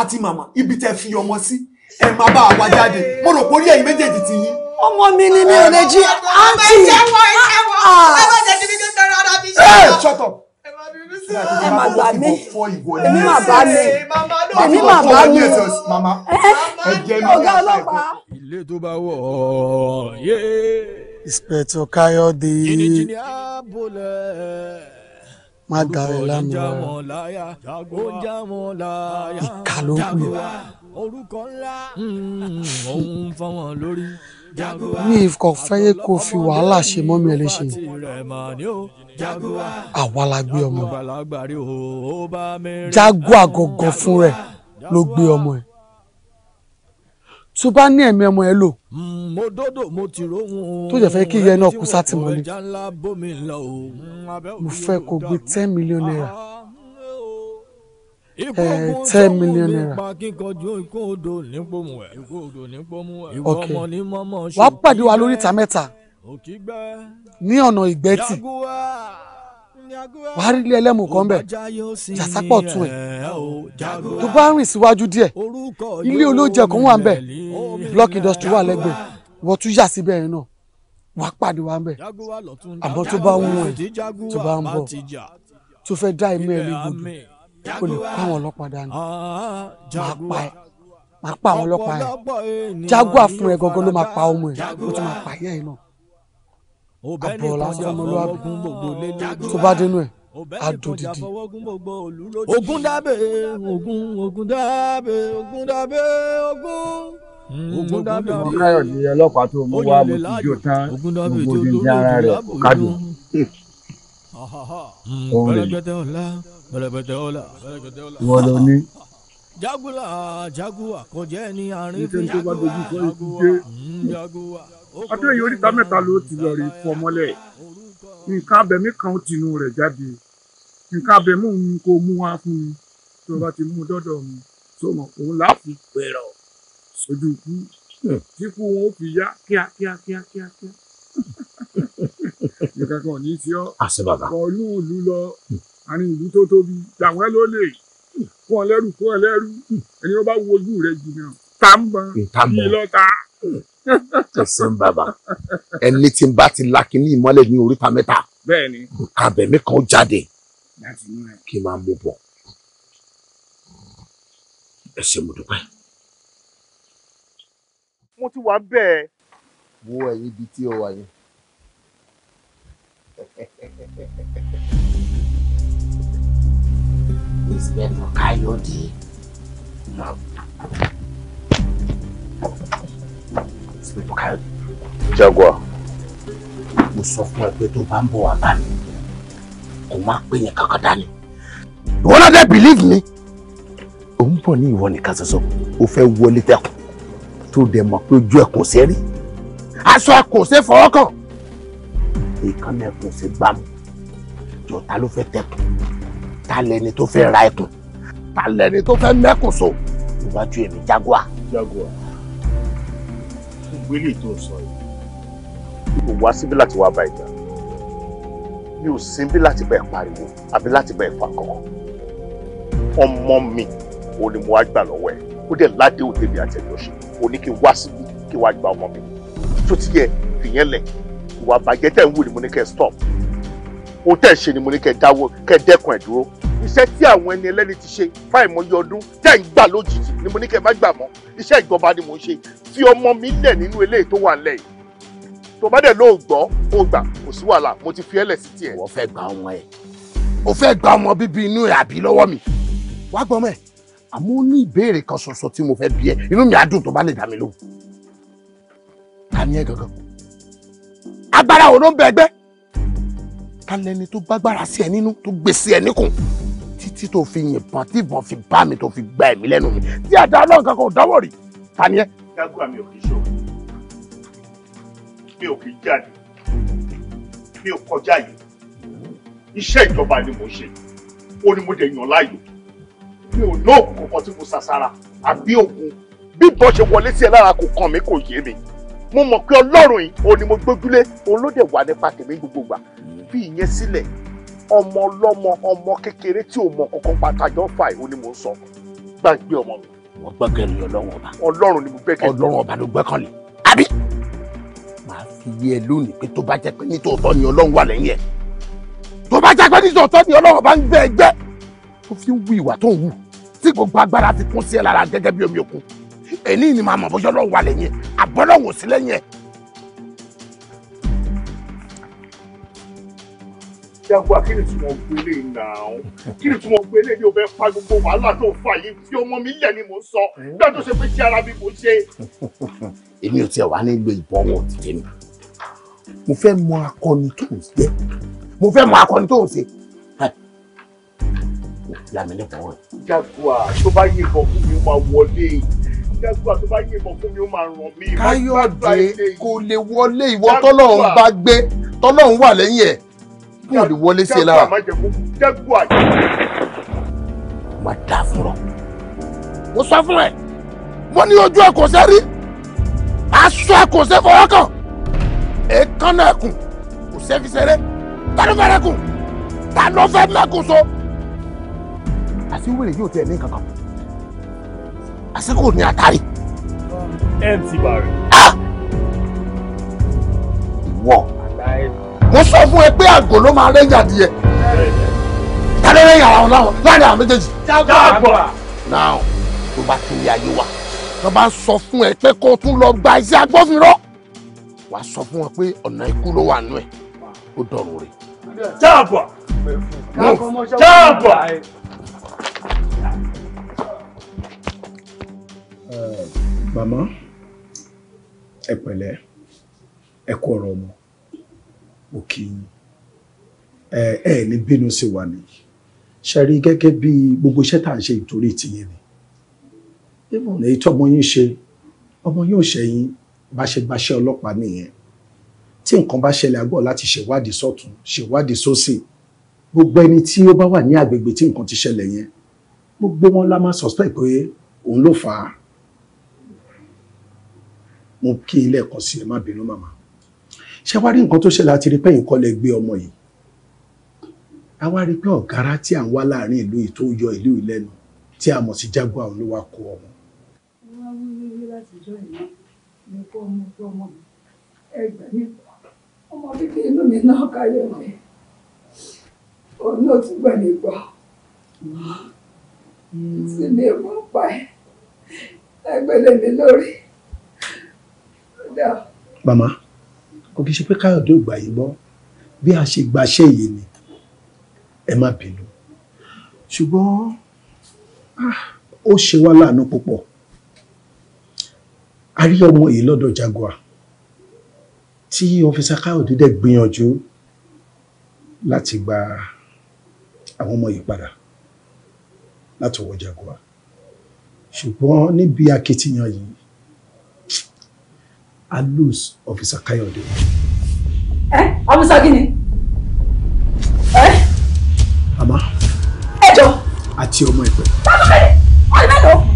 [SPEAKER 3] àti màmá ibi tẹ́ fi ọmọ sí ẹ máa bá wa jáde eh. mo rò pé orí ẹ̀yin méjèèjì ti yín. ọmọ mi ni mi ò lè jí àǹtí. ọmọ ẹ jẹ́wọ́ ẹ jẹ́wọ́ ẹ
[SPEAKER 10] bá jẹ́ ẹ ṣọtọ. ẹ má gbà mí
[SPEAKER 3] èmi
[SPEAKER 8] má bá mi èmi má bá mi ọ̀gá ọlọ́pàá. ilé tó bá wọ̀ ọ́ yé. ìspẹ̀tọ̀ káyọ̀dé má dàrẹ lánàá ìka ló ń pè wá orúkọ ńlá hmm, òun fọwọn lórí. mi kò fẹ́ kó fi wàhálà ṣe mọ́ mi ẹ lè ṣe àwa la gbé ọmọ ẹ Jaguar àgọ̀gọ̀ fún rẹ ló gbé ọmọ ẹ tó bá ní ẹ̀mí ọmọ ẹ lò tó jẹ́ fẹ́ kí iye náà kú sátìmọ́lé mo fẹ́ kó gbé ten million ah, naira eh, eh, ẹ ten million naira ok wàá pàdé wa lórí ìta mẹ́ta ní ọ̀nà ìgbẹ́tì wàá rí ilé ẹlẹ́mù kan bẹ̀ jàsápọ̀ tún ẹ̀ tó bá rìn síwájú díẹ̀ ilé olóúnjẹ kan wà ń bẹ̀ block industry wà lẹ́gbẹ̀ẹ́ wọ́n tún yà síbẹ̀ yẹn náà wàá pàdé wa ń bẹ̀ àmọ́ tó bá ń wọ̀n ẹ̀ tó bá ń bọ̀ tó fẹ́ dá ẹ̀mí ẹ̀ légbodò o lè kó àwọn ọlọ́pàá dání ah, máa pa ẹ̀ máa pa àwọn ọlọ́pàá ẹ̀ jaguar fún ẹ gọ́gọ́ ló máa pa ọmọ ẹ̀ ó tún máa pa ẹ̀ náà
[SPEAKER 1] àbọ̀ lásán olúwa
[SPEAKER 8] tó bá dénú ẹ̀ adodidi.
[SPEAKER 1] ogun dabe ogun ogun dabe
[SPEAKER 3] ogun dabe ogun. ogun dabe
[SPEAKER 1] ogun. ogun. ọkàyọ̀ ni ọlọ́pàá tó mú wá mo ti jó tán gbogbo ìdíje ara rẹ̀ kádùn. òun rè ìwọ ló ní. jagula jagua kò jẹ́ ní àárín fún jagua jagua jagua
[SPEAKER 3] ọdún èyí oríta mẹ́ta ló ti lọ rí fọ mọ́lẹ̀ nǹkan abẹ̀mí kan ó tinú rẹ̀ jáde nǹkan abẹ̀mú mi kò mú wá fún mi tí wọ́n bá ti mú dọ́dọ̀ mi tó mọ̀ òun láàfin pẹ̀rọ̀ sójú ikú tí kú wọn ó fi yá
[SPEAKER 8] kíákíá kíákíá kíá
[SPEAKER 3] nǹkan kan ní sí ọ kọ inú ìlú lọ àárín ìlú tó tóbi làwọn ẹ ló lè kó ọ lẹ́rù kó ọ lẹ́rù ẹni ó bá wojú rẹ̀ jìnnà tá ń bọ̀ bí lọ́ta ẹsẹ̀ ń bàbà ẹni tí ń bá ti lakin ní ìmọ́lẹ̀ ní oríta mẹ́ta nǹkan abẹ̀mí kan jáde kí n máa mú bọ̀
[SPEAKER 2] ẹsẹ̀ mo dúpẹ́. mo
[SPEAKER 3] ti wà bẹ́ẹ̀. wo ẹyin ibi tí o wà yẹn.
[SPEAKER 9] ìsìnkú káyọ̀dé
[SPEAKER 3] fún Bùkárí. Jaguar. Mo sọ fún ẹ pé tó bá ń bọ̀ wá bá mi, kò má pè yẹn kankan dání. Ìwọ náà dẹ̀ believe me. Ò ń bọ̀ ní ìwọ nìkan ṣoṣo, o fẹ́ wọlé tẹkùn tó dẹ̀ mọ̀ pé ojú ẹ̀kùn ṣe rí. Aṣọ ẹ̀kùn ṣe fọwọ́ kàn. Ìkànnì ẹ̀kùn ṣe gbámú. Jọ̀ta ló fẹ́ tẹkùn. Ta lẹni tó fẹ́ ra ẹkùn? Ta lẹni tó fẹ́ mẹ́kùn so? Ìwájú Jaguar. Jaguar gbogbo ilé tó sọ yìí. mi ò wá síbí láti wá bá ìjà mi ò síbí láti bẹ̀ pariwo àbí láti bẹ̀ fà kankan ọmọ mi ò ní mo wá gbà lọ́wọ́ ẹ̀ ó dẹ̀ ládé òde mi àtẹ̀jọ́ṣe ò ní kí n wá síbí kí n wá gba ọmọ mi tó ti yẹ fìyẹn lẹ̀ ìwà bàjẹ́ tẹ̀ ń wù ni mo ní kẹ́ stop ohun tẹ̀ ń ṣe ni mo ní kẹ́ dáwọ́ kẹ́ dẹ́kun ẹ̀ dúró iṣẹ́ tí àwọn ẹni ẹlẹ́ni ti ṣe fáìmọye ọdún tẹ́ ń gbà lójijì ni mo ní kẹ́ ẹ má gbà mọ́ iṣẹ́ ìjọba ni mò ń ṣe tí ọmọ mi lẹ̀ nínú eléyìí tó wà ń lẹ̀ yìí tó bá dẹ̀ ló gbọ́ ó gbà kò sí wàhálà mo ti fi ẹlẹ̀ sí tiẹ̀. wọ́n fẹ́ gba ọmọ ẹ̀ ó fẹ́ gba ọmọ bíbí inú ẹ̀ àbí lọ́wọ́ mi wá gbọ́ mẹ́ àmọ́ ó ní ìbéèrè kan ṣoṣo tí mo fẹ́ bi ẹ́ inú mi á dùn tó bá lè dá mi lóhùn ta ẹ gangan agbára òun ló ń bẹ ẹgbẹ́ ta lẹni tó bágbára sí ẹ nínú tó gbèsè ẹ níkùn títí tó fi yìnbọn tí ìbọn fi bá mi tó fi gba ẹ̀mí lẹ́nu mi tí àdá ọlọ́run kankan ò dáwọ́ rí ta ni ẹ. jágùn àmì òkè ṣòro mi ò kì í jáde mi ò kọjá yìí iṣẹ́ ìjọba ni mò ń ṣe ó ní mo dẹ̀ yàn láàyò mi ò ná oògùn kankan tí mo ṣàṣàrà àbí oògùn bí bọ́ ṣe wọlé sí ẹ lára kò kàn mí kò yé mi mo mọ̀ pé ọlọ́run yìí òun ni mo gbójúlé òun wà nípa tèmi gbogbo gbà fi ìyẹn sílẹ̀ ọmọ ọlọ́mọ ọmọ kékeré tí ò mọ kankan pàtàkì ọ̀fà ìwọ ni mò ń sọ gbàgbé ọmọ mi. wọ́n gbẹ́kẹ̀lé ọlọ́run ọba. ọlọ́run ni mo gbẹ́kẹ̀lé. ọlọ́run ọba ló gbẹ́kànlé. àbí màá fi yé ẹ lónìí pé tó bá jẹ́ pé nítòótọ́ ni ọlọ́run wà lẹ́yìn ẹ̀ tó bá jẹ́ pé nítòótọ́ ni ọlọ́run bá ń gbẹ́ ẹgbẹ́ tó fi ń wu ìwà tó ń wù tí gbogbo agbára ti kún sí ẹ lára gẹ́gẹ́ bí omi òkun èyí ni màá mọ̀ bóyá ọlọ́run wà lẹ́yìn ẹ̀ àbọ́lọ́run ò sí lẹ́yìn ẹ̀ Jaguar kí ni tí mo gbélé náà kí ni tí mo gbélé ni o fẹ́ fa gbogbo wàhálà tó fà yìí fi ọmọ mi lẹ̀ ni mo sọ nígbà tó ṣe pé tí ara mi kò ṣe. èmi ò tiẹ̀ wá nílò ìbọ̀wọ̀ tìlẹ̀ mi mo fẹ́ mọ akọni tó ń jẹ́ mo fẹ́ mọ akọni tó ń ṣe lámìlẹ́kọ̀ọ́ rẹ̀. Jaguar tó bá yìnbọn fún mi ó máa wọlé Jaguar tó bá yìnbọn fún mi ó máa ràn mí. Káyọ̀dé kò lè wọlé ìwọ tọ́lọ́run bá gbé tọ́lọ́run wà lẹ́yìn ẹ̀ kí o lè wọlé sí ẹ lára. má dà fún ọ mo sọ fún ẹ mo ní ojú ẹ kò ṣe rí aṣọ ẹ kò ṣe fọwọ́ kàn èékánná ẹkùn kò ṣe fi ṣeré tani fẹrẹ kùn tani ó fẹ́ mẹkùn so. àti wèrè yóò tẹ ẹ ní kankan àsìkò ní àtàrí. ẹ ń tibà ìwọ. Ah! àlàyé mo sọ fún ẹ pé àgò ló máa rẹ́yìn adìyẹ
[SPEAKER 1] tàbí rẹ́yìn ara wọn láwọn láàrin àwọn
[SPEAKER 3] méjèèjì. jágbọ́ náà tó bá tún ní ayé wa tó bá ń sọ fún ẹ pé kó tún lọ gba iṣẹ́ agbófinró wàá sọ fún wọn pé ọ̀nà ikú ló wà nú ẹ̀ ó dọ̀rùn rẹ̀.
[SPEAKER 8] jágbọ́ jágbọ́.
[SPEAKER 3] màmá ẹ pẹ̀lẹ́ ẹ kú ọ̀rọ̀ ọmọ mo kí yín ẹ ẹ ní bínú sí wa nìyí ṣe rí gẹ́gẹ́ bí gbogbo iṣẹ́ tá à ń ṣe ìtorí tìyẹn ni ìmọ̀ràn èyí tọ́mọ yín ṣe ọmọ yóò ṣẹ̀yìn bá ṣe gbaṣẹ́ ọlọ́pàá nìyẹn tí nǹkan bá ṣẹlẹ̀ agbọ́ láti ṣèwádìí sọ́tún ṣèwádìí sósì gbogbo ẹni tí ó bá wà ní agbègbè tí nǹkan ti ṣẹlẹ̀ yẹn gbogbo wọn la máa suspect pé òun ló fà á mo kí ilé ẹ̀kọ́ sí ẹ má bínú màmá ṣé wá rí nǹkan tó ṣẹlẹ̀ àti rí pé nǹkan lè gbé ọmọ yìí a wá rí pé ọ̀gára tí à ń wá láàrin ìlú yìí tó yọ ìlú yìí lẹ́nu tí a mọ̀ sí jágbó àwọn ló wá kó ọmọ.
[SPEAKER 6] wọ́n wí wíwí látijọ́ yìí ni
[SPEAKER 10] kó ọmọ kó ọmọ ẹgbẹ́ mi ọmọ bíbí inú mi náà káyọ̀ mi òun náà tún gbà mí gbọ́ tí mi mú pa ẹ́ ẹgbẹ́lẹ́ mi lórí.
[SPEAKER 3] Màmá kò kí ṣe pé káyọ̀dé ò gbà yín gbọ́ bí a ṣe gbaṣẹ́ yìí ni ẹ má bínú ṣùgbọ́n ah, ó ṣe wá láàánú púpọ̀ a rí ọmọ yìí lọ́dọ̀ jaguar tí ọfíìsà káyọ̀dé dẹ̀ gbìyànjú láti gba àwọn ọmọ yìí padà látọwọ́ jaguar ṣùgbọ́n níbi akitiyan yìí I lose Officer Kayode.
[SPEAKER 6] Eh? Officer Gini?
[SPEAKER 3] Eh? Mama. Ẹjọ́. Àti ọmọ ẹ̀pẹ́.
[SPEAKER 2] Báwo ni? Ọ̀rẹ́ mẹ́lòó?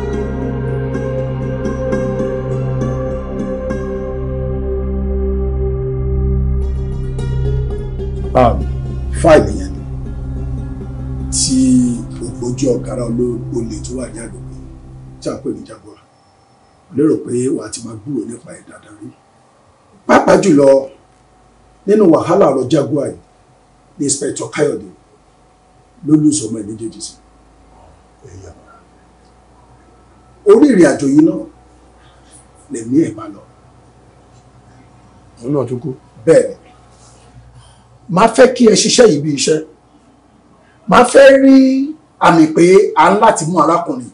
[SPEAKER 3] Um, fáìlì yẹn tí ògbójú ọ̀kadà olè tó wà ní àgbègbè tí a pè ní jaguar lérò pé wàá ti máa gbúrò nípa ẹ̀ dáadáa rí pàápàá jùlọ nínú wàhálà ọ̀rọ̀ jaguar yìí ní inspector Káyọ̀dé ló lù sọmọ ẹ̀ méjèèjì sí orí ìrìn àjò yìí náà lèmi ẹ̀ bá lọ. òun náà bẹ́ẹ̀ ni Ma fẹ́ kí ẹ ṣiṣẹ́ yìí bí iṣẹ́ máa fẹ́ rí àmì pé à ń láti mú arákùnrin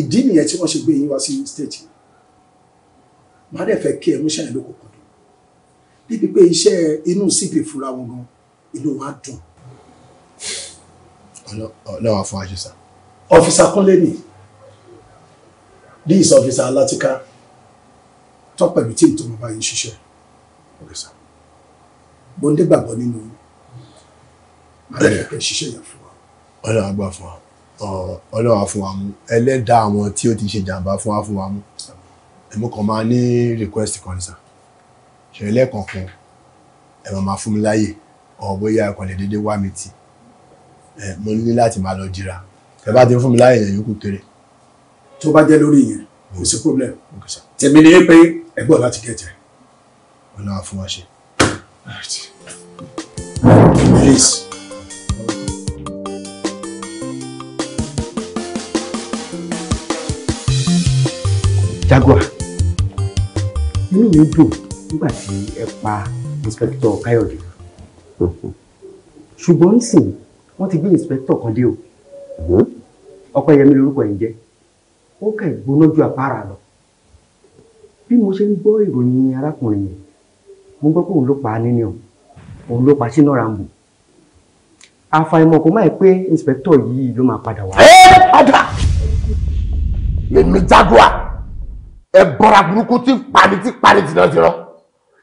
[SPEAKER 3] ìdí nìyẹn tí wọ́n ṣe gbé yín wá sí stéètì máa dẹ̀ fẹ́ kí ẹ mú ṣẹ́yìn lóko kan débi pé iṣẹ́ inú cp fúnra wọn gan ìlú wa dùn. ọlọ́wà fún àṣìṣà. ọ̀fíìsà kọ́lé ni this officer alatika tó pẹ̀lú tí ìtọ́mọba yìí ṣiṣẹ́ ọ̀rẹ́sà mo ń dẹ́gbàgbọ́ nínú àdéhùn ṣiṣẹ́ yẹn fún wa. ọlọ́run àgbà fún wa ọlọ́run àfún wa mú ẹlẹ́dàá àwọn tí ó ti ṣe jàǹbá fún wa fún wa mú èmi kàn máa ní request kan ní sà ṣẹlẹ̀ lẹ́ẹ̀kọ̀ọ̀kan ẹ máa fún mi láàyè ọ̀ bóyá ẹ kàn lè déédéé wá mi tì mo ní láti máa lọ jìra ẹ bá ti fún mi láàyè yẹn yókù kéré.
[SPEAKER 2] tó bá jẹ́ lórí
[SPEAKER 3] yẹn kò sí mm. problem tèmi ni pé ẹgbọ́n láti gẹ̀ẹ́jẹ̀. ọlọ́run àfún wa ṣe. Alright. Please. Jaguar, inú me dùn nígbà tí ẹ pa Inspector Káyọ̀dé. Ṣùgbọ́n nísìnyí, wọ́n ti gbé Inspector kan dé o. Hm? Ọpẹ́yẹmí lorúkọ ẹ̀ ń jẹ́. Ó kẹ̀ gbóná
[SPEAKER 10] ju àpárá lọ. Bí mo ṣe ń gbọ́ ìròyìn arákùnrin yẹn, mo gbọ́ pé òun ló pa á níní o òun ló pa Shina Rambo àfàìmọ̀ kò máa
[SPEAKER 3] pé inspector yìí ló máa padà wá. ẹ padà èmi Jaguar ẹ bọra burúkú tí pani tí pani jìnnà jìnnà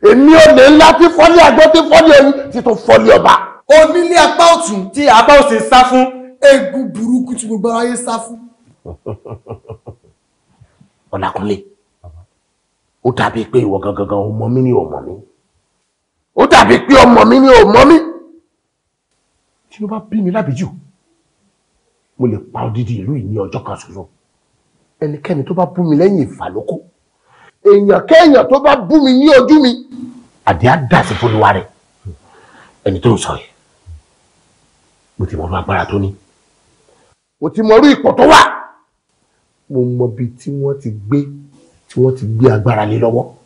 [SPEAKER 3] èmi ò lè ńlá tí fọ́lì àgbọ̀ tí fọ́lì ẹ̀yìn tí tó fọ́lì ọba. onílé apá ọ̀tún tí apá òsì sá fún egun burúkú tí gbogbo ayé sá fún. Ọlákúnlé ó dàbí pé ìwọ gangan ọmọ mi ni ọmọ mi ó dàbí pé ọmọ mi ni ò mọ́ mi tí ló bá bí mi lábíjù mo lè pa odidi ìlú yìí ní ọjọ́ kan ṣoṣo ẹnikẹ́ni tó bá bú mi lẹ́yìn ìfàlókò èèyàn kẹ́èyàn tó bá bú mi ní ojú mi àdé á dà sí fúnluwa rẹ̀ ẹni tó ń sọ yìí mo ti mọ ọdún agbára tó ní mo ti mọ orú ipò tó wà mo mọ ibi tí wọ́n ti gbé tí wọ́n ti gbé agbára lé lọ́wọ́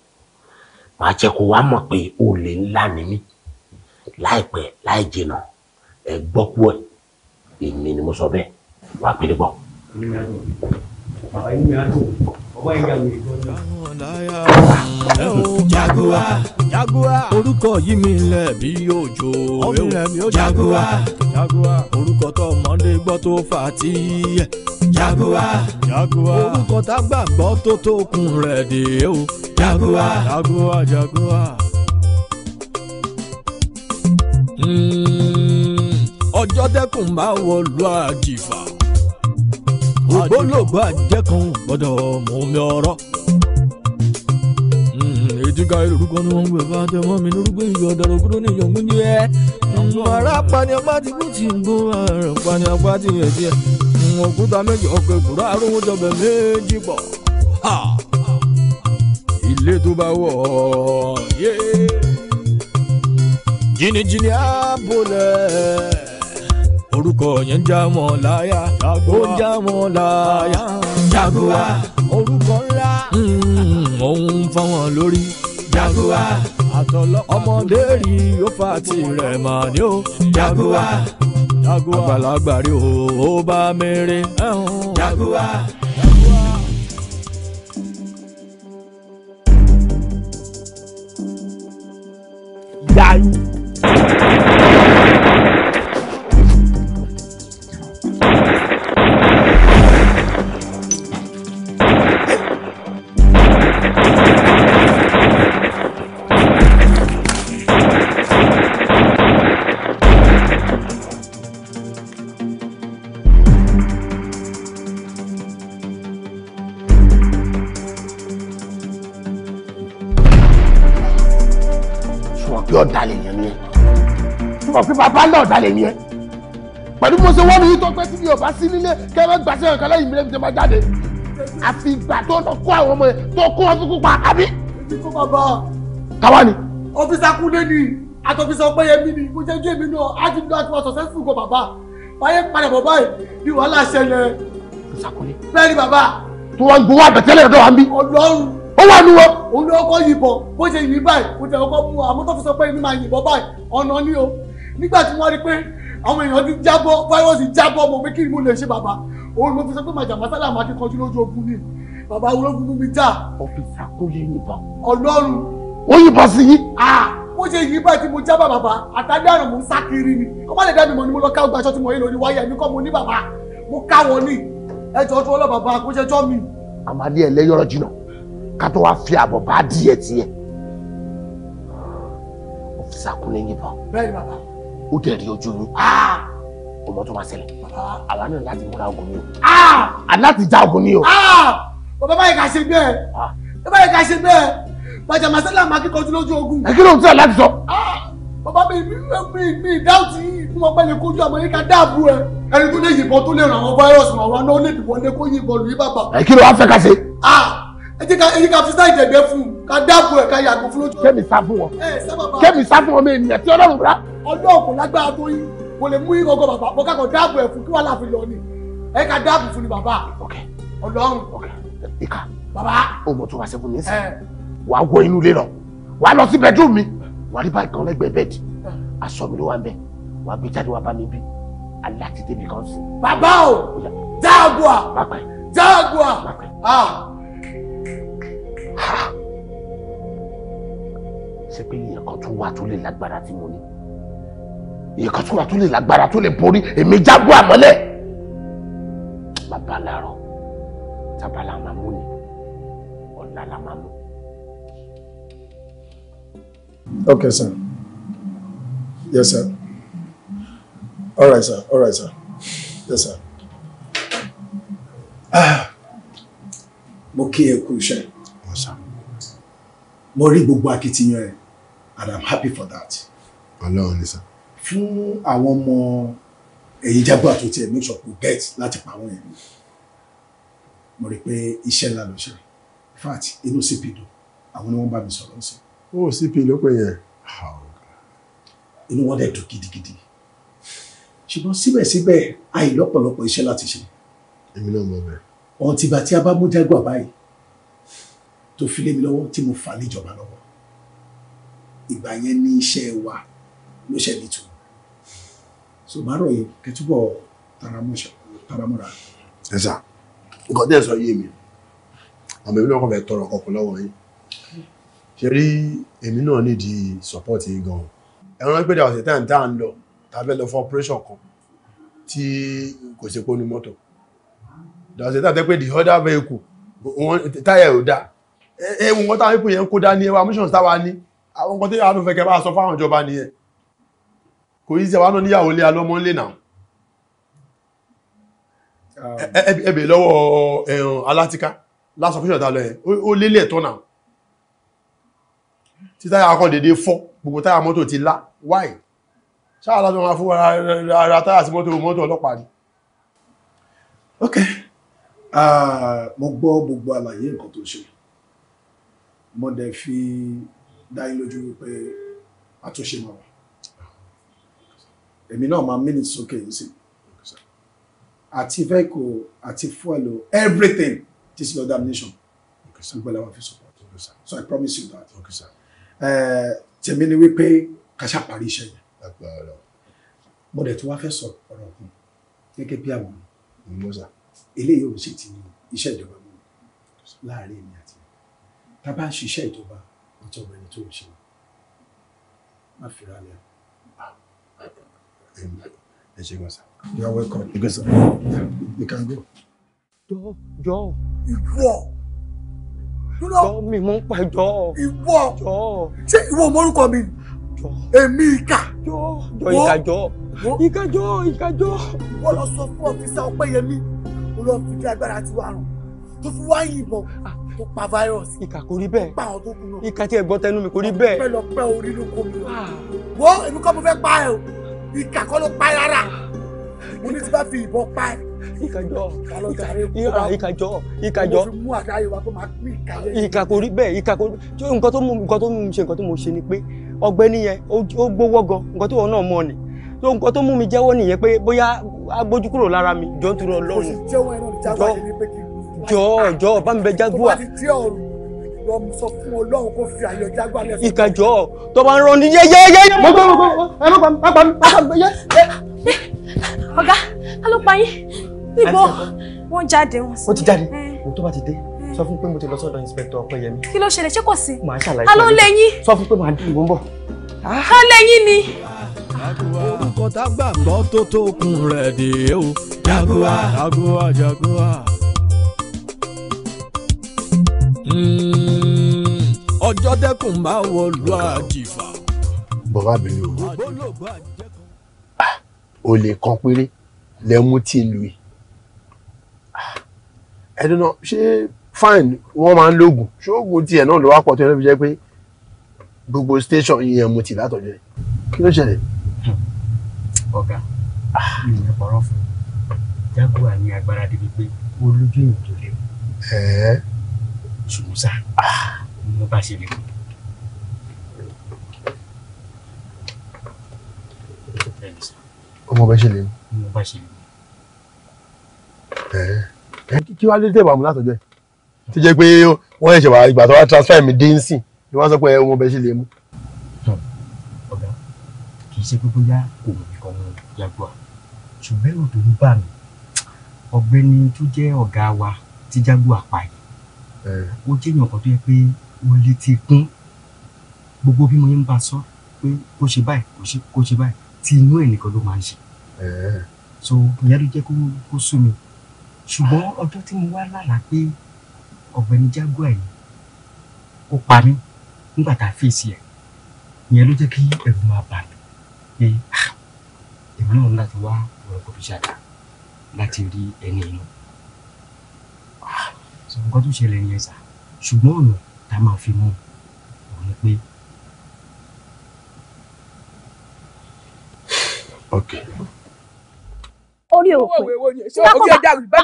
[SPEAKER 3] màá jẹ́ kó wá mọ̀ pé
[SPEAKER 9] olè ńlá ni mí láìpẹ́ láì jìnà ẹ gbọ́ kú ẹ̀ èmi ni mo sọ bẹ́ẹ̀ wàá pélé gbọ́
[SPEAKER 7] jagua jagua
[SPEAKER 1] orúkọ yìí mi lẹ̀ bí òjò jagua jagua orúkọ tó mọ́lé gbọ́ tó fà tí jagua jagua orúkọ tá gbàgbọ́ tó tó kun rẹ̀ dé o jagua jagua jagua. Hmm, ọjọ́ dẹ́kun bá wọlú àjìfà ògbólógbò àjẹkùn gbọ́dọ̀ mú mi ọ̀rọ̀. Hmm, ìdíga ìrúkọ ni wọ́n ń gbé bá tẹ mọ́ mi nírúgbó ìyọ ọ̀dọ̀rọ̀ kúrò ní ìyọ̀ngún ní ẹ. Hmm, ọ̀rá paniọ̀pá ti kú ti ń gbó àrùn paniọ̀pá ti yẹ̀ díẹ̀. Hmm, òkúta méjì ọkọ̀ ìkúrọ̀ arówó jọbẹ̀ méjì pọ̀. ilé tó bá wọ̀ yé. jìnnìjìnnì á orúkọ yẹn ń já wọn láyà ó ń já wọn láyà. Jaguwa orúkọ ńlá mm, òun fáwọn lórí. Jaguwa ọmọdé rí ó fa tirẹ̀ mà ní o. Jaguwa àgbàlagbà rí o ó bá mèrè. Jaguwa.
[SPEAKER 3] pé ọ̀dàlẹ̀ yẹn ni ẹ mọ̀ pé bàbá náà ọ̀dàlẹ̀ ni ẹ pẹ̀lú mo ṣe wọ́n mi yìí tó pẹ́ tí mi ò bá sí nílé kẹ́rẹ́ gbàṣẹ́ ọ̀kan lẹ́yìn mi lẹ́bi tó bá jáde àfi ìgbà tó lọ kó àwọn ọmọ yẹn tó kó wọn fún pa àbí. ibi kó bàbá. káwa ni. ọfíìsà kúndé ni àtọ̀fíìsà ọpẹ́yẹmí ni mo jẹ́ ju èmi náà á ti dún àti wọn sọ̀sẹ́ fún ìgò bàbá báyẹn padà bọ̀ báyìí ni wàhálà ṣẹlẹ̀. ọfíìsà kúndé. bẹ́ẹ̀ ni bàbá. tó wá gbowó àbẹ̀tẹ́lẹ̀ lọ́dọ̀ wa ń bí. ọlọ́run ó wà nù wọn. òun ló kọ́ yìnbọn bó ṣe yìnbọn báyìí ó tẹ̀ ọkọ mú àwọn tó fi sọ pé èmi máa yìnbọn báyìí ọ̀nà ni o nígbà tí wọ́n rí pé àwọn èèyàn ti jábọ́ fáírọ́ọ̀sì jábọ́ mọ̀ pé kí ni mo lè ṣe bàbá òun ló fi sọ pé màjà màsálà máa ti kọjú lójú ogun ni bàbá ológun mi já. ọ̀fíìsà kò yẹ yìnbọn. ọlọ́run. ó yìnbọn sí yín. bó ṣe yìnbọn tí mo jábọ̀ bàbá àtàlẹ́ àrùn mò ń sá kiri ni ọmọ lè dá mi mọ̀ ni mo lọ ká gbàṣọ tí mo yé lórí wáyà mi kọ́ mo ní bàbá mo ká wọn ní ẹjọ́ tó lọ bàbá kó ṣẹjọ́ mi. àmàlí ẹ̀ lẹ́yọ̀rọ̀ jìnnà kátó wá fi àbọ̀ bá díẹ̀ tiẹ̀ ọ̀fíìsà kúnlẹ̀ níbọn ó dẹ̀ rí ojú yín ọmọ tó máa ṣẹlẹ̀ àwa náà láti múra ogun ni o aláti já ogun ni o. bàbá báyìí ká ṣe bẹ́ẹ̀ bàbá yìí ká ṣe bẹ́ẹ̀ bàjẹ́ màsálà máa kíkanjú lójú ogun. ẹ kí ló ń tẹ̀ láti sọ. bàbá mi mi mi dáùtì fún ọgbẹ́ ni kojú amẹ́ríkà dáàbò ẹ ẹni tó lè yìnbọn tó lè ràn àwọn fáírọ̀sì wọn wọn náà ó lè dìbọn lé kó yìnbọn lù yí bàbá. ẹ kí ló wá fẹ́ ká ṣe ẹ jẹ́ ká ẹ jẹ́ ká fi sáà ìjẹ̀gbẹ́ fún un ká dáàbò ẹ̀ ká yàgò fún lójú. kẹ́mi sá fún wọn kẹ́mi sá fún wọn mi ènìyàn tí ọlọ́run rà. ọlọ́run kò lágbára tó yín kò lè mú ìrọ̀gọ́ bàbá mo ká kọ dáàbò ẹ̀ fún kí wàá láàfin lọ ni ẹ ká dáàbò fún ni bàbá ọlọ́run. ìka bàbá o mọ̀ tó wá sẹ́kùn mi sẹ́ wàá wọ inú ilé lọ wàá lọ sí bedroom mi wàá rí báyìí kan lẹ́gbẹ̀ẹ́ bẹ́ẹ̀dì aṣọ o jáàgùà jáàgùà ah ṣé pé ìyẹn kan tún wà tó lè lágbára tí mo ní ìyẹn kan tún wà tó lè lágbára tó lè borí èmi jágbó
[SPEAKER 7] àmọ́lẹ̀
[SPEAKER 9] bàbá làárọ̀ tábà la máa mú ni ọ̀la la máa mú.
[SPEAKER 3] okay sir yes sir all right sir all right sir yes sir. ah mo kí ẹ kú iṣẹ́ mo rí gbogbo akitiyan ẹ and i'm happy for that. ọlọ́run ni sá. fún àwọn ọmọ ẹ̀yìn jágbá tó tiẹ̀ make sure kò get láti pa àwọn ẹ̀mí mo rí i pé iṣẹ́ ńlá ló ṣe in fact inú cp dùn àwọn ni wọ́n bá mi sọ̀rọ̀ ń sọ. ó cp ló pè yẹn. Ah, oh inú wọn dẹ̀ dùn gidigidi ṣùgbọ́n síbẹ̀síbẹ̀ àìlọ́pọ̀lọpọ̀ iṣẹ́ láti ṣe. èmi náà mọ̀ bẹ́ẹ̀. ọ̀n tìgbà tí a bá mú jágbá báyìí tó fi lé mi lọ́wọ́ tí mo fà níjọba lọ́wọ́ ìgbà yẹn ní iṣẹ́ wa ló ṣe nìtú so màá rọ̀ yẹn kẹtúbọ̀ taramọ́ra. ẹ sà nǹkan tẹ́ ẹ sọ yé mi àmọ́ èmi náà kàn fẹ́ tọrọ ọkọ̀ lọ́wọ́ yín ṣe rí èmi náà nídìí support yín gan-an ẹ̀rọ pé dà ọ̀sẹ̀ tá à ń tá à ń lọ tàbí lọ fún operation kan tí kò ṣe pé ó mọ́tò dà ọ̀sẹ̀ tá tẹ́ pé the other vehicle táyà ò dáa ẹ̀wù nǹkan táwọn pípò yẹn ń kó dání ẹwà missions táwa ní àwọn nǹkan tí a àdùn fẹ́kẹ́ bá sọ fáwọn ìjọba nìyẹn kò yí sí àwọn náà níyàwó lé alọ́mọ ńlẹ̀ náà ẹbẹ̀ lọ́wọ́ ẹ̀rùn alátíká lásọ fíṣọ̀ tàà lọ ẹ̀ ó lélẹ̀ tọ́nà tí táyà kan dédé fọ́ gbogbo táyà mọ́tò ti lá wáì ṣáà látọ́ máa fún ara táyà sí mọ́tò mọ́tò ọlọ́pàá ni. ok ah, mo gbọ́ gbogbo àlàyé nǹkan tó ṣe mo dẹ̀ fi dá yín lójú wípé àtúnṣe máa wà èmi náà máa mínítì sókè yìí sí àti vehicle àti fuelo everything this is your damnation ìgbọ́lá wa fi support so i promise you that eh, tèmi ni wípé kàṣà parí iṣẹ́ yẹn mo dẹ̀ tún wá fẹ́ sọ ọ̀rọ̀ kan gẹ́gẹ́ bí àwọn eléyìí ò sì ti iṣẹ́ ìjọba mi láàrin mi tá bá ń ṣiṣẹ́ ìjọba ìjọba ẹni tó ń ṣe má fi ra lẹ. ẹ ṣe wọn sá. you are welcome. you go sir. you can go.
[SPEAKER 8] jọ jọ. ìwọ. jọ mi mo ń pa jọ. ìwọ. jọ. ṣé ìwọ mórúkọ mi. jọ. èmi ìkà. jọ jọ ìkà jọ. ìkà jọ ìkà jọ.
[SPEAKER 3] wọ́n lọ sọ fún ọ̀fíìsà ọpẹ́yẹmí olóòfin agbára ti wà rùn tó fi wá yìnbọn ah, tó pa virus. ìkà kò rí bẹ́ẹ̀ pa àwọn
[SPEAKER 2] tó kù
[SPEAKER 8] náà. ìkà tí ẹ gbọ́ tẹnu mi kò rí bẹ́ẹ̀. ọpẹ́ lọ pẹ́ orí ló
[SPEAKER 3] kó mi. Ah. wo èmi kọ́ mo fẹ́ pa ẹ o ìkà kọ́ ló pa ẹ rárá ah. mo ní tí bá fi ìbọn pa ẹ. ìkàjọ ìkà ìkàjọ ìkàjọ
[SPEAKER 7] ìkà kò rí bẹ́ẹ̀ ìkà kò rí bẹ́ẹ̀ nǹkan tó mú nǹkan tó mú mi ṣe nǹkan tó mú mi ṣe ni pé ọ̀gbẹ́ni yẹn ó gbówó gan nǹkan tó wọn náà mọ̀ ni tó nǹkan tó mú mi jẹ́wọ́ nìyẹn pé bóyá agbójú kúrò lára mi jọ́ ń turọ̀ lọ́rùn
[SPEAKER 8] jọ́
[SPEAKER 7] jọ̀ọ́ jọ̀ọ́ bá mi bẹ
[SPEAKER 2] jaguar. tó bá ti
[SPEAKER 3] tí ọ̀rùn lọ sọ fún ọlọ́run kó fi àyọ jaguar lẹ. ìkà jọ̀ọ́ tó bá ń rán ni yé yé yé. mo gbọ́ mo gbọ́ ẹ má pa
[SPEAKER 10] mi má pa mi má pa mi yé.
[SPEAKER 3] ọ̀gá
[SPEAKER 6] a ló pa yín níbo wọ́n jáde wọ́n sì.
[SPEAKER 4] ó ti jáde òun eh. tó bá ti dé sọ fún pé mo ti lọ sọ́dọ̀ inspector Ọpẹ́yẹmí. kí ló ṣẹlẹ̀ ṣé kò sí. màá ṣàlàyé fún a ló ń lé yín. sọ fún pé màá dùn mọ́ bọ̀. Ah. a lé yín ni
[SPEAKER 1] jagua jagua jagua. Hmm. ọjọ́ dẹ́kun máa wọ lu àdìfà.
[SPEAKER 3] bàbá mi ni o ò ah, lè kan péré lẹ́mú tí ń lu yìí ẹ̀dùn ah, náà ṣé fine wọ́n máa ń lóògùn ṣé oògùn tiẹ̀ náà ló wá pọ̀ tó yẹn fi jẹ́ pé gbogbo station yìnyẹn mo tì látọ̀jọ́ yìí kí ló ṣẹlẹ̀.
[SPEAKER 2] ọ̀gá mi ò ní pọ̀rọ̀
[SPEAKER 3] fún un jaguar ní agbára débi pé
[SPEAKER 8] ó lójú ìyìn tó
[SPEAKER 9] Susah. sá mo bá ṣe rí o.
[SPEAKER 3] ọmọ bá ṣe lè mú.
[SPEAKER 9] ọmọ bá ṣe lè mú.
[SPEAKER 3] ẹ ẹ kí wàá lè tẹ̀wá mu látọjọ́ ẹ̀ tó jẹ́ pé wọ́n ṣẹ̀ṣẹ̀ wá ìgbà tó wá transfer mi dé ń sìn ni wọ́n sọ pé ọmọ bá ṣe lè mú. ọ̀gá kì í ṣe pé bóyá òun nìkan mú yàgbọ́ à ṣùgbọ́n èrò tó Eh, ó jẹ́ èèyàn kan tó yẹ pé ó létí kún gbogbo bí mo yẹn ń bá a sọ pé kó ṣe báyìí kó ṣe báyìí tí inú ẹ̀ nìkan ló máa ń ṣe eh. so ìyẹn ló jẹ́ kó sú mi ṣùgbọ́n ọjọ́ tí mo wá lálàá pé ọ̀gbẹ́ni Jaguar yìí ó pa mí nígbà tá a fèsì ẹ̀ ìyẹn ló jẹ́ kí ẹ̀rù máa bà mí pé ah, èmi náà ń láti wá
[SPEAKER 7] ọ̀rọ̀ kò fi láti rí ẹni inú
[SPEAKER 3] nǹkan tó ṣẹlẹ̀ yẹn sà ṣùgbọ́n ọ̀nà tá a máa fi mú òun ni pé.
[SPEAKER 4] ok.
[SPEAKER 2] orí òkè wọn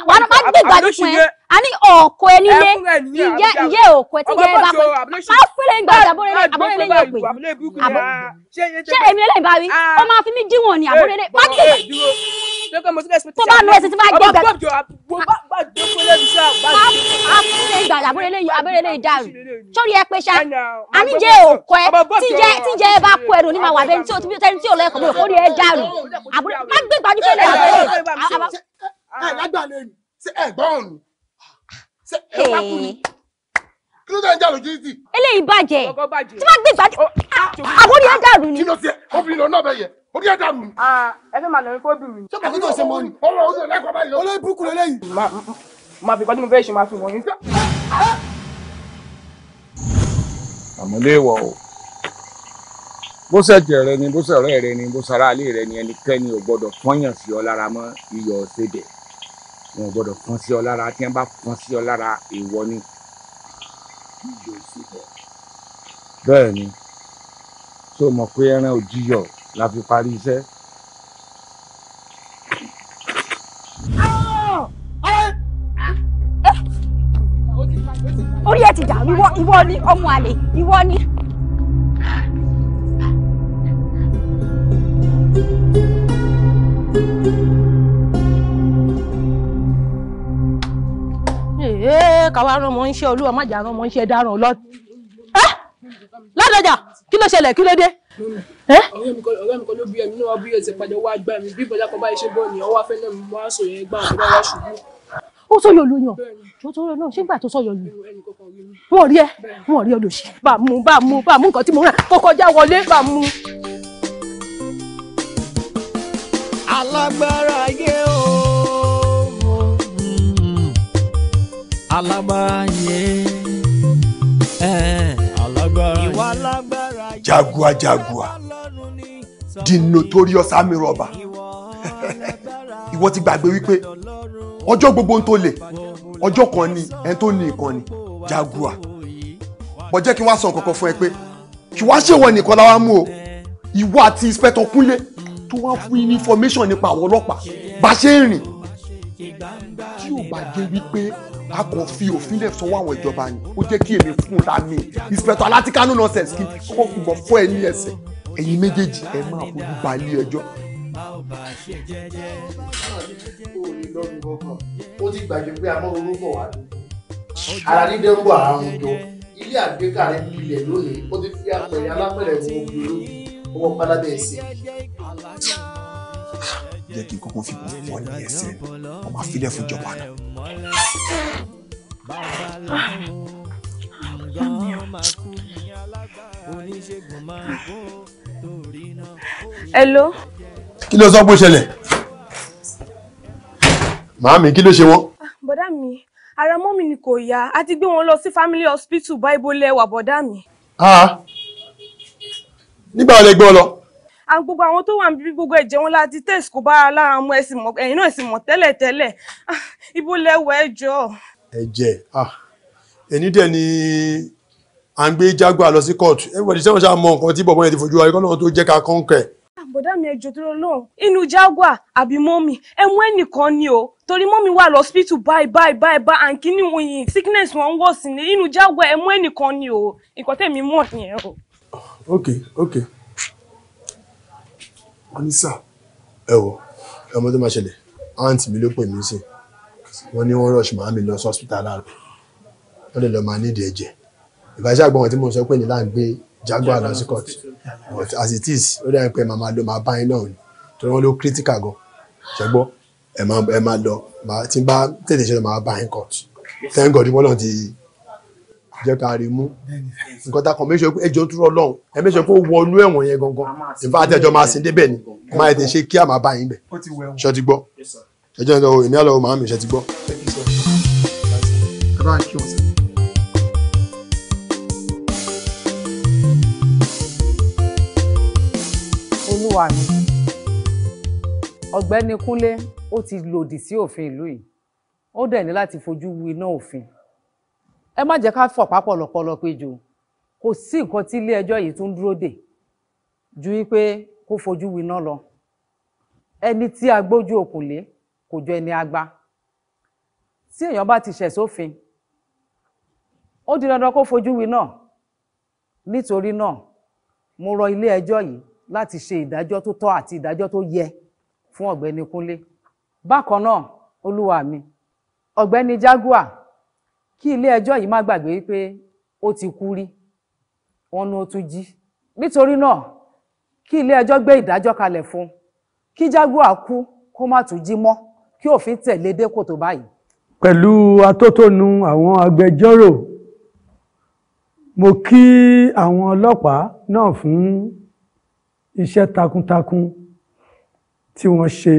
[SPEAKER 4] máa ń gbégbá ní fún ẹ a ní ọkọ ẹ nílé
[SPEAKER 2] ìyẹ ìyẹ òkọ ẹ tí ìyẹ ẹ bá pẹ máa fúnlẹ ìgbà àbúrò ilé àbúrò ilé
[SPEAKER 6] yẹ pé
[SPEAKER 5] ṣé èmi eléyìí bá rí ọmọ àfi mi díwọn ni àbúrò ilé má kí tó bá mi
[SPEAKER 6] ẹsẹ̀ tí bá ẹ pé ṣá àníjẹ òkọ ẹ tíjẹ tíjẹ ẹ bá kọ ẹrù ní màá wà bẹ́ẹ̀ tẹni tí ò lẹ́kọ̀ọ́ mi ò kórè ẹ dàrú àbúrò má gbé gbà nípa ẹlẹ́yìn
[SPEAKER 3] àbúrò. ẹ ah. lágbàlẹ̀ ni ṣé ẹ gbọ́ ọ̀nù ṣé ẹ wá kú ni eh. kí ló dé ń jà lójú eléyìí bàjẹ́ tí wọ́n gbé gbà oh. ah, àwọn ẹ dàrú ni. kí ló ṣe obìnrin náà bẹ yẹ orí ẹ̀dá mi. ẹ fẹ́ máa lọ rí fóònù mi. ṣé kòkòtò ṣe mọ́ ni. ọlọ oṣù lẹ́kọ̀ọ́ báyìí lọ. olóyè burúkú lélẹ́yìn. máa fi kọ́ tí mo fẹ́ ṣe máa fi wọ̀nyí. àmọ́ léèwọ̀ o bó ṣẹ̀jẹ̀ rẹ ni bó ṣẹ̀rẹ́ rẹ ni bó ṣara alẹ́ rẹ ni ẹnikẹ́ni ò gbọ́dọ̀ fọ́nyàn sí ọ lára mọ́
[SPEAKER 9] iyọ̀ ṣẹ̀dẹ̀ wọn ò gbọ́dọ̀ fọ́n sí ọ lára tí wọ́n bá fọ́n sí ọ lára èèwọ̀ ni.
[SPEAKER 3] bẹ́ẹ̀ ni tó mọ̀ pé ẹran ò jíyọ̀ la fi parí iṣẹ́.
[SPEAKER 6] orí ẹ ti dà ìwọ ni ọmọ àlè ìwọ ni. káwa rán ọmọ iṣẹ́ olúwa má jà rán ọmọ iṣẹ́ dáràn ọlọ́tí. ládọjà kí ló ṣẹlẹ̀ kí ló dé. Eh?
[SPEAKER 10] ọ̀rẹ́ mi kọ́ ló bí ẹ̀mí náà wá bí ẹ̀sẹ̀ padà wá gbà mí bí bọ́lá kan bá ṣe bọ́ ni ọwọ́ afẹ́ náà
[SPEAKER 5] wá sọ yẹn gbà wọn wá ṣubú.
[SPEAKER 6] ó sọ yọlu yàn ó sọ yọlu náà ṣé gbà tó sọ yọlu wọn rí ẹ wọn rí ẹ lòṣì bá a mú bá a mú bá a mú nǹkan tí mo rà kó kọjá wọlé bá a mú.
[SPEAKER 1] alágbára ayé o
[SPEAKER 3] alágbára ayé ẹ eh, alágbára ayé ìwà alágbára jagua jagua the notorious army robber ìwọ ti gbàgbé wípé ọjọ́ gbogbo ń tó lè ọjọ́ kan ni ẹni tó ní nǹkan ni jagua bọ́ jẹ́ kí wọ́n á sọ nǹkan kan fún ẹ pé kí wọ́n á ṣèwọ nìkan láwa mú o ìwọ àti inspector kúnlé tó wá fún information nípa àwọn ọlọ́pàá bá ṣe ń rìn tí ò bá jẹ́ wípé a kò fi òfin lẹ̀ sọ́wọ́ àwọn ìjọba yìí ó jẹ́ kí èmi fún ta mi ìspẹ̀tọ̀ alátikánú nọ́ọ̀sẹ̀sì kí kókó kùgbọ̀ fọ́ ẹ ní ẹsẹ̀ ẹ̀yin méjèèjì ẹ máa fojú ba ilé ẹjọ́. ó ti gbàgbé pé àmọ́ orúkọ wà ní ara dídé ń àrùn jọ ilé àgbékalẹ̀ ilẹ̀ lónìí ó ti fi àpẹẹrẹ alápẹ̀rẹ̀ wọ obìnrin ọwọ́ pálábẹ́ ẹ̀sìn jẹ́ kí n kọ́kọ́ fi wọ́n fọ́ ní ẹsẹ̀ wọ́n máa filẹ̀ fún ìjọba náà. Hello. kí ló sọ pé ó ṣẹlẹ̀ màámi kí ló ṣe wọ́n.
[SPEAKER 6] Ah, bọ́dá mi ara mọ́mì ni kò yá a ti gbé wọn lọ sí family hospital báyìí bó lẹ́wà bọ́dá mi.
[SPEAKER 3] Ah, nígbà wo lẹ gbé ọ lọ
[SPEAKER 6] àwọn gbogbo àwọn tó wà níbi gbogbo ẹ̀jẹ̀ wọn láti test kó bára lára mu ẹ̀yin náà sì mọ̀ tẹ́lẹ̀ tẹ́lẹ̀ ah, ibo lẹ́wọ̀ ẹ̀jọ́.
[SPEAKER 3] ẹ̀jẹ̀ ah, ẹni dẹ̀ ni à ń gbé jágbá lọ sí kóòtù everybody sẹ́wọ̀n ṣáà mọ nǹkan tí bọ̀bọ̀ yẹn ti fojú wa ikọ́ náà tó jẹ́ ká kọ́ńkẹ̀.
[SPEAKER 6] àbọ̀dá ah, mi ẹjọ́ tó lọ́wọ́ inú jágbá àbí mọ́mì ẹ mú ẹnìkan ni o torí mọ́mì wà lọ́sípítù báyìí báyìí báyìí bá àǹkí ní oyin sickness wọn ń wọ̀ sí ni inú jágbá ẹ mú ẹnìkan ni o ìkọ́tẹ̀mí mọ̀ nìyẹn o. ok ok
[SPEAKER 3] Anissa, ní sà. ẹ wo ọmọ tó máa ṣẹlẹ̀ aunt mi ló pè mí sí wọ́n ní wọ́n rush màámi lọ sí hospital láàrú wọ́n lè lọ máa ní ìdí ẹ̀jẹ̀ ìbáṣẹ́ àgbọ̀n tí mo sọ pé ní là ń gbé jaguar lọ sí court but as it is ó dẹ́rẹ́ pé màmá ló máa bá yín náà ni torí wọ́n ló critical gan ṣẹ́gbọ́ ẹ máa lọ tí n bá tètè ṣe lọ máa bá yín court thank God wọ́n náà ti jẹ́ ká rí mú nǹkan ta kàn méṣe ẹjọ́ tó rọ lọ́hùn ẹ méṣe kó wọnú ẹ̀wọ̀n yẹn gangan ìfá àtẹ̀jọ́ máa sin débẹ̀ ni máa tẹ̀ ṣe kí àmà bá yín bẹ̀ ṣe ti gbọ́ ẹjọ́ ìlọ òyìnbí àlọ́ màá mi ṣe ti gbọ́.
[SPEAKER 10] olúwa mi ọ̀gbẹ́ni kúnlé ó ti lòdì sí òfin ìlú yìí ó dẹ̀ ní láti fojú wu iná òfin ẹ má jẹ́ ká fọ̀ pápọ̀ lọ́pọ̀lọ́ pé jù kò sí nǹkan tí ilé ẹjọ́ yìí tún dúró dè ju wípé kó fojú winá lọ ẹni tí a gbójú okùn kò jọ ẹni agba tí èèyàn bá ti ṣẹ̀ sófin ó di dandan kó fojú winá nítorí náà mo rọ ilé ẹjọ́ yìí láti ṣe ìdájọ́ tó tọ́ àti ìdájọ́ tó yẹ fún ọ̀gbẹ́ni Kúnlé bákan náà olúwa mi ọ̀gbẹ́ni Jaguar kí ilé-ẹjọ́ yìí má gbàgbé pé ó ti kú rí wọn ni ó tún jí nítorí náà kí ilé-ẹjọ́ gbé ìdájọ́ kalẹ̀ fún kí Jaguar kú kó má tún jí mọ́ kí òfin tẹ̀lé dé kòtò báyìí.
[SPEAKER 8] pẹ̀lú atótónu àwọn agbẹjọ́rò mo kí àwọn ọlọ́pàá náà fún iṣẹ́ takuntakun tí wọ́n ṣe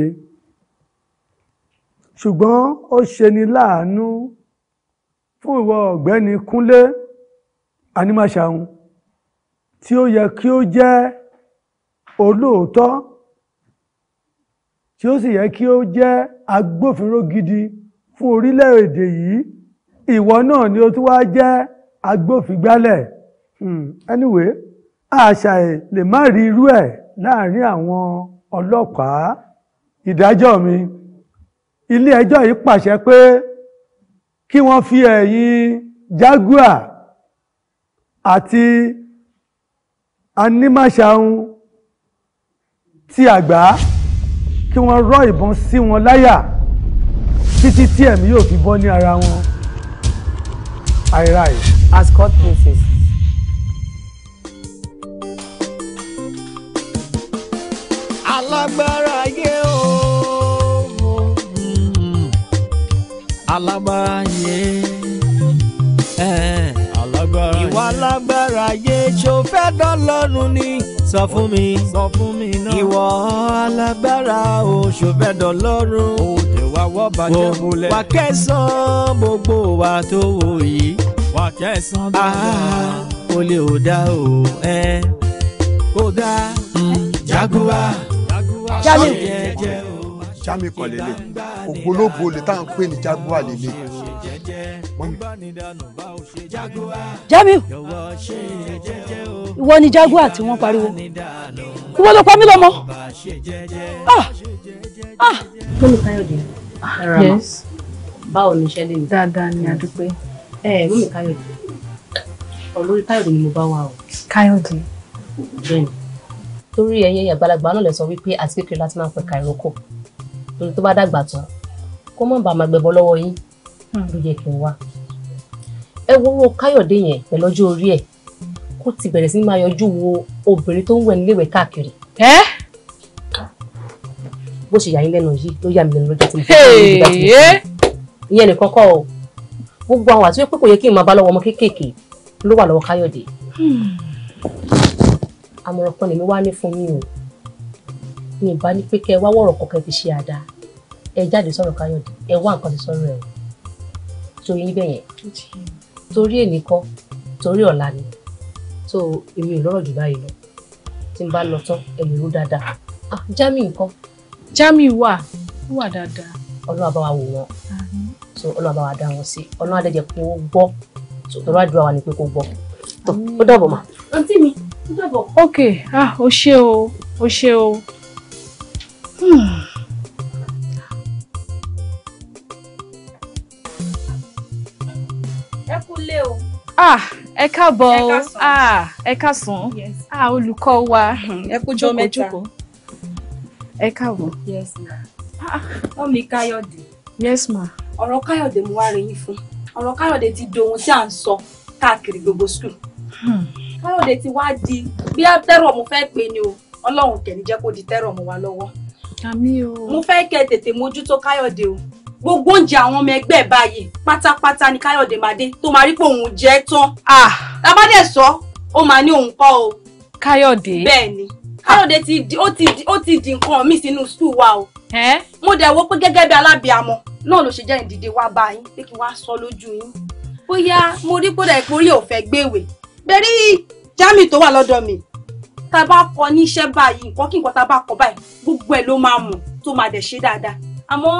[SPEAKER 8] ṣùgbọ́n ó ṣeni láàánú fún ìwọ ọ̀gbẹ́ni Kúnlé Animáṣàun tí ó yẹ kí ó jẹ́ olóòótọ́ tí ó sì yẹ kí ó jẹ́ agbófinró gidi fún orílẹ̀-èdè yìí ìwọ náà ni ó tún wá jẹ́ agbófingbálẹ̀ hmm, anyway àṣà ẹ̀ lè má rí irú ẹ̀ láàrin àwọn ọlọ́pàá ìdájọ́ mi ilé ẹjọ́ yìí pàṣẹ pé kí wọ́n fi ẹ̀yìn Jaguar àti Animáṣaun ti àgbá kí wọ́n rọ́ ìbọn sí wọn láyà títí tí ẹ̀mí yóò fi bọ́ ní ara wọn. I rise. As court cases.
[SPEAKER 1] alágbára yé ìwà alágbára yé ṣó fẹ́ dọ́lọ́run ni sọ fún mi sọ fún mi náà ìwọ alágbára o ṣó fẹ́ dọ́lọ́run o tẹ wá wọ́ bàjẹ́ múlẹ̀ wà kẹsàn-án gbogbo wa tó wò yìí wà kẹsàn-án dáadáa ah, o lè ò dá o ẹ kó dá
[SPEAKER 3] jaguwa jaguwa ṣáà lè jẹ jẹ jami kan lele ògbólógbò lè tá à ń pè ní jaguar lele.
[SPEAKER 6] Jamiu ìwọ ni jaguar tí wọ́n pariwo
[SPEAKER 4] ìwọ ló pa mí lọ́mọ. mọ́mí káyọ̀dé ẹ̀rọ báwo ni iṣẹ́ lè ní. dáadáa ni adúpẹ́. ẹ ẹ mọ́mí káyọ̀dé olórí káyọ̀dé ni mo bá wà o. káyọ̀dé. bẹ́ẹ̀ni torí ẹ̀yẹ àgbàlagbà náà lè sọ wípé àti kékeré láti máa pẹ̀ka ìrókò torí tó bá dàgbà tán kó mọ̀ bá máa gbẹ̀bọ lọ́wọ́ yín hmm. ló yẹ kí n wá. ẹ wúrò káyọ̀dé yẹn pẹ̀lú ọjọ́ orí ẹ̀ kó ti bẹ̀rẹ̀ sí máa yọjú wo obìnrin tó ń wẹ̀ níléèwé káàkiri. ẹ bó ṣe yà yín lẹ́nu yìí ló yà mí lẹ́nu lọ́jọ́ tí mo fi kọ́ ìyẹn nìkan o gbogbo àwọn àti pé kò yẹ kí n máa bá lọ́wọ́ ọmọ kéékèèké ló wà lọ́wọ́ káyọ̀dé hmm. àmọ̀ràn kan lèmi wá ní fún mi o mi bá ní pé kẹ ẹ wá wọ̀rọ̀ kọ̀ọ̀kan fi ṣe àdá ẹ jáde sọ̀rọ̀ káyọ̀dé ẹ wá nǹkan ti sọ̀rọ̀ ẹ̀ tó yín bẹ̀yẹn torí èmi kọ́ torí ọ̀la ni tó èmi ò lọ́rọ̀ jù báyìí lọ tí n bá lọ tán ẹ̀mí ló dáadáa ah jami nǹkan. jami wà wà dáadáa. ọlọ́wà bá wa wò wọ́n so ọlọ́wà bá wa dá wọn sí ọlọ́wà dẹ́jẹ́ kó gbọ́ tọ́lá àdúrà wa ni pé kó gbọ́ tó ó dàbọ̀ mà.
[SPEAKER 5] àǹtí mi ó dàbọ̀.
[SPEAKER 4] ok ah
[SPEAKER 5] o ṣé o o ṣé o. Hmm. Ẹ Ah, ẹ káàbọ̀ o. Ah, ẹ káàsán. Ah, olùkọ́ wa. Hmm, ẹ kú jọ mẹ́ta. Ẹ káàbọ̀.
[SPEAKER 6] Yes ma. Ah, wọ́n mi Káyọ̀dé. Yes ma. Ọ̀rọ̀ Káyọ̀dé mo wá rí yín fún. Ọ̀rọ̀ Káyọ̀dé ti di ohun tí à ń sọ káàkiri gbogbo skul. Hmm. Káyọ̀dé ti wá di bí tẹ́rọ̀ mo fẹ́ pè ni o. Ọlọ́run kẹ̀ ní jẹ́ kó di tẹ́rọ̀ mo wá lọ́wọ́
[SPEAKER 5] àmì o. mo
[SPEAKER 6] fẹ́ kẹ́ tètè mójútó káyọ̀dé o gbogbo oúnjẹ àwọn ọmọ ẹgbẹ́ ẹ̀ báyìí pátápátá ni káyọ̀dé máa dé tó máa rí pé òun jẹ́ tán. tàbádẹ́ sọ ó máa ní òun kọ́ o. káyọ̀dé. bẹ́ẹ̀ ni káyọ̀dé ti di ó ti di ó ti di nǹkan mi sínú skul wa o. mo dẹ̀ wo pé gẹ́gẹ́ bí alábìàmọ náà ló ṣe jẹ́ ìdìde wá bá yín pé kí wá sọ lójú yín. bóyá mo rí pé ó dà ìpórí ò fẹ́ gbéwèé bẹ́ẹ̀ rí jámì tó wà lọ́dọ̀ mi tá a bá kọ níṣẹ́ báyìí nǹkan kí nǹkan tá a bá kọ báyìí gbogbo ẹ̀ ló máa mọ̀ tó máa dẹ̀ ṣe dáadáa àmọ́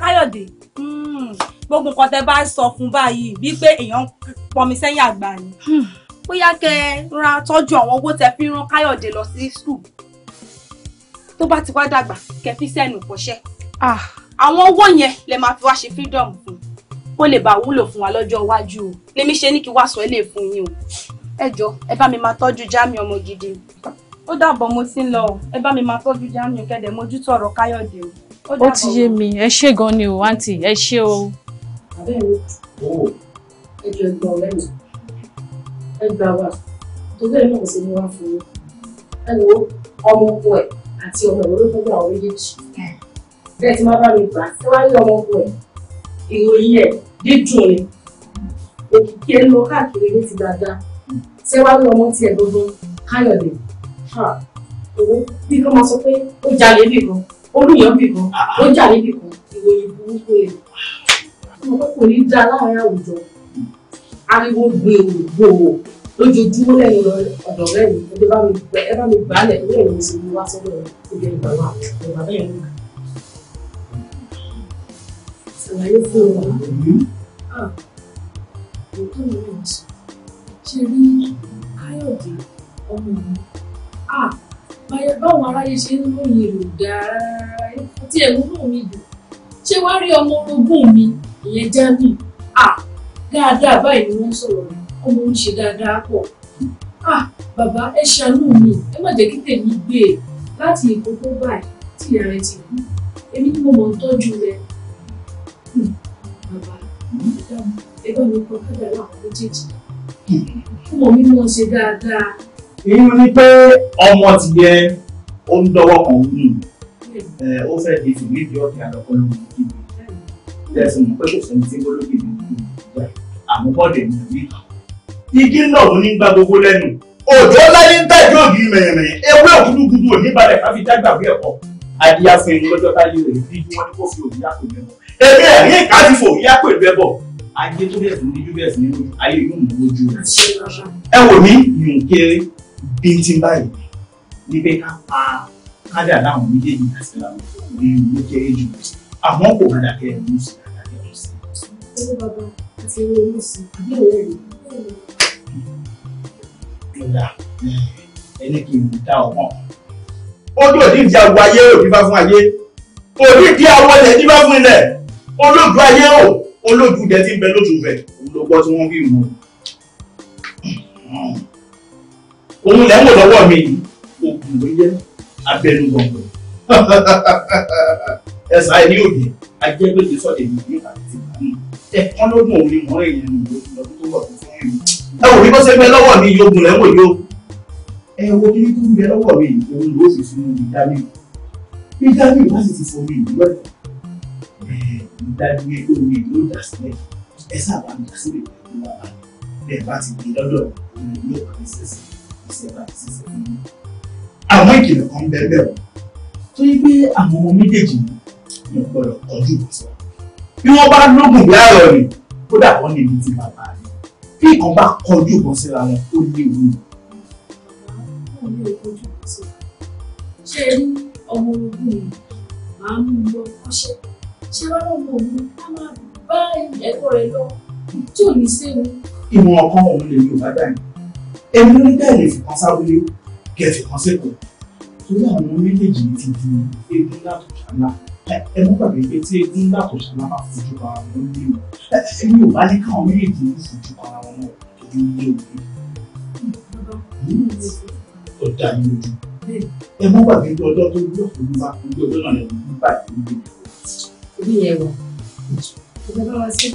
[SPEAKER 6] káyọ̀dé hmm, gbogbo nǹkan tẹ́ bá sọ fún báyìí bíi pé èèyàn pọnmi sẹ́yìn àgbà ni hmm, bóyá kẹ́ ra tọ́jú àwọn owó tẹ́ fi rán káyọ̀dé lọ sí skul tó bá ti wá dàgbà kẹ́ fi sẹ́nu kọ́ṣẹ́ ah, àwọn owó yẹn lè máa fi wá ṣe freedom fún kó lè bá wúlò fún wa lọ́jọ́ iwájú o lèmi ṣe ní kí wá sọ ẹ́ lè fún yín o ẹ jọ ẹ bá mi máa tọ́jú Jamiu ọmọ gidi ó dàbọ̀ mo ti ń lọ ẹ bá mi máa tọ́jú Jamiu kẹ́dẹ̀ mójútó ọ̀rọ̀ Káyọ̀dé o. ó ti yé mi ẹ
[SPEAKER 5] ṣé gan ni o àǹtí ẹ ṣé o. àbẹ́rẹ́ o ẹ jọ ẹgbà ọ̀rẹ́ mi ẹ gbà wá torí ẹ̀ náà sì ni wá fún mi ẹ wo ọmọ ọkọ ẹ àti ọmọ ìwé tó gbà ọ méjèèjì bẹ́ẹ̀ tí má bá mi gbà tí wàá rí ọmọ ọkọ ẹ ìròyìn ẹ dídùn ni òkìkí ẹ lọ káàkiri ní ti dáadáa ṣé wàá ní ọmọ tiẹ̀ gbogbo káyọ̀dé owó bí kí wọ́n sọ pé ó jalè bì kan olùyàn bì kan ó jalè bì kan ìròyìn burúkú ẹ̀ ọmọ pé kò ní dá láàárín àwùjọ ariwo gbèrò gbòòrò lójoojúmọ́ lẹ́nu ọ̀dọ̀ rẹ̀ mi bá mi gbẹ ẹ bá mi gbà lẹ̀ lórí ẹ̀yìn ìṣèlú wá sọ́dọ̀ rẹ̀ kó jẹ́ ìgbà wà ìgbà bẹ́ẹ̀ ni. ṣàlàyé fún wa. Mm-hmm. ah òótọ́ mi náà sọ ṣe rí káyọ̀dé ọmọ mi báyọ̀ báwọn aráyé ṣe ń lóyìn èrò dáa àti ẹ̀rù náà mi dùn ṣé wàá rí ọmọ orogún mi ìyẹn jáde à dáadáa báyìí ni wọ́n sọ̀rọ̀ rẹ̀ ọmọ ń ṣe dáadáa pọ̀ à bàbá ẹ ṣàánú mi ẹ má jẹ́ kí tèmi gbé e láti ìkókó báyìí tí ìyá rẹ̀ ti kú èmi ni mo mọ̀ ń tọ́jú rẹ̀ hmm, bàbá ẹ bá mi kọ́ kádàrá àwọn méjèèjì ọmọ mi mọ̀ ṣe dáadáa.
[SPEAKER 3] èyí ni pé ọmọ ti yẹ ó ń dọwọ́ kan mú ó fẹ́ di fìlú ìdí ọ̀kẹ́ àlọ́kọ́ ló ń kí mi tẹ̀sán mọ̀ pé kò sẹ́ni tí wọ́n ló kí mi àmọ́ bọ́ọ̀dẹ̀ mi rí igi náà ló ní gba gbogbo lẹ́nu òjò láyé ń tẹ̀jú òbí mẹ̀rẹ̀mẹ̀rẹ̀ ewé òkúdùkúdù òní balẹ̀ káfí dágbàgbé ẹ̀kọ́ adíyá fún ẹni lọ́jọ́ táyé rẹ̀ bí wọ́n ní kó fi òbí àpò ìbẹ̀bọ̀ èmi ajé tó bẹ̀rẹ̀ ní us nínú ayé yóò mú lójú rẹ̀. ẹ wò mí yùn kéré bíntín báyìí ní pé ká pa kádà láwọn méjèèjì àti ìlànà ní ìlú kéré jù àmọ́ kò padà kẹ́ ẹ̀ mú sí kádà kẹ́ ẹ̀ mú sí.
[SPEAKER 5] owó bàbá àti owó mú sí àbí òwe rẹ̀.
[SPEAKER 3] ìgbà ẹni kì í dá ọmọ. ojú òdì ìjà wo ayé òbí bá fún ayé
[SPEAKER 2] òbí di àwọn ilẹ̀ bí bá fún ilẹ̀
[SPEAKER 3] olóògbé ayé ò olójúdẹ tí ń bẹ lóṣùfẹ̀ ló gbọ́ tí wọ́n fi mú un òun lẹ́wọ̀n lọ́wọ́ mi yìí oògùn ló jẹ́ abẹnugọ̀ngọ̀ ẹ̀sà ẹni òde ajẹ́gbèjì sọ̀dẹ̀ mi ní àti ẹ̀kan lógún òun ni mọ́ èèyàn mi lọ́dún tó wà tó fún mi. ẹ wò bí wọ́n ṣe ń bẹ lọ́wọ́ mi yóò gùn lẹ́wọ̀n yóò ẹ wo bí kú ń bẹ lọ́wọ́ mi òun ló sì fún mi dámì mi dámì wá sì ti fún mi ìlú ẹ̀ dájú wípé omi ìlú ìjà sílẹ̀ ẹ sábà ń dá sílẹ̀ pẹ̀lú bàbá bẹ́ẹ̀ bá ti di lọ́dọ̀ ìlú ìlú ìpàdé sẹ́sẹ̀ ìṣẹ́ ìpàdé sẹ́sẹ̀ fún mi. àwọn ìkìlọ̀ kan bẹ́ẹ̀ bẹ́ẹ̀ o tó yí pé àwọn ọmọ méjèèjì ni wọ́n gbọ́dọ̀ kọjú ìbùsọ̀ bí wọ́n bá lógun bí ààrọ̀ rẹ̀ kódà wọ́n ní ibi tí bàbá rẹ̀ bí nǹkan bá kọjú ìbọn síra wọn ó léwu.
[SPEAKER 5] ṣé ọmọ ogun yìí máa ń lọ kọ́ṣẹ́ ṣé wọ́n lọ́wọ́ òun ká máa bá ẹ̀kọ́ rẹ̀ lọ tí ò ní séwu.
[SPEAKER 3] ìmọ̀ ọkàn òun lè yóò bá dání ẹni ló ń dá ìlè fìkan sáwọlé kẹfì kan sẹ́kọ̀ọ́ torí àwọn méjèèjì ti di eégún látòṣà ńlá ẹ mú gbàgbé pé tí eégún látòṣà ńlá bá fojú ara wọn lé o èmi ò bá ní káwọn méjèèjì ń fojú ara wọn náà torí ilé òwe ọ̀dà yìí lójú ẹ mú gbàgbé pé ọjọ́ tó gbé ọ̀pọ̀ ní bá gbé ọjọ́ náà lẹ́nu nígbà tó ń gbé orí yẹn wà
[SPEAKER 6] ìjọba wa sí.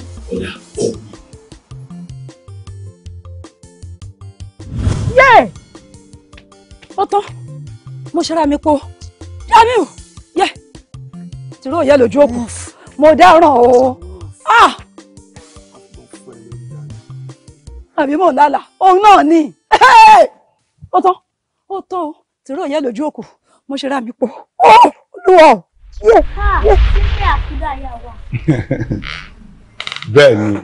[SPEAKER 6] yẹ́ẹ̀ ó tán mo ṣe ara mi po jamiu yẹ tìró yẹ lójú òkú mo dáràn o ah! àbí mò ń lálà òun náà ni ó tán ó tán tìró yẹ lójú òkú mo ṣe ara mi po oh, olúwa yẹ yẹ àkúdàáyà wà.
[SPEAKER 3] bẹ́ẹ̀ ni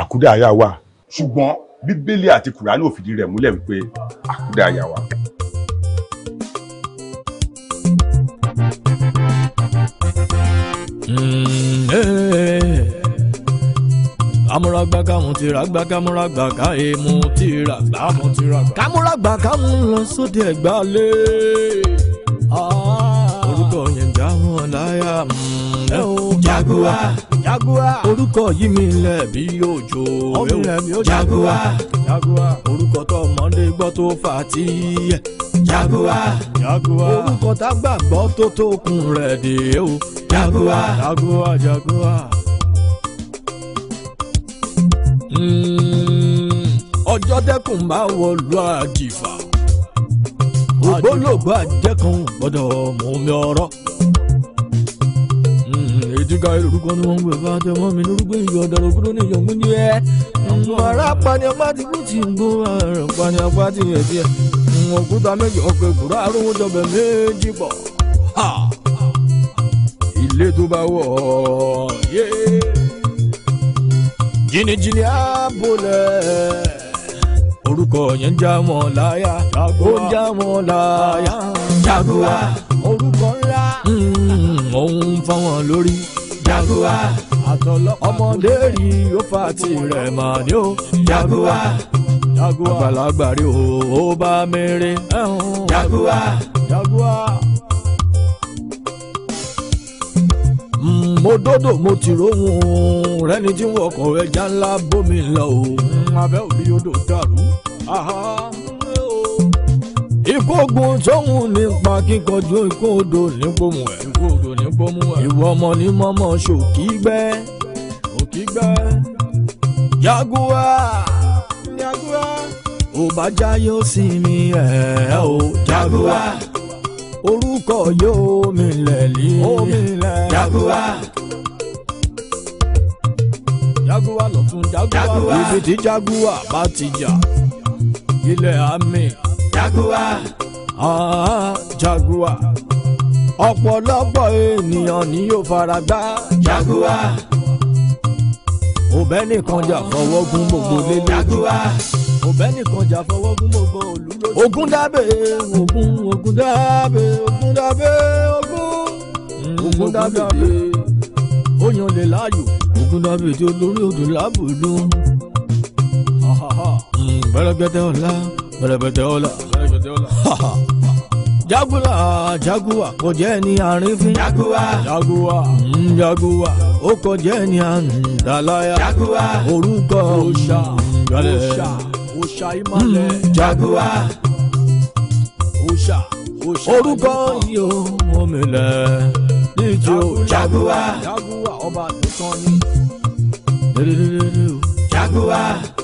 [SPEAKER 3] àkúdàáyà wà ṣùgbọ́n bíbélì àti kùránì ò fìdí rẹ̀ múlẹ̀ wípé àkúdàáyà wà.
[SPEAKER 1] amúragbá káwọn ti ràgbá kámúragbá ká e èèmù ti ràgbá mọ ti ràgbá. kámúragbá káwọn lọ sóde ẹgbàá lé ah. orúkọ yẹn dá wọn láyà. Mm, ẹ o Jaguar Jaguar orúkọ yìí mi lẹ̀ bí òjò. ọmọlẹ̀ mi ó Jaguar Jaguar orúkọ tó mọ́lé gbọ́ tó fà tí. Jagua, jagua, orúkọ tá gbàgbọ́ tó tó kun rẹ̀ dé o. Jaguar Jaguar Jaguar. Hmm, ọjọ́ dẹ́kun bá wọlú àdìfà ògbólógbò àjẹkùn gbọ́dọ̀ mú mi ọ̀rọ̀ ètí ká ìlórúkọ ni wọ́n ń gbé fáwọn ọmọ mi lórúkọ ìyọ̀ ọ̀dàrọ̀ kúrò ní ìyọ̀ngún jẹ́. ọ̀rá paniọ̀pá ti kú ti ń gbó ọ̀rọ̀ paniọ̀pá ti yẹ̀ tiẹ̀. òkúta méjì ọ̀pẹ kúrò àrùn jọbẹ̀ méjì pọ̀. ilé tó bá wọ̀ yé. jìnnìjìnnì àbólẹ̀ orúkọ yẹn ń já wọn láyà ó ń já wọn láyà. jagowa orúkọ ńlá. Hmm mò ń fọ́ wọn lórí. Jaguwa ọmọdé rí ó fa tirẹ̀ mà ní o. Jaguwa àgbàlagbà rí o ó bá mi rí. Jaguwa. Jaguwa. mo dódò mo ti róhun rẹni tí wọn kọ ẹja ńlá bómi lọ abẹ́ òbí odò dàrú ìkógun tóun nípa kíkanjú ikú odò nípòmù ẹ̀. ikú odò nípòmù ẹ̀. ìwọ ọmọ ní mọ́mọ́ ṣòkí gbẹ́. òkí Jaguar. Jaguar. ò bá jáyé ó sì mi ẹ̀ o. Jaguar. orúkọ yóò mi lẹ̀ lé. ó mi lẹ̀. Jaguar. Jaguar lọ́tún Jaguar. Jaguar. ibi tí Jaguar bá ti jà ilẹ̀ àmì. Jagua, Ah, Jaguar. ọ̀pọ̀lọpọ̀ ènìyàn ni yóò fara gbá. Jagua, òbẹ́ nìkan jà fọwọ́ gún gbogbo lélẹ̀. Jaguar. òbẹ́ nìkan jà fọwọ́ gún gbogbo olúlo. ogun dábẹ́ ogun ogun dábẹ́ hmm, ogun dábẹ́ ogun. ogun dábẹ́ ó yan lè láàyò. ogun dábẹ́ tí olórí odò lábùlú. gbẹrẹgbẹdẹ hmm, ọ̀la rẹpẹtẹ ọlá jagua jagua kò jẹ́ ní àrífín jagua jagua hmm, jagua ó kò jẹ́ ní àǹdàláyà jagua orúkọ òòṣà òòṣà òòṣà ìmàlẹ̀ jagua òòṣà òòṣà orúkọ yìí ó mọ̀mílẹ̀ níjó jagua
[SPEAKER 2] jagua ọba tó kàn ní. jagua. jagua.